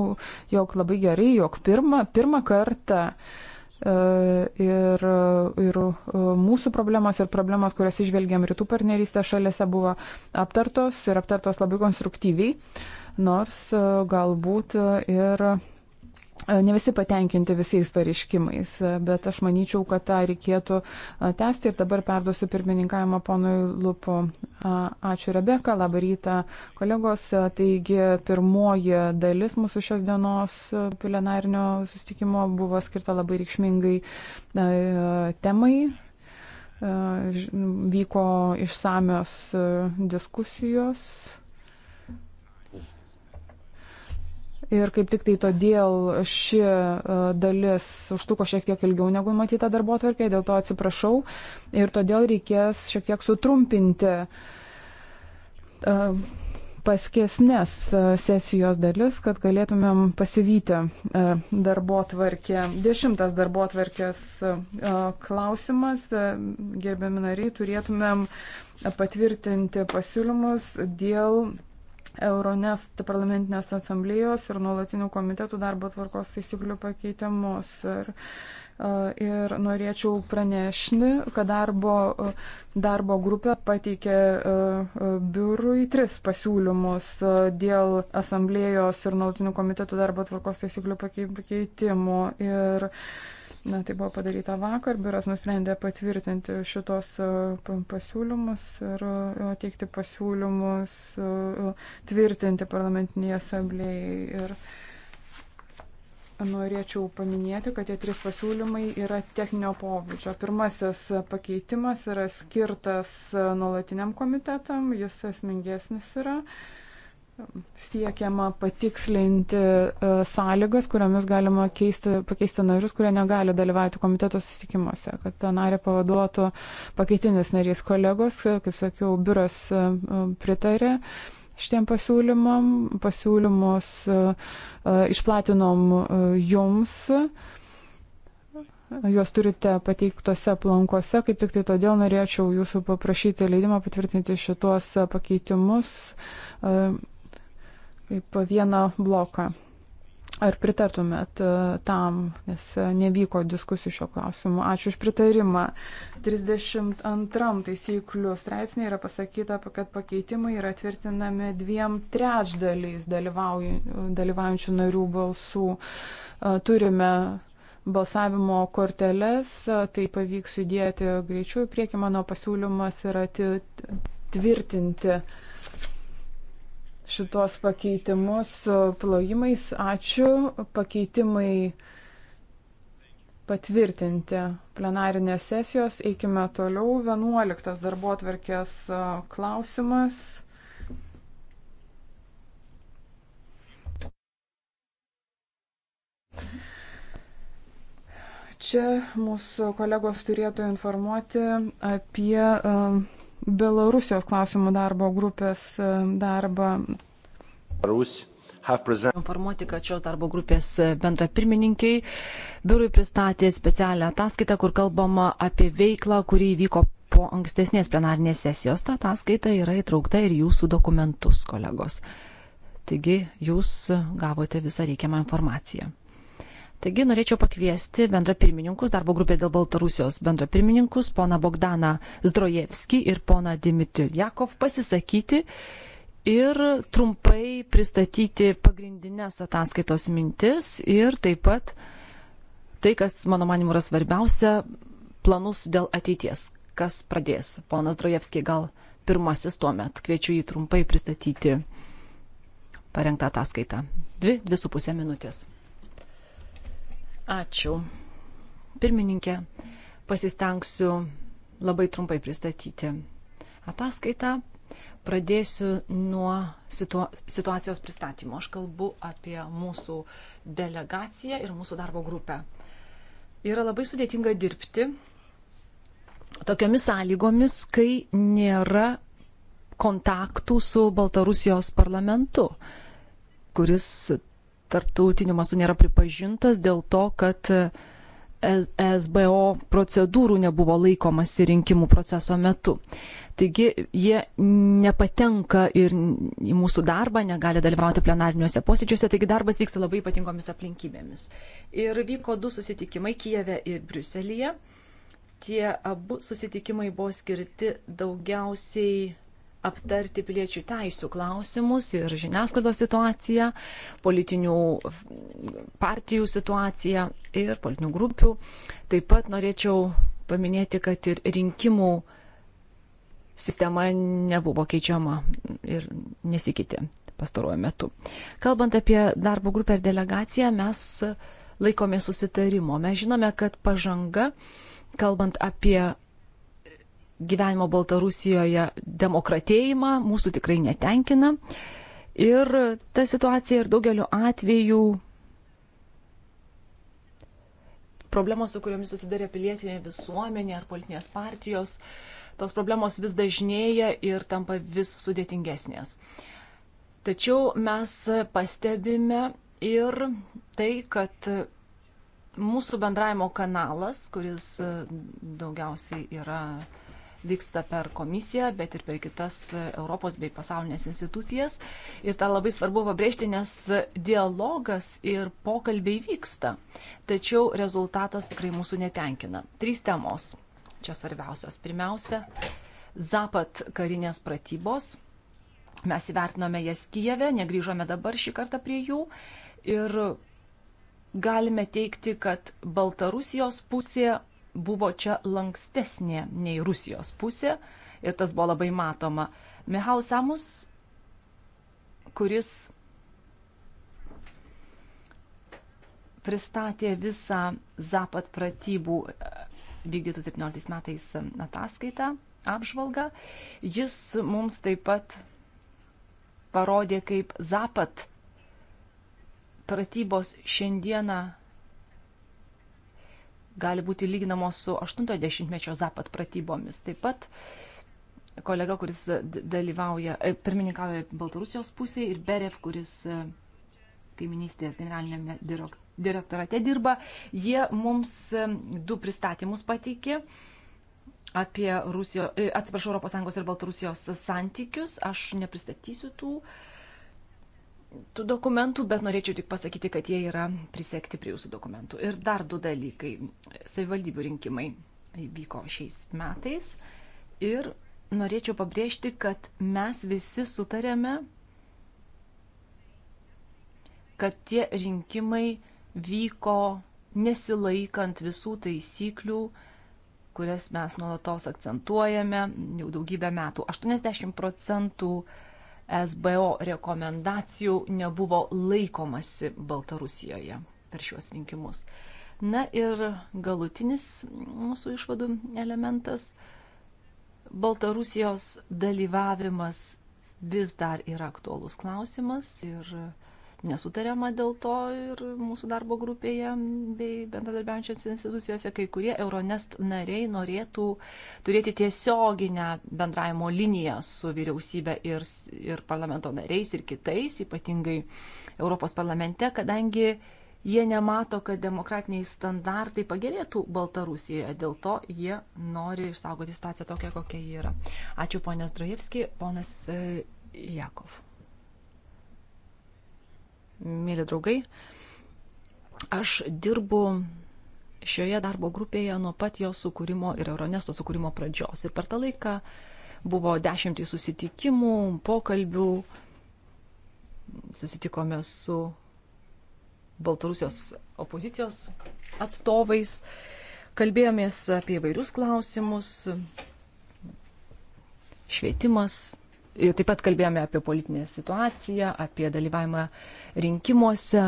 jog labai gerai, jog pirmą, pirmą kartą e, ir, ir e, mūsų problemas ir problemas, kurias išvelgiam rytų partnerystės šalėse, buvo aptartos ir aptartos labai konstruktyviai, nors galbūt ir E, ne visi patenkinti visais pareiškimais, e, bet aš manyčiau, kad tą reikėtų e, tęsti ir dabar perduosiu pirmininkavimą ponui Lupu. Ačiū Rebeka, labą rytą kolegos. Taigi pirmoji dalis mūsų šios dienos plenarinio sustikimo buvo skirta labai reikšmingai temai. Vyko išsamios diskusijos Ir kaip tik tai todėl ši e, dalis užtuko šiek tiek ilgiau negu matyta darbo tvarkė, dėl to atsiprašau. Ir todėl reikės šiek tiek sutrumpinti e, paskesnės e, sesijos dalis, kad galėtumėm pasivyti darbo tvarkę. Dešimtas darbo tvarkės klausimas. Gerbiami nariai, turėtumėm patvirtinti pasiūlymus dėl Euronest parlamentinės asamblėjos ir nuolatinių komitetų darbo tvarkos taisyklių pakeitimus. Ir, e, ir norėčiau pranešti, kad darbo, e, darbo grupė pateikė e, biurui tris pasiūlymus dėl asamblėjos ir nuolatinių komitetų darbo tvarkos taisyklių pakeitimų. Ir, Na, tai buvo padaryta vakar, biuras nusprendė patvirtinti šitos e, pasiūlymus ir e, teikti pasiūlymus e, tvirtinti parlamentinėje asamblėje. Ir norėčiau paminėti, kad tie trys pasiūlymai yra techninio pobūdžio. Pirmasis pakeitimas yra skirtas nuolatiniam komitetam, jis esmingesnis yra. Uh, Siekiama patikslinti e, sąlygas, kuriomis galima keisti, pakeisti narius, kurie negali dalyvauti komiteto susitikimuose, kad tą narį pavaduotų pakeitinis narys kolegos, e, kaip sakiau, biuras e, pritarė šitiem pasiūlymam, pasiūlymus išplatinom jums juos turite pateiktose plankose, kaip tik tai todėl norėčiau jūsų paprašyti leidimą patvirtinti šitos pakeitimus kaip vieną bloką. Ar pritartumėt e, tam, nes e, nevyko diskusijų šio klausimu? Ačiū už pritarimą. 32 taisyklių straipsnė yra pasakyta, kad pakeitimai yra tvirtinami dviem trečdaliais dalyvaujančių narių balsų. E, turime balsavimo korteles, tai pavyks judėti greičiau į priekį. Mano pasiūlymas yra tvirtinti šitos pakeitimus plojimais. Ačiū. Pakeitimai patvirtinti plenarinės sesijos. Eikime toliau. 11 darbo atverkės klausimas. Čia mūsų kolegos turėtų informuoti apie Belarusijos klausimų darbo grupės e, darbą. Rusija informuoti, kad šios darbo grupės e, bendra pirmininkiai biurui pristatė specialią ataskaitą, kur kalbama apie veiklą, kuri įvyko po ankstesnės plenarnės sesijos. Ta ataskaita yra įtraukta ir jūsų dokumentus, kolegos. Taigi jūs gavote visą reikiamą informaciją. Taigi norėčiau pakviesti bendra pirmininkus, darbo grupė dėl Baltarusijos bendra pirmininkus, pona Bogdaną Zdrojevski ir pona Dimitri Jakov pasisakyti ir trumpai pristatyti pagrindinės ataskaitos mintis ir taip pat tai, kas mano manimu yra svarbiausia, planus dėl ateities. Kas pradės? Ponas Drojevski gal pirmasis tuo met. Kviečiu jį trumpai pristatyti parengtą ataskaitą. Dvi, dvi su pusė minutės. Ačiū. Pirmininkė, pasistengsiu labai trumpai pristatyti ataskaitą. Pradėsiu nuo situa situacijos pristatymo. Aš kalbu apie mūsų delegaciją ir mūsų darbo grupę. Yra labai sudėtinga dirbti tokiomis sąlygomis, kai nėra kontaktų su Baltarusijos parlamentu, kuris tarptautiniu mastu nėra pripažintas dėl to, kad e, SBO procedūrų nebuvo laikomasi rinkimų proceso metu. Taigi jie nepatenka ir į mūsų darbą, negali dalyvauti plenariniuose posėdžiuose, taigi darbas vyksta labai ypatingomis aplinkybėmis. Ir vyko du susitikimai Kijeve ir Briuselėje. Tie abu susitikimai buvo skirti daugiausiai aptarti piliečių teisų klausimus ir žiniasklaidos situaciją, politinių partijų situaciją ir politinių grupių. Taip pat norėčiau paminėti, kad ir rinkimų sistema nebuvo keičiama ir nesikitė pastaruoju metu. Kalbant apie darbo grupę ir delegaciją, mes laikome susitarimo. Mes žinome, kad pažanga, kalbant apie gyvenimo Baltarusijoje demokratėjimą mūsų tikrai netenkina. Ir ta situacija ir daugeliu atveju problemos, su kuriomis susidarė pilietinė visuomenė ar politinės partijos, tos problemos vis dažnėja ir tampa vis sudėtingesnės. Tačiau mes pastebime ir tai, kad mūsų bendravimo kanalas, kuris daugiausiai yra vyksta per komisiją, bet ir per kitas Europos bei pasaulinės institucijas. Ir tą labai svarbu pabrėžti, nes dialogas ir pokalbiai vyksta. Tačiau rezultatas tikrai mūsų netenkina. Trys temos. Čia svarbiausios. Pirmiausia, Zapat karinės pratybos. Mes įvertinome jas Kijeve, negryžome dabar šį kartą prie jų. Ir galime teikti, kad Baltarusijos pusė buvo čia lankstesnė nei Rusijos pusė ir tas buvo labai matoma. Mihau Samus, kuris pristatė visą Zapat pratybų e, vykdytų 17 metais e, ataskaitą, apžvalgą, jis mums taip pat parodė, kaip Zapat pratybos šiandieną gali būti lyginamos su 80-mečio Zapat pratybomis. Taip pat kolega, kuris dalyvauja, e, pirmininkauja Baltarusijos pusėje ir Berev, kuris e, kaiminystės generalinėme direktorate dirba, jie mums e, du pristatymus pateikė apie Rusijos, atsiprašau, ES ir Baltarusijos santykius. Aš nepristatysiu tų uh, tų dokumentų, bet norėčiau tik pasakyti, kad jie yra prisekti prie jūsų dokumentų. Ir dar du dalykai. Savivaldybių rinkimai vyko šiais metais. Ir norėčiau pabrėžti, kad mes visi sutarėme, kad tie rinkimai vyko nesilaikant visų taisyklių, kurias mes nuolatos akcentuojame jau daugybę metų. 80 procentų SBO rekomendacijų nebuvo laikomasi Baltarusijoje per šiuos rinkimus. Na ir galutinis mūsų išvadų elementas - Baltarusijos dalyvavimas vis dar yra aktuolus klausimas ir Nesutariama dėl to ir mūsų darbo grupėje bei bendradarbiaujančios institucijose kai kurie Euronest nariai norėtų turėti tiesioginę bendravimo liniją su vyriausybė ir, ir parlamento nariais ir kitais, ypatingai Europos parlamente, kadangi jie nemato, kad demokratiniai standartai pagerėtų Baltarusijoje. Dėl to jie nori išsaugoti situaciją tokią, kokia ji yra. Ačiū ponės Drajevski, ponas e, Jakov mėly draugai, aš dirbu šioje darbo grupėje nuo pat jos sukūrimo ir Euronesto sukūrimo pradžios. Ir per tą laiką buvo dešimtys susitikimų, pokalbių, susitikome su Baltarusijos opozicijos atstovais, kalbėjomės apie įvairius klausimus, švietimas, Ir taip pat kalbėjome apie politinę situaciją, apie dalyvavimą rinkimuose,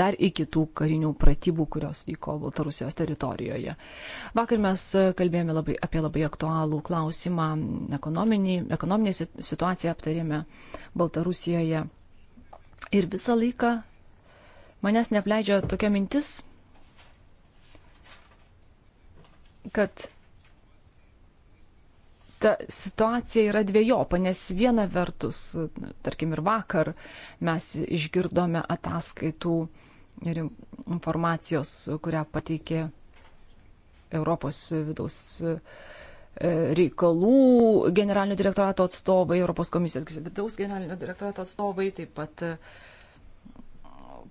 dar iki tų karinių pratybų, kurios vyko Baltarusijos teritorijoje. Vakar mes kalbėjome labai, apie labai aktualų klausimą, ekonominę situaciją aptarėme Baltarusijoje. Ir visą laiką manęs neapleidžia tokia mintis, kad ta situacija yra dviejopa, nes viena vertus, tarkim ir vakar mes išgirdome ataskaitų ir informacijos, kurią pateikė Europos vidaus e, reikalų generalinio direktorato atstovai, Europos komisijos vidaus generalinio direktorato atstovai, taip pat e,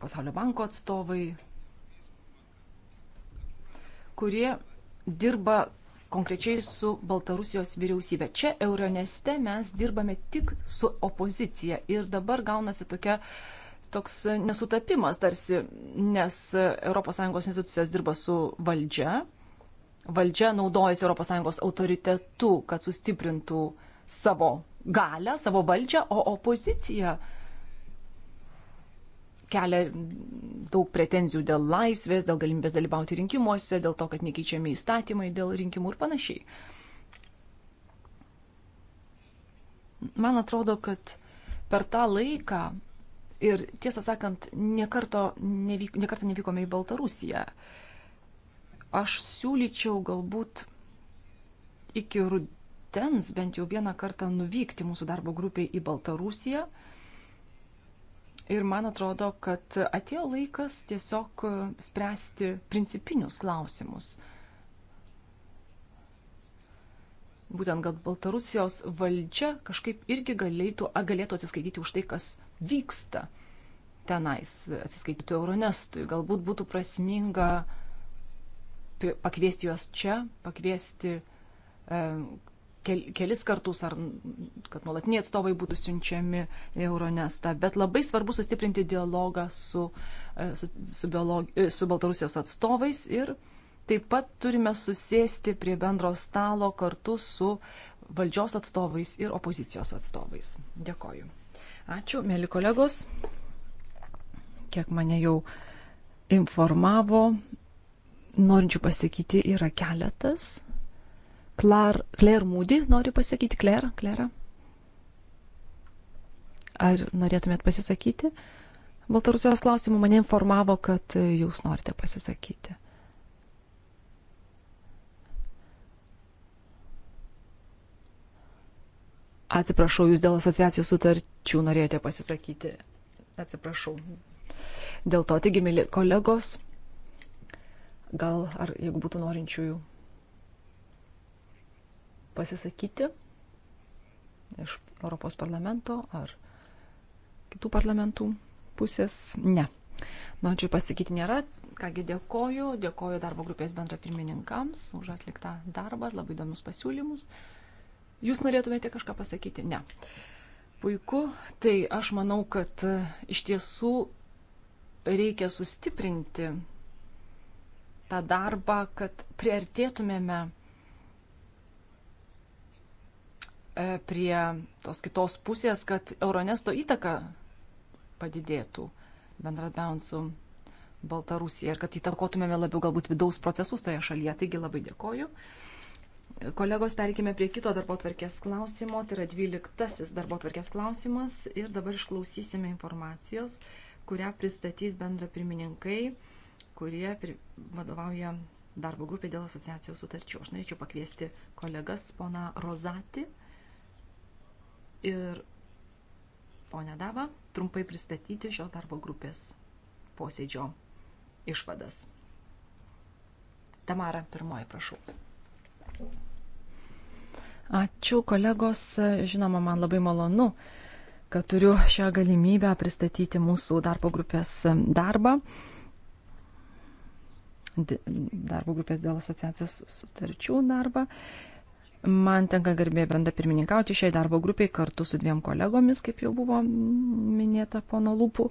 Pasaulio banko atstovai, kurie dirba konkrečiai su Baltarusijos vyriausybė. Čia Euroneste mes dirbame tik su opozicija ir dabar gaunasi tokia toks nesutapimas tarsi, nes ES institucijos dirba su valdžia, valdžia naudojasi ES autoritetu, kad sustiprintų savo galę, savo valdžią, o opozicija uh, kelia daug pretenzijų dėl laisvės, dėl galimybės dalyvauti rinkimuose, dėl to, kad nekeičiami įstatymai dėl rinkimų ir panašiai. Man atrodo, kad per tą laiką ir tiesą sakant, niekarto nevyk, niekarto nevykome į Baltarusiją. Aš siūlyčiau galbūt iki rudens bent jau vieną kartą nuvykti mūsų darbo grupiai į Baltarusiją Ir man atrodo, kad atėjo laikas tiesiog e, spręsti principinius klausimus. Būtent, kad Baltarusijos valdžia kažkaip irgi galėtų, galėtų atsiskaityti už tai, kas vyksta tenais, atsiskaityti Euronestui. Galbūt būtų prasminga pakviesti juos čia, pakviesti e, kelis kartus, ar kad nuolatiniai atstovai būtų siunčiami Euronestą, bet labai svarbu sustiprinti dialogą su, e, su, su, biolog, e, su Baltarusijos atstovais ir taip pat turime susėsti prie bendro stalo kartu su valdžios atstovais ir opozicijos atstovais. Dėkoju. Ačiū, mėly kolegos, kiek mane jau informavo, norinčių pasakyti yra keletas Klar, Claire Moody nori pasakyti. Claire, Claire. Ar norėtumėt pasisakyti? Baltarusijos klausimų mane informavo, kad jūs norite pasisakyti. Atsiprašau, jūs dėl asociacijos sutarčių norėjote pasisakyti. Atsiprašau. Dėl to, taigi, mėly kolegos, gal ar jeigu būtų norinčiųjų pasisakyti iš Europos parlamento ar kitų parlamentų pusės? Ne. Norinčių pasakyti nėra. Kągi dėkoju, dėkoju darbo grupės bendra pirmininkams už atliktą darbą ir labai įdomius pasiūlymus. Jūs norėtumėte kažką pasakyti? Ne. Puiku, tai aš manau, kad e, iš tiesų reikia sustiprinti tą darbą, kad priartėtumėme E, prie tos kitos pusės, kad Euronesto įtaka padidėtų bendradabiaujant su Baltarusija ir kad įtakotumėme labiau galbūt vidaus procesus toje šalyje. Taigi labai dėkoju. Kolegos, perikime prie kito darbo tvarkės klausimo. Tai yra 12 darbo tvarkės klausimas ir dabar išklausysime informacijos, kurią pristatys bendra pirmininkai, kurie pri... vadovauja darbo grupė dėl asociacijos sutarčių. Aš norėčiau pakviesti kolegas, pona Rozati ir ponę Davą trumpai pristatyti šios darbo grupės posėdžio išvadas. Tamara, pirmoji, prašau. Ačiū kolegos, žinoma, man labai malonu, kad turiu šią galimybę pristatyti mūsų darbo grupės darbą. Darbo grupės dėl asociacijos sutarčių darbą. Man tenka garbė bendra pirmininkauti šiai darbo grupiai kartu su dviem kolegomis, kaip jau buvo minėta pono Lūpų.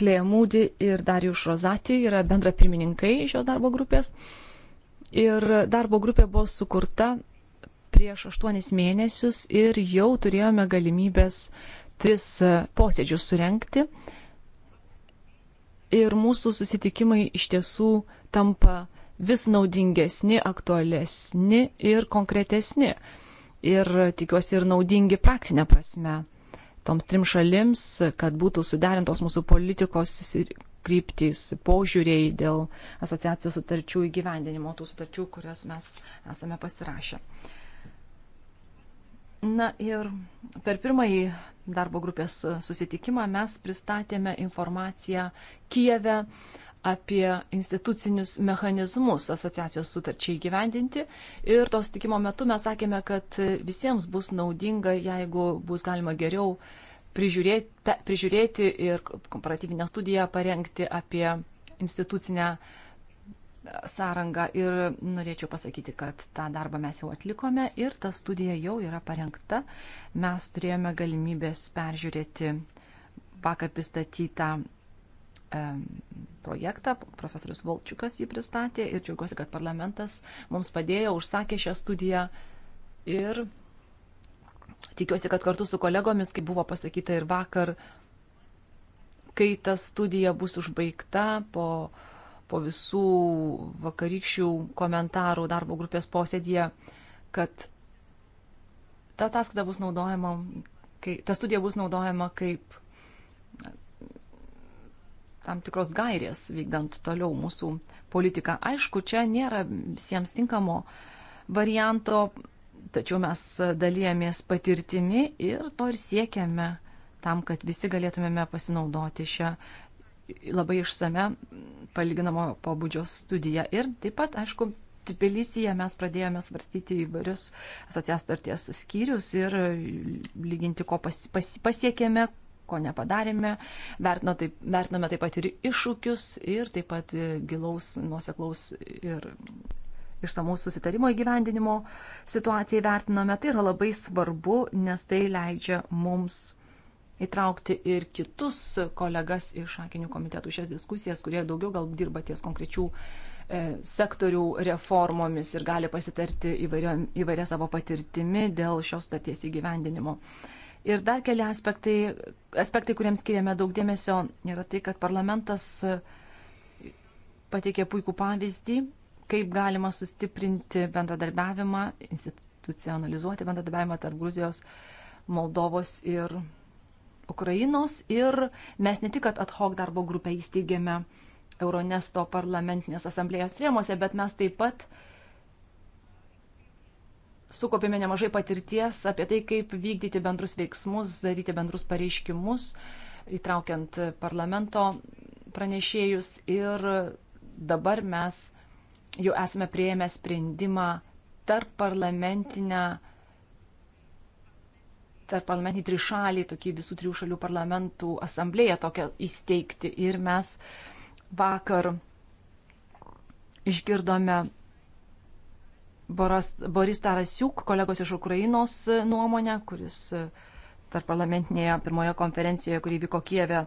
Klėjamūdi ir Darijus Rozati yra bendra pirmininkai šios darbo grupės. Ir darbo grupė buvo sukurta prieš aštuonis mėnesius ir jau turėjome galimybės tris posėdžius surenkti. Ir mūsų susitikimai iš tiesų tampa vis naudingesni, aktualesni ir konkretesni. Ir tikiuosi ir naudingi praktinė prasme toms trim šalims, kad būtų suderintos mūsų politikos kryptys, požiūriai dėl asociacijos sutarčių įgyvendinimo, tų sutarčių, kurias mes esame pasirašę. Na ir per pirmąjį darbo grupės susitikimą mes pristatėme informaciją Kijeve apie institucinius mechanizmus asociacijos sutarčiai gyvendinti. Ir to sutikimo metu mes sakėme, kad visiems bus naudinga, jeigu bus galima geriau prižiūrėti, prižiūrėti ir komparatyvinę studiją parengti apie institucinę sąrangą. Ir norėčiau pasakyti, kad tą darbą mes jau atlikome ir ta studija jau yra parengta. Mes turėjome galimybės peržiūrėti vakar pristatytą projektą, profesorius Volčiukas jį pristatė ir džiaugiuosi, kad parlamentas mums padėjo, užsakė šią studiją ir tikiuosi, kad kartu su kolegomis, kaip buvo pasakyta ir vakar, kai ta studija bus užbaigta po, po visų vakarykščių komentarų darbo grupės posėdėje, kad ta ataskaita bus naudojama, kai, ta studija bus naudojama kaip tam tikros gairės vykdant toliau mūsų politiką. Aišku, čia nėra visiems tinkamo varianto, tačiau mes dalyjamės patirtimi ir to ir siekiame tam, kad visi galėtumėme pasinaudoti šią labai išsame palyginamo pobūdžio studiją. Ir taip pat, aišku, Tbilisyje mes pradėjome svarstyti įvairius asociacijos tarties skyrius ir lyginti, ko pas, pas, pasiekėme, ko nepadarėme. Vertino taip, vertiname taip pat ir iššūkius ir taip pat e, gilaus, nuoseklaus ir išsamaus susitarimo įgyvendinimo situaciją vertinome. Tai yra labai svarbu, nes tai leidžia mums įtraukti ir kitus kolegas iš akinių komitetų šias diskusijas, kurie daugiau gal dirba ties konkrečių e, sektorių reformomis ir gali pasitarti įvairia, įvairia savo patirtimi dėl šios staties įgyvendinimo. Uh, Ir dar keli aspektai, aspektai, kuriems skiriame daug dėmesio, yra tai, kad parlamentas e, pateikė puikų pavyzdį, kaip galima sustiprinti bendradarbiavimą, institucionalizuoti bendradarbiavimą tarp Gruzijos, Moldovos ir Ukrainos. Ir mes ne tik ad hoc darbo grupę įsteigėme Euronesto parlamentinės asamblėjos rėmose, bet mes taip pat uh, sukopėme nemažai patirties apie tai, kaip vykdyti bendrus veiksmus, daryti bendrus pareiškimus, įtraukiant parlamento pranešėjus. Ir dabar mes jau esame prieėmę sprendimą tarp parlamentinę, tarp parlamentinį trišalį, tokį visų trijų šalių parlamentų asamblėją tokią įsteigti. Ir mes vakar išgirdome Boras, Boris Tarasiuk, kolegos iš Ukrainos nuomonę, kuris e, tarp parlamentinėje pirmoje konferencijoje, kuri vyko Kieve,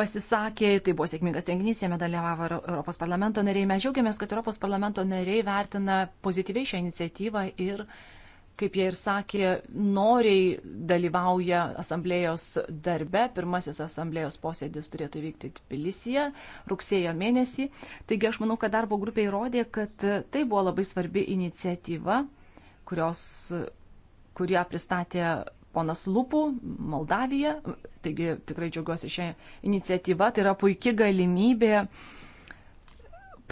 pasisakė, tai buvo sėkmingas renginys, jame dalyvavo Europos parlamento nariai. Mes džiaugiamės, kad Europos parlamento nariai vertina pozityviai šią iniciatyvą ir uh, kaip jie ir sakė, noriai dalyvauja asamblėjos darbe. Pirmasis asamblėjos posėdis turėtų vykti Tbilisyje rugsėjo mėnesį. Taigi aš manau, kad darbo grupė įrodė, kad tai buvo labai svarbi iniciatyva, kurios, kurią pristatė ponas Lupų, Moldavija. Taigi tikrai džiaugiuosi šią iniciatyvą. Tai yra puikia galimybė uh,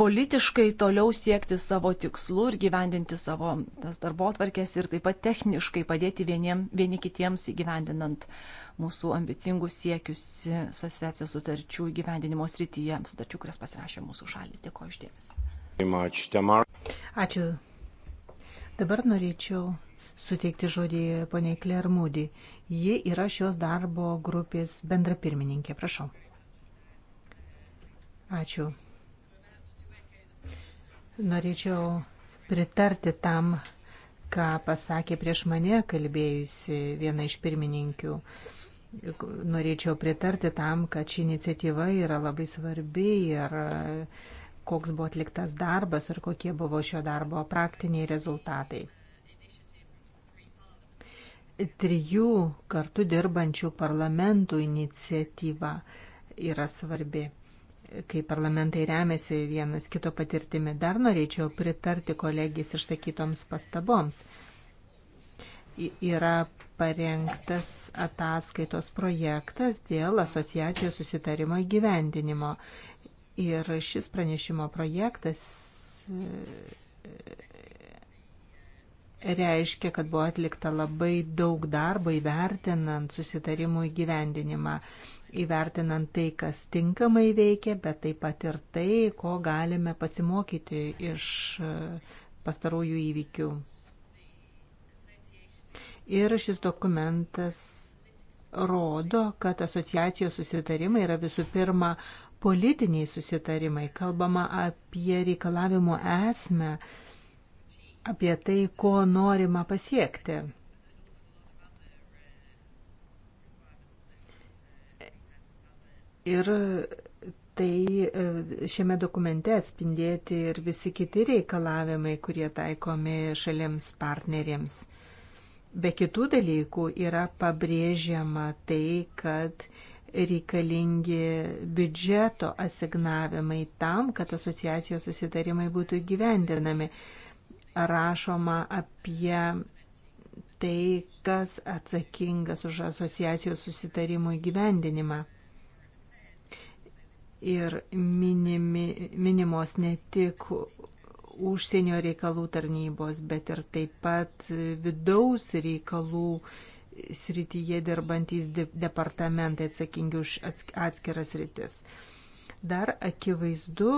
politiškai toliau siekti savo tikslų ir gyvendinti savo tas darbo atvarkės ir taip pat techniškai padėti vieniem, vieni kitiems įgyvendinant mūsų ambicingus siekius asociacijos sutarčių įgyvendinimo srityje, sutarčių, kurias pasirašė mūsų šalis. Dėkuoju uždėmesi. Ačiū. Dabar norėčiau suteikti žodį poniai Claire Moody. Ji yra šios darbo grupės bendra pirmininkė. Prašau. Ačiū. Norėčiau pritarti tam, ką pasakė prieš mane kalbėjusi viena iš pirmininkių. Norėčiau pritarti tam, kad ši iniciatyva yra labai svarbi ir koks buvo atliktas darbas ir kokie buvo šio darbo praktiniai rezultatai. Trijų kartu dirbančių parlamentų iniciatyva yra svarbi kai parlamentai remiasi vienas kito patirtimi. Dar norėčiau pritarti kolegijas išsakytoms pastaboms. Yra parengtas ataskaitos projektas dėl asociacijos susitarimo įgyvendinimo. Ir šis pranešimo projektas e, reiškia, kad buvo atlikta labai daug darbo įvertinant susitarimų įgyvendinimą įvertinant tai, kas tinkamai veikia, bet taip pat ir tai, ko galime pasimokyti iš e, pastarųjų įvykių. Ir šis dokumentas rodo, kad asociacijos susitarimai yra visų pirma politiniai susitarimai. Kalbama apie reikalavimo esmę, apie tai, ko norima pasiekti. Ir tai e, šiame dokumente atspindėti ir visi kiti reikalavimai, kurie taikomi šalims partneriams. Be kitų dalykų yra pabrėžiama tai, kad reikalingi biudžeto asignavimai tam, kad asociacijos susitarimai būtų įgyvendinami. Rašoma apie tai, kas atsakingas už asociacijos susitarimų įgyvendinimą ir minimi, minimos ne tik užsienio reikalų tarnybos, bet ir taip pat vidaus reikalų srityje dirbantys departamentai atsakingi už atskiras rytis. Dar akivaizdu,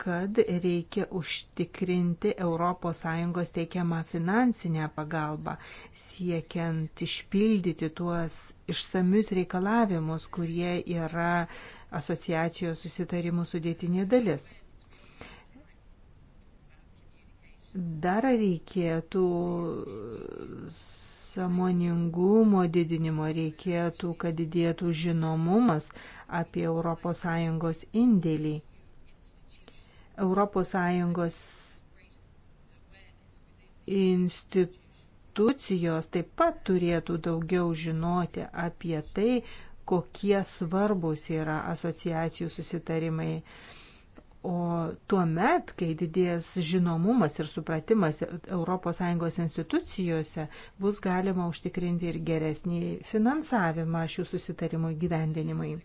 kad reikia užtikrinti ES teikiamą finansinę pagalbą, siekiant išpildyti tuos išsamius reikalavimus, kurie yra uh, asociacijos susitarimų sudėtinė dalis. Dar reikėtų samoningumo didinimo, reikėtų, kad didėtų žinomumas apie ES indėlį. ES institucijos taip pat turėtų daugiau žinoti apie tai, kokie svarbus yra asociacijų susitarimai. O tuo met, kai didės žinomumas ir supratimas ES institucijose, bus galima užtikrinti ir geresnį finansavimą šių susitarimų gyvendinimui. E,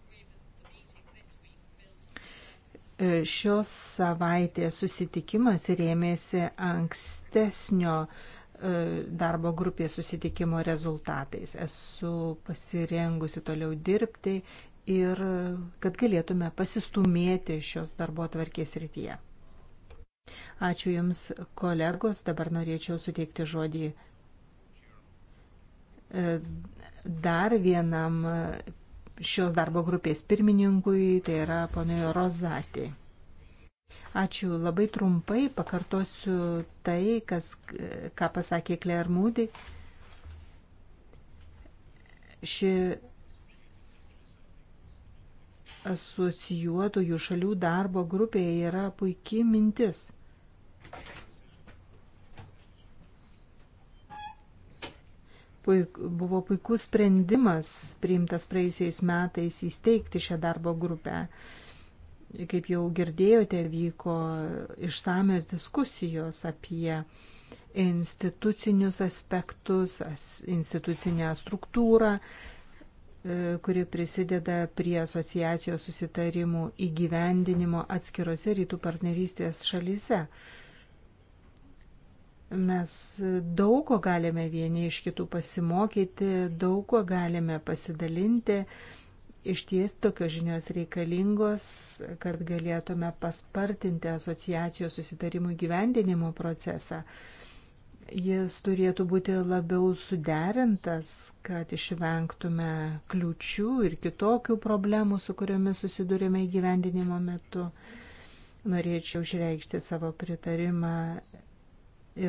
šios savaitės susitikimas rėmėsi ankstesnio uh, E, darbo grupės susitikimo rezultatais. Esu pasirengusi toliau dirbti ir kad galėtume pasistumėti šios darbo atvarkės rytyje. Ačiū Jums, kolegos. Dabar norėčiau suteikti žodį e, dar vienam šios darbo grupės pirmininkui, tai yra ponui Rozatį. Ačiū labai trumpai, pakartosiu tai, kas, ką pasakė Claire Moody. Ši asocijuotųjų šalių darbo grupė yra puikiai mintis. Puik, buvo puikus sprendimas priimtas praėjusiais metais įsteigti šią darbo grupę. Uh, Kaip jau girdėjote, vyko išsamios diskusijos apie institucinius aspektus, institucinę struktūrą, e, kuri prisideda prie asociacijos susitarimų įgyvendinimo atskirose rytų partnerystės šalyse. Mes daug ko galime vieni iš kitų pasimokyti, daug ko galime pasidalinti Iš ties tokios žinios reikalingos, kad galėtume paspartinti asociacijos susitarimų gyvendinimo procesą. Jis turėtų būti labiau suderintas, kad išvengtume kliučių ir kitokių problemų, su kuriomis susidurėme įgyvendinimo metu. Norėčiau išreikšti savo pritarimą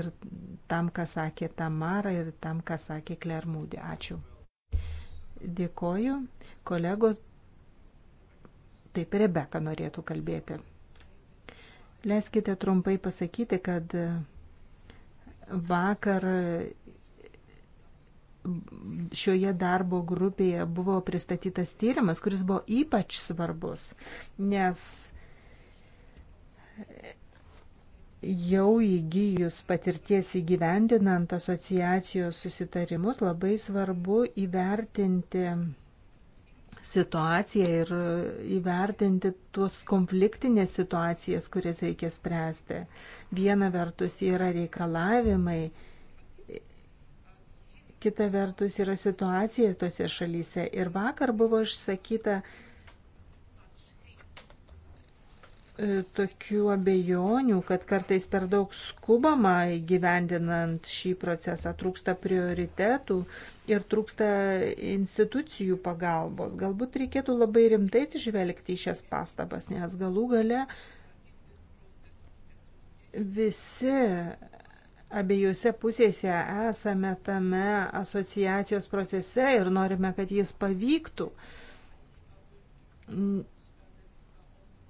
ir tam, ką sakė Tamara, ir tam, ką sakė Klermūdė. Ačiū. Dėkoju kolegos, taip ir Rebeka norėtų kalbėti. Leiskite trumpai pasakyti, kad vakar šioje darbo grupėje buvo pristatytas tyrimas, kuris buvo ypač svarbus, nes jau įgyjus patirties įgyvendinant asociacijos susitarimus labai svarbu įvertinti situaciją ir įvertinti tuos konfliktinės situacijas, kurias reikia spręsti. Viena vertus yra reikalavimai, kita vertus yra situacija tose šalyse. Ir vakar buvo išsakyta uh, E, tokių abejonių, kad kartais per daug skubama įgyvendinant šį procesą, trūksta prioritetų ir trūksta institucijų pagalbos. Galbūt reikėtų labai rimtai atsižvelgti į šias pastabas, nes galų gale visi abiejose pusėse esame tame asociacijos procese ir norime, kad jis pavyktų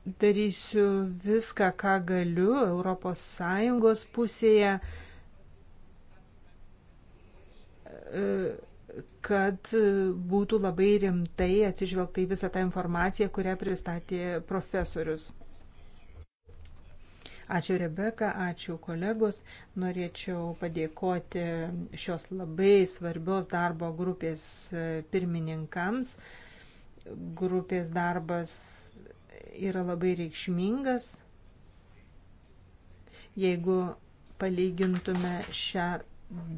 darysiu viską, ką galiu ES pusėje, e, kad būtų labai rimtai atsižvelgta į visą tą informaciją, kurią pristatė profesorius. Ačiū Rebeka, ačiū kolegos. Norėčiau padėkoti šios labai svarbios darbo grupės pirmininkams. Grupės darbas yra labai reikšmingas. Jeigu palygintume šią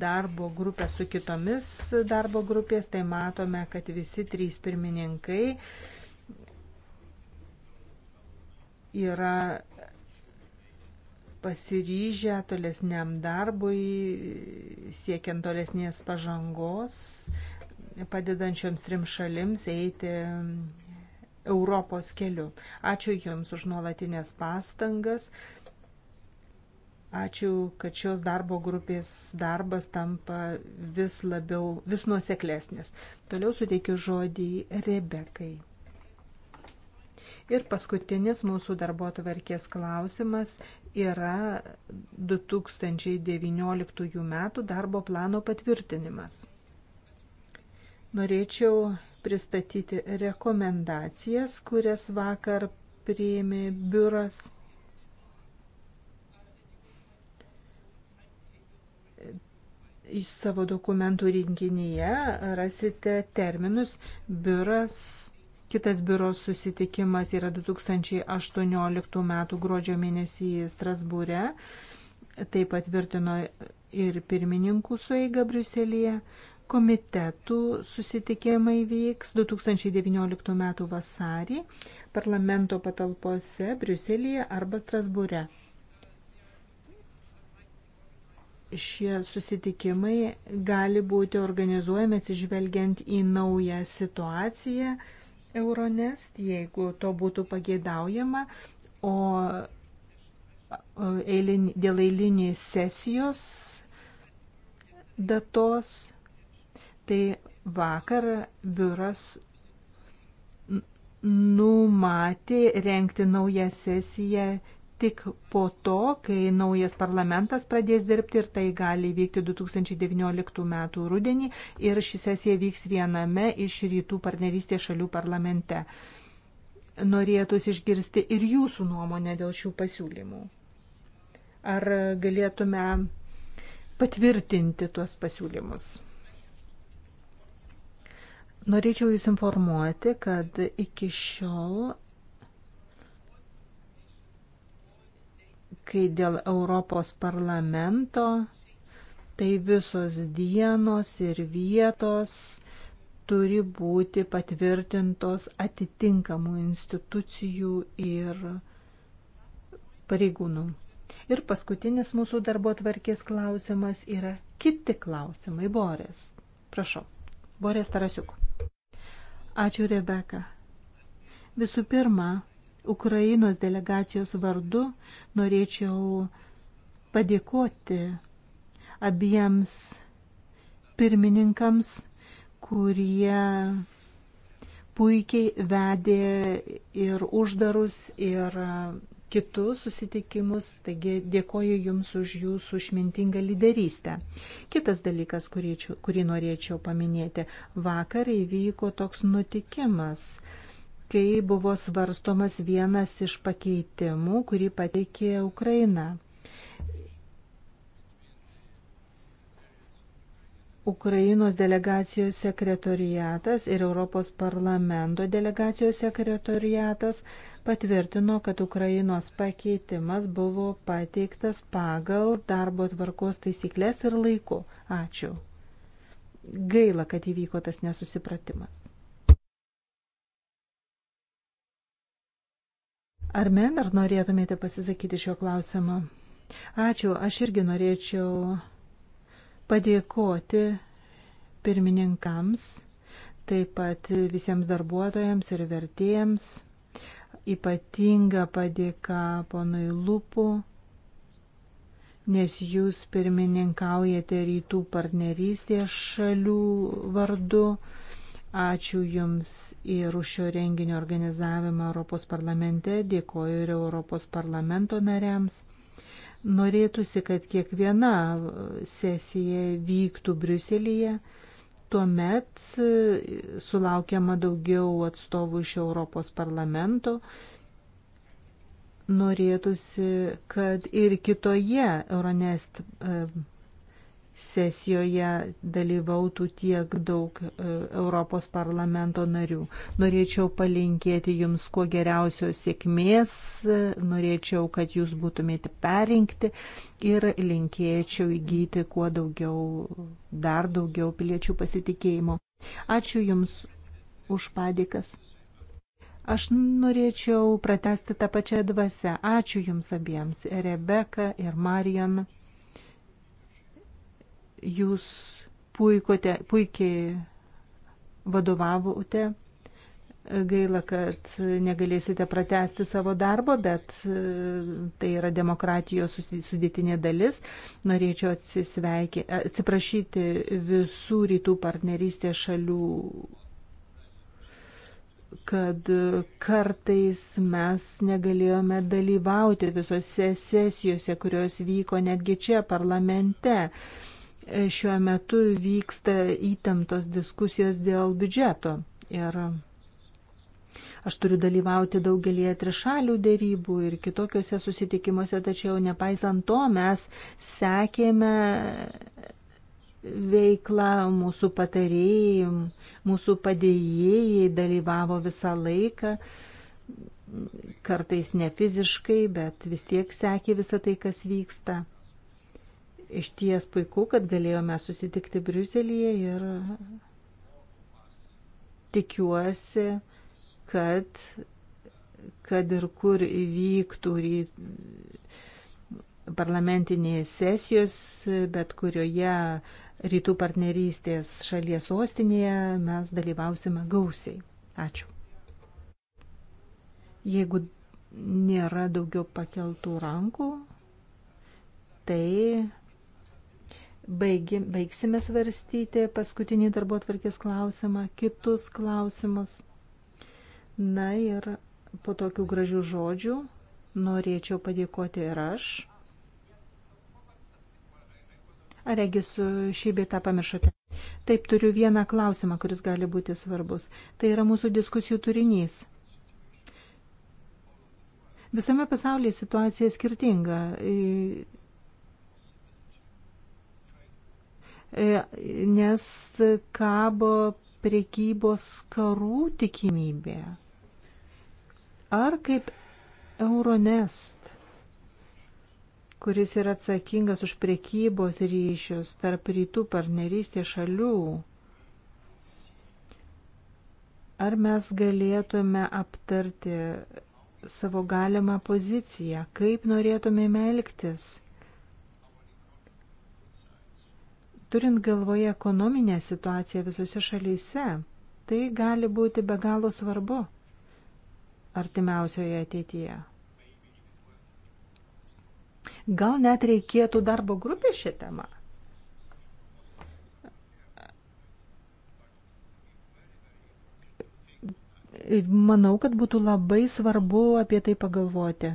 darbo grupę su kitomis darbo grupės, tai matome, kad visi trys pirmininkai yra pasiryžę tolesniam darbui, siekiant tolesnės pažangos, padedančioms trim šalims eiti Europos keliu. Ačiū Jums už nuolatinės pastangas. Ačiū, kad šios darbo grupės darbas tampa vis labiau, vis nuoseklesnis. Toliau suteikiu žodį Rebekai. Ir paskutinis mūsų darbo tvarkės klausimas yra 2019 m. darbo plano patvirtinimas. Norėčiau pristatyti rekomendacijas, kurias vakar priėmė biuras. Savo dokumentų rinkinyje rasite terminus biuras. Kitas biuro susitikimas yra 2018 m. gruodžio mėnesį Strasbūre. Tai patvirtino ir pirmininkų sueiga Briuselėje komitetų susitikimai vyks 2019 m. vasarį parlamento patalpose Briuselėje arba Strasbūre. Šie susitikimai gali būti organizuojami atsižvelgiant į naują situaciją Euronest, jeigu to būtų pageidaujama, o eilin, dėl eilinės sesijos datos tai vakar biuras numatė renkti naują sesiją tik po to, kai naujas parlamentas pradės dirbti ir tai gali vykti 2019 m. rudenį ir ši sesija vyks viename iš rytų partnerystės šalių parlamente. Norėtųsi išgirsti ir jūsų nuomonę dėl šių pasiūlymų. Ar galėtume patvirtinti tuos pasiūlymus? Norėčiau Jūs informuoti, kad iki šiol, kai dėl Europos parlamento, tai visos dienos ir vietos turi būti patvirtintos atitinkamų institucijų ir pareigūnų. Ir paskutinis mūsų darbo tvarkės klausimas yra kiti klausimai. Borės. Prašau. Borės Tarasiuk. Ačiū, Rebeka. Visų pirma, Ukrainos delegacijos vardu norėčiau padėkoti abiems pirmininkams, kurie puikiai vedė ir uždarus, ir kitus susitikimus, taigi dėkoju Jums už Jūsų išmintingą lyderystę. Kitas dalykas, kurį, kurį norėčiau paminėti, vakar įvyko toks nutikimas kai buvo svarstomas vienas iš pakeitimų, kurį pateikė Ukraina. Ukrainos delegacijos sekretoriatas ir Europos parlamento delegacijos sekretoriatas patvirtino, kad Ukrainos pakeitimas buvo pateiktas pagal darbo tvarkos taisyklės ir laiku. Ačiū. Gaila, kad įvyko tas nesusipratimas. Armen, ar norėtumėte pasisakyti šiuo klausimu? Ačiū, aš irgi norėčiau padėkoti pirmininkams, taip pat visiems darbuotojams ir vertėjams. Ypatinga padėka ponui Lupu, nes jūs pirmininkaujate rytų partnerystės šalių vardu. Ačiū Jums ir už šio renginio organizavimą Europos parlamente, dėkoju ir Europos parlamento nariams. Norėtųsi, kad kiekviena sesija vyktų Briuselėje, tuomet e, sulaukiama daugiau atstovų iš Europos parlamento. Norėtųsi, kad ir kitoje Euronest e, sesijoje dalyvautų tiek daug e, Europos parlamento narių. Norėčiau palinkėti Jums kuo geriausios sėkmės, e, norėčiau, kad Jūs būtumėte perinkti ir linkėčiau įgyti kuo daugiau, dar daugiau piliečių pasitikėjimo. Ačiū Jums už padėkas. Aš norėčiau pratesti tą pačią dvasę. Ačiū Jums abiems, Rebeka ir Marijan jūs puikote, puikiai vadovavote. Gaila, kad negalėsite pratesti savo darbo, bet e, tai yra demokratijos sudėtinė dalis. Norėčiau atsiprašyti visų rytų partnerystės šalių kad kartais mes negalėjome dalyvauti visose sesijose, kurios vyko netgi čia parlamente. Šiuo metu vyksta įtemptos diskusijos dėl biudžeto ir aš turiu dalyvauti daugelį trišalių dėrybų ir kitokiuose susitikimuose, tačiau nepaisant to mes sekėme veiklą, mūsų patarėjai, mūsų padėjėjai dalyvavo visą laiką, kartais ne fiziškai, bet vis tiek sekė visą tai, kas vyksta. Iš ties puiku, kad galėjome susitikti Briuselėje ir tikiuosi, kad, kad ir kur vyktų parlamentinės sesijos, bet kurioje rytų partnerystės šalies sostinėje mes dalyvausime gausiai. Ačiū. Jeigu nėra daugiau pakeltų rankų, tai baigi, baigsime svarstyti paskutinį darbo atvarkės klausimą, kitus klausimus. Na ir po tokių gražių žodžių norėčiau padėkoti ir aš. Ar regis šį beitą pamiršote? Taip, turiu vieną klausimą, kuris gali būti svarbus. Tai yra mūsų diskusijų turinys. Visame pasaulyje situacija skirtinga. E, nes kabo priekybos karų tikimybė. Ar kaip Euronest, kuris yra atsakingas už priekybos ryšius tarp rytų partnerystės šalių, ar mes galėtume aptarti savo galimą poziciją, kaip norėtume melktis? Turint galvoje ekonominę situaciją visose šalyse, tai gali būti be galo svarbu artimiausioje ateityje. Gal net reikėtų darbo grupė šią temą? Manau, kad būtų labai svarbu apie tai pagalvoti.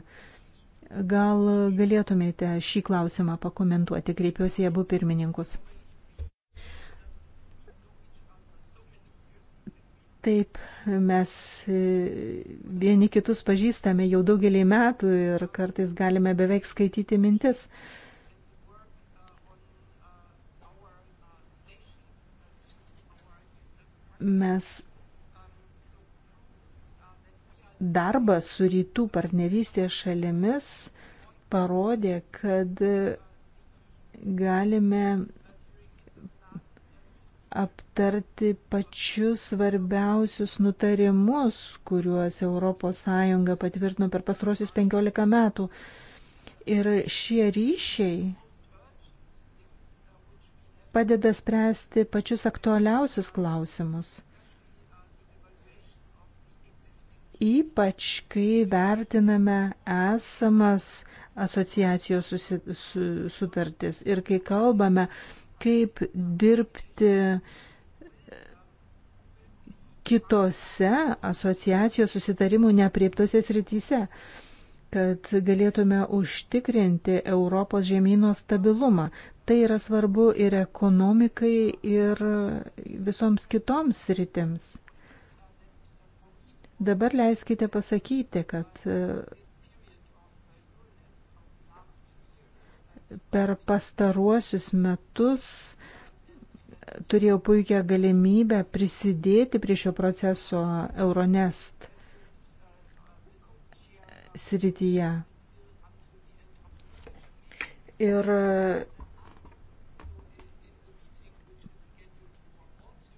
Gal galėtumėte šį klausimą pakomentuoti, kreipiuosi abu pirmininkus. Taip, mes e, vieni kitus pažįstame jau daugelį metų ir kartais galime beveik skaityti mintis. Mes darbą su rytų partnerystės šalimis parodė, kad galime aptarti pačius svarbiausius nutarimus, kuriuos ES patvirtino per pastrosius 15 metų. Ir šie ryšiai padeda spręsti pačius aktualiausius klausimus. Ypač, kai vertiname esamas asociacijos sutartis ir kai kalbame kaip dirbti kitose asociacijos susitarimų neprieptose srityse, kad galėtume užtikrinti Europos žemynų stabilumą. Tai yra svarbu ir ekonomikai, ir visoms kitoms sritims. Dabar leiskite pasakyti, kad per pastaruosius metus turėjau puikią galimybę prisidėti prie šio proceso Euronest srityje. Ir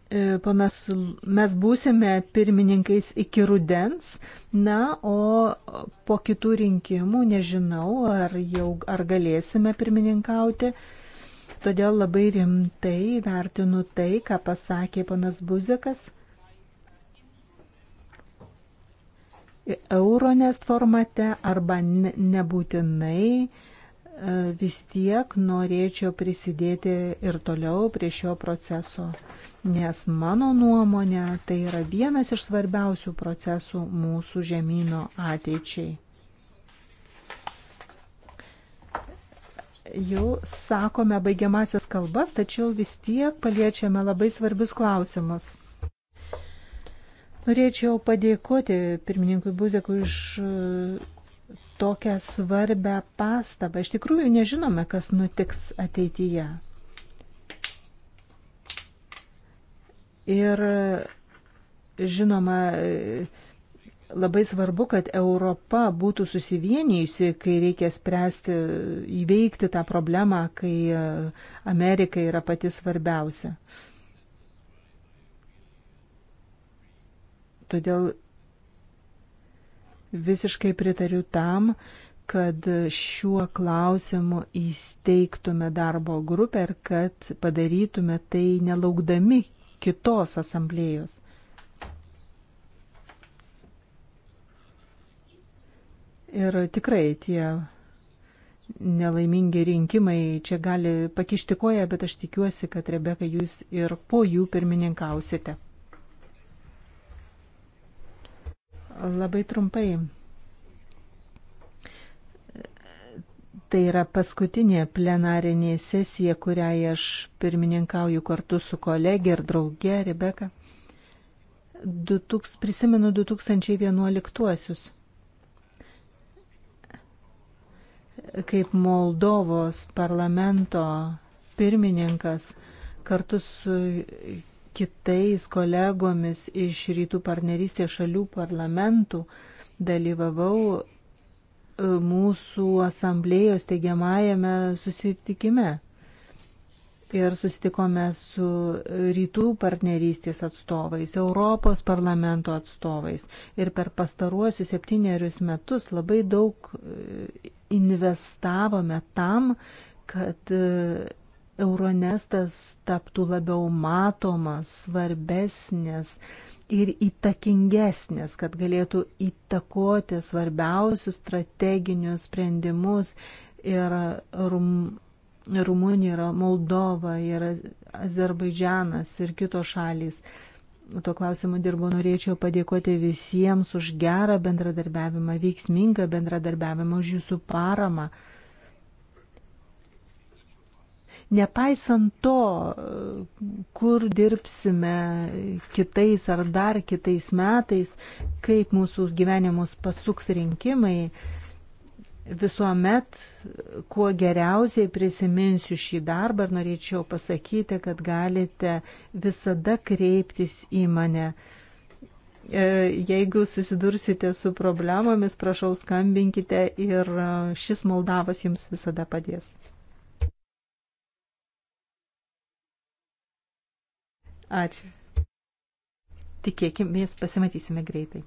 E, ponas, mes būsime pirmininkais iki rudens, na, o po kitų rinkimų nežinau, ar jau ar galėsime pirmininkauti. Todėl labai rimtai vertinu tai, ką pasakė ponas Buzikas. Euronest formate arba nebūtinai e, vis tiek norėčiau prisidėti ir toliau prie šio proceso nes mano nuomonė tai yra vienas iš svarbiausių procesų mūsų žemynų ateičiai. Jau sakome baigiamasias kalbas, tačiau vis tiek paliečiame labai svarbius klausimus. Norėčiau padėkoti pirmininkui Buzekui už e, tokią svarbę pastabą. Iš tikrųjų nežinome, kas nutiks ateityje. Ir žinoma, labai svarbu, kad Europa būtų susivienijusi, kai reikia spręsti, įveikti tą problemą, kai Amerika yra pati svarbiausia. Todėl visiškai pritariu tam, kad šiuo klausimu įsteigtume darbo grupę ir kad padarytume tai nelaukdami kitos asamblėjos. Ir tikrai tie nelaimingi rinkimai čia gali pakišti koją, bet aš tikiuosi, kad Rebeka jūs ir po jų pirmininkausite. Labai trumpai Tai yra paskutinė plenarinė sesija, kuriai aš pirmininkauju kartu su kolegė ir draugė Rebeka. Prisimenu 2011-uosius, kaip Moldovos parlamento pirmininkas kartu su kitais kolegomis iš rytų partnerystės šalių parlamentų dalyvavau mūsų asamblėjos teigiamajame susitikime. Ir susitikome su rytų partnerystės atstovais, Europos parlamento atstovais. Ir per pastaruosius septynerius metus labai daug e, investavome tam, kad e, Euronestas taptų labiau matomas, svarbesnis, ir įtakingesnis, kad galėtų įtakoti svarbiausius strateginius sprendimus ir rum, Rumunija, yra Moldova, yra Azerbaidžianas ir kitos šalys. Tuo klausimu dirbu, norėčiau padėkoti visiems už gerą bendradarbiavimą, veiksmingą bendradarbiavimą, už jūsų paramą. Nepaisant to, kur dirbsime kitais ar dar kitais metais, kaip mūsų gyvenimus pasuks rinkimai, visuomet kuo geriausiai prisiminsiu šį darbą ir norėčiau pasakyti, kad galite visada kreiptis į mane. E, jeigu susidursite su problemomis, prašau skambinkite ir e, šis Moldavas jums visada padės. Ačiū. Tikėkime, pasimatysime greitai.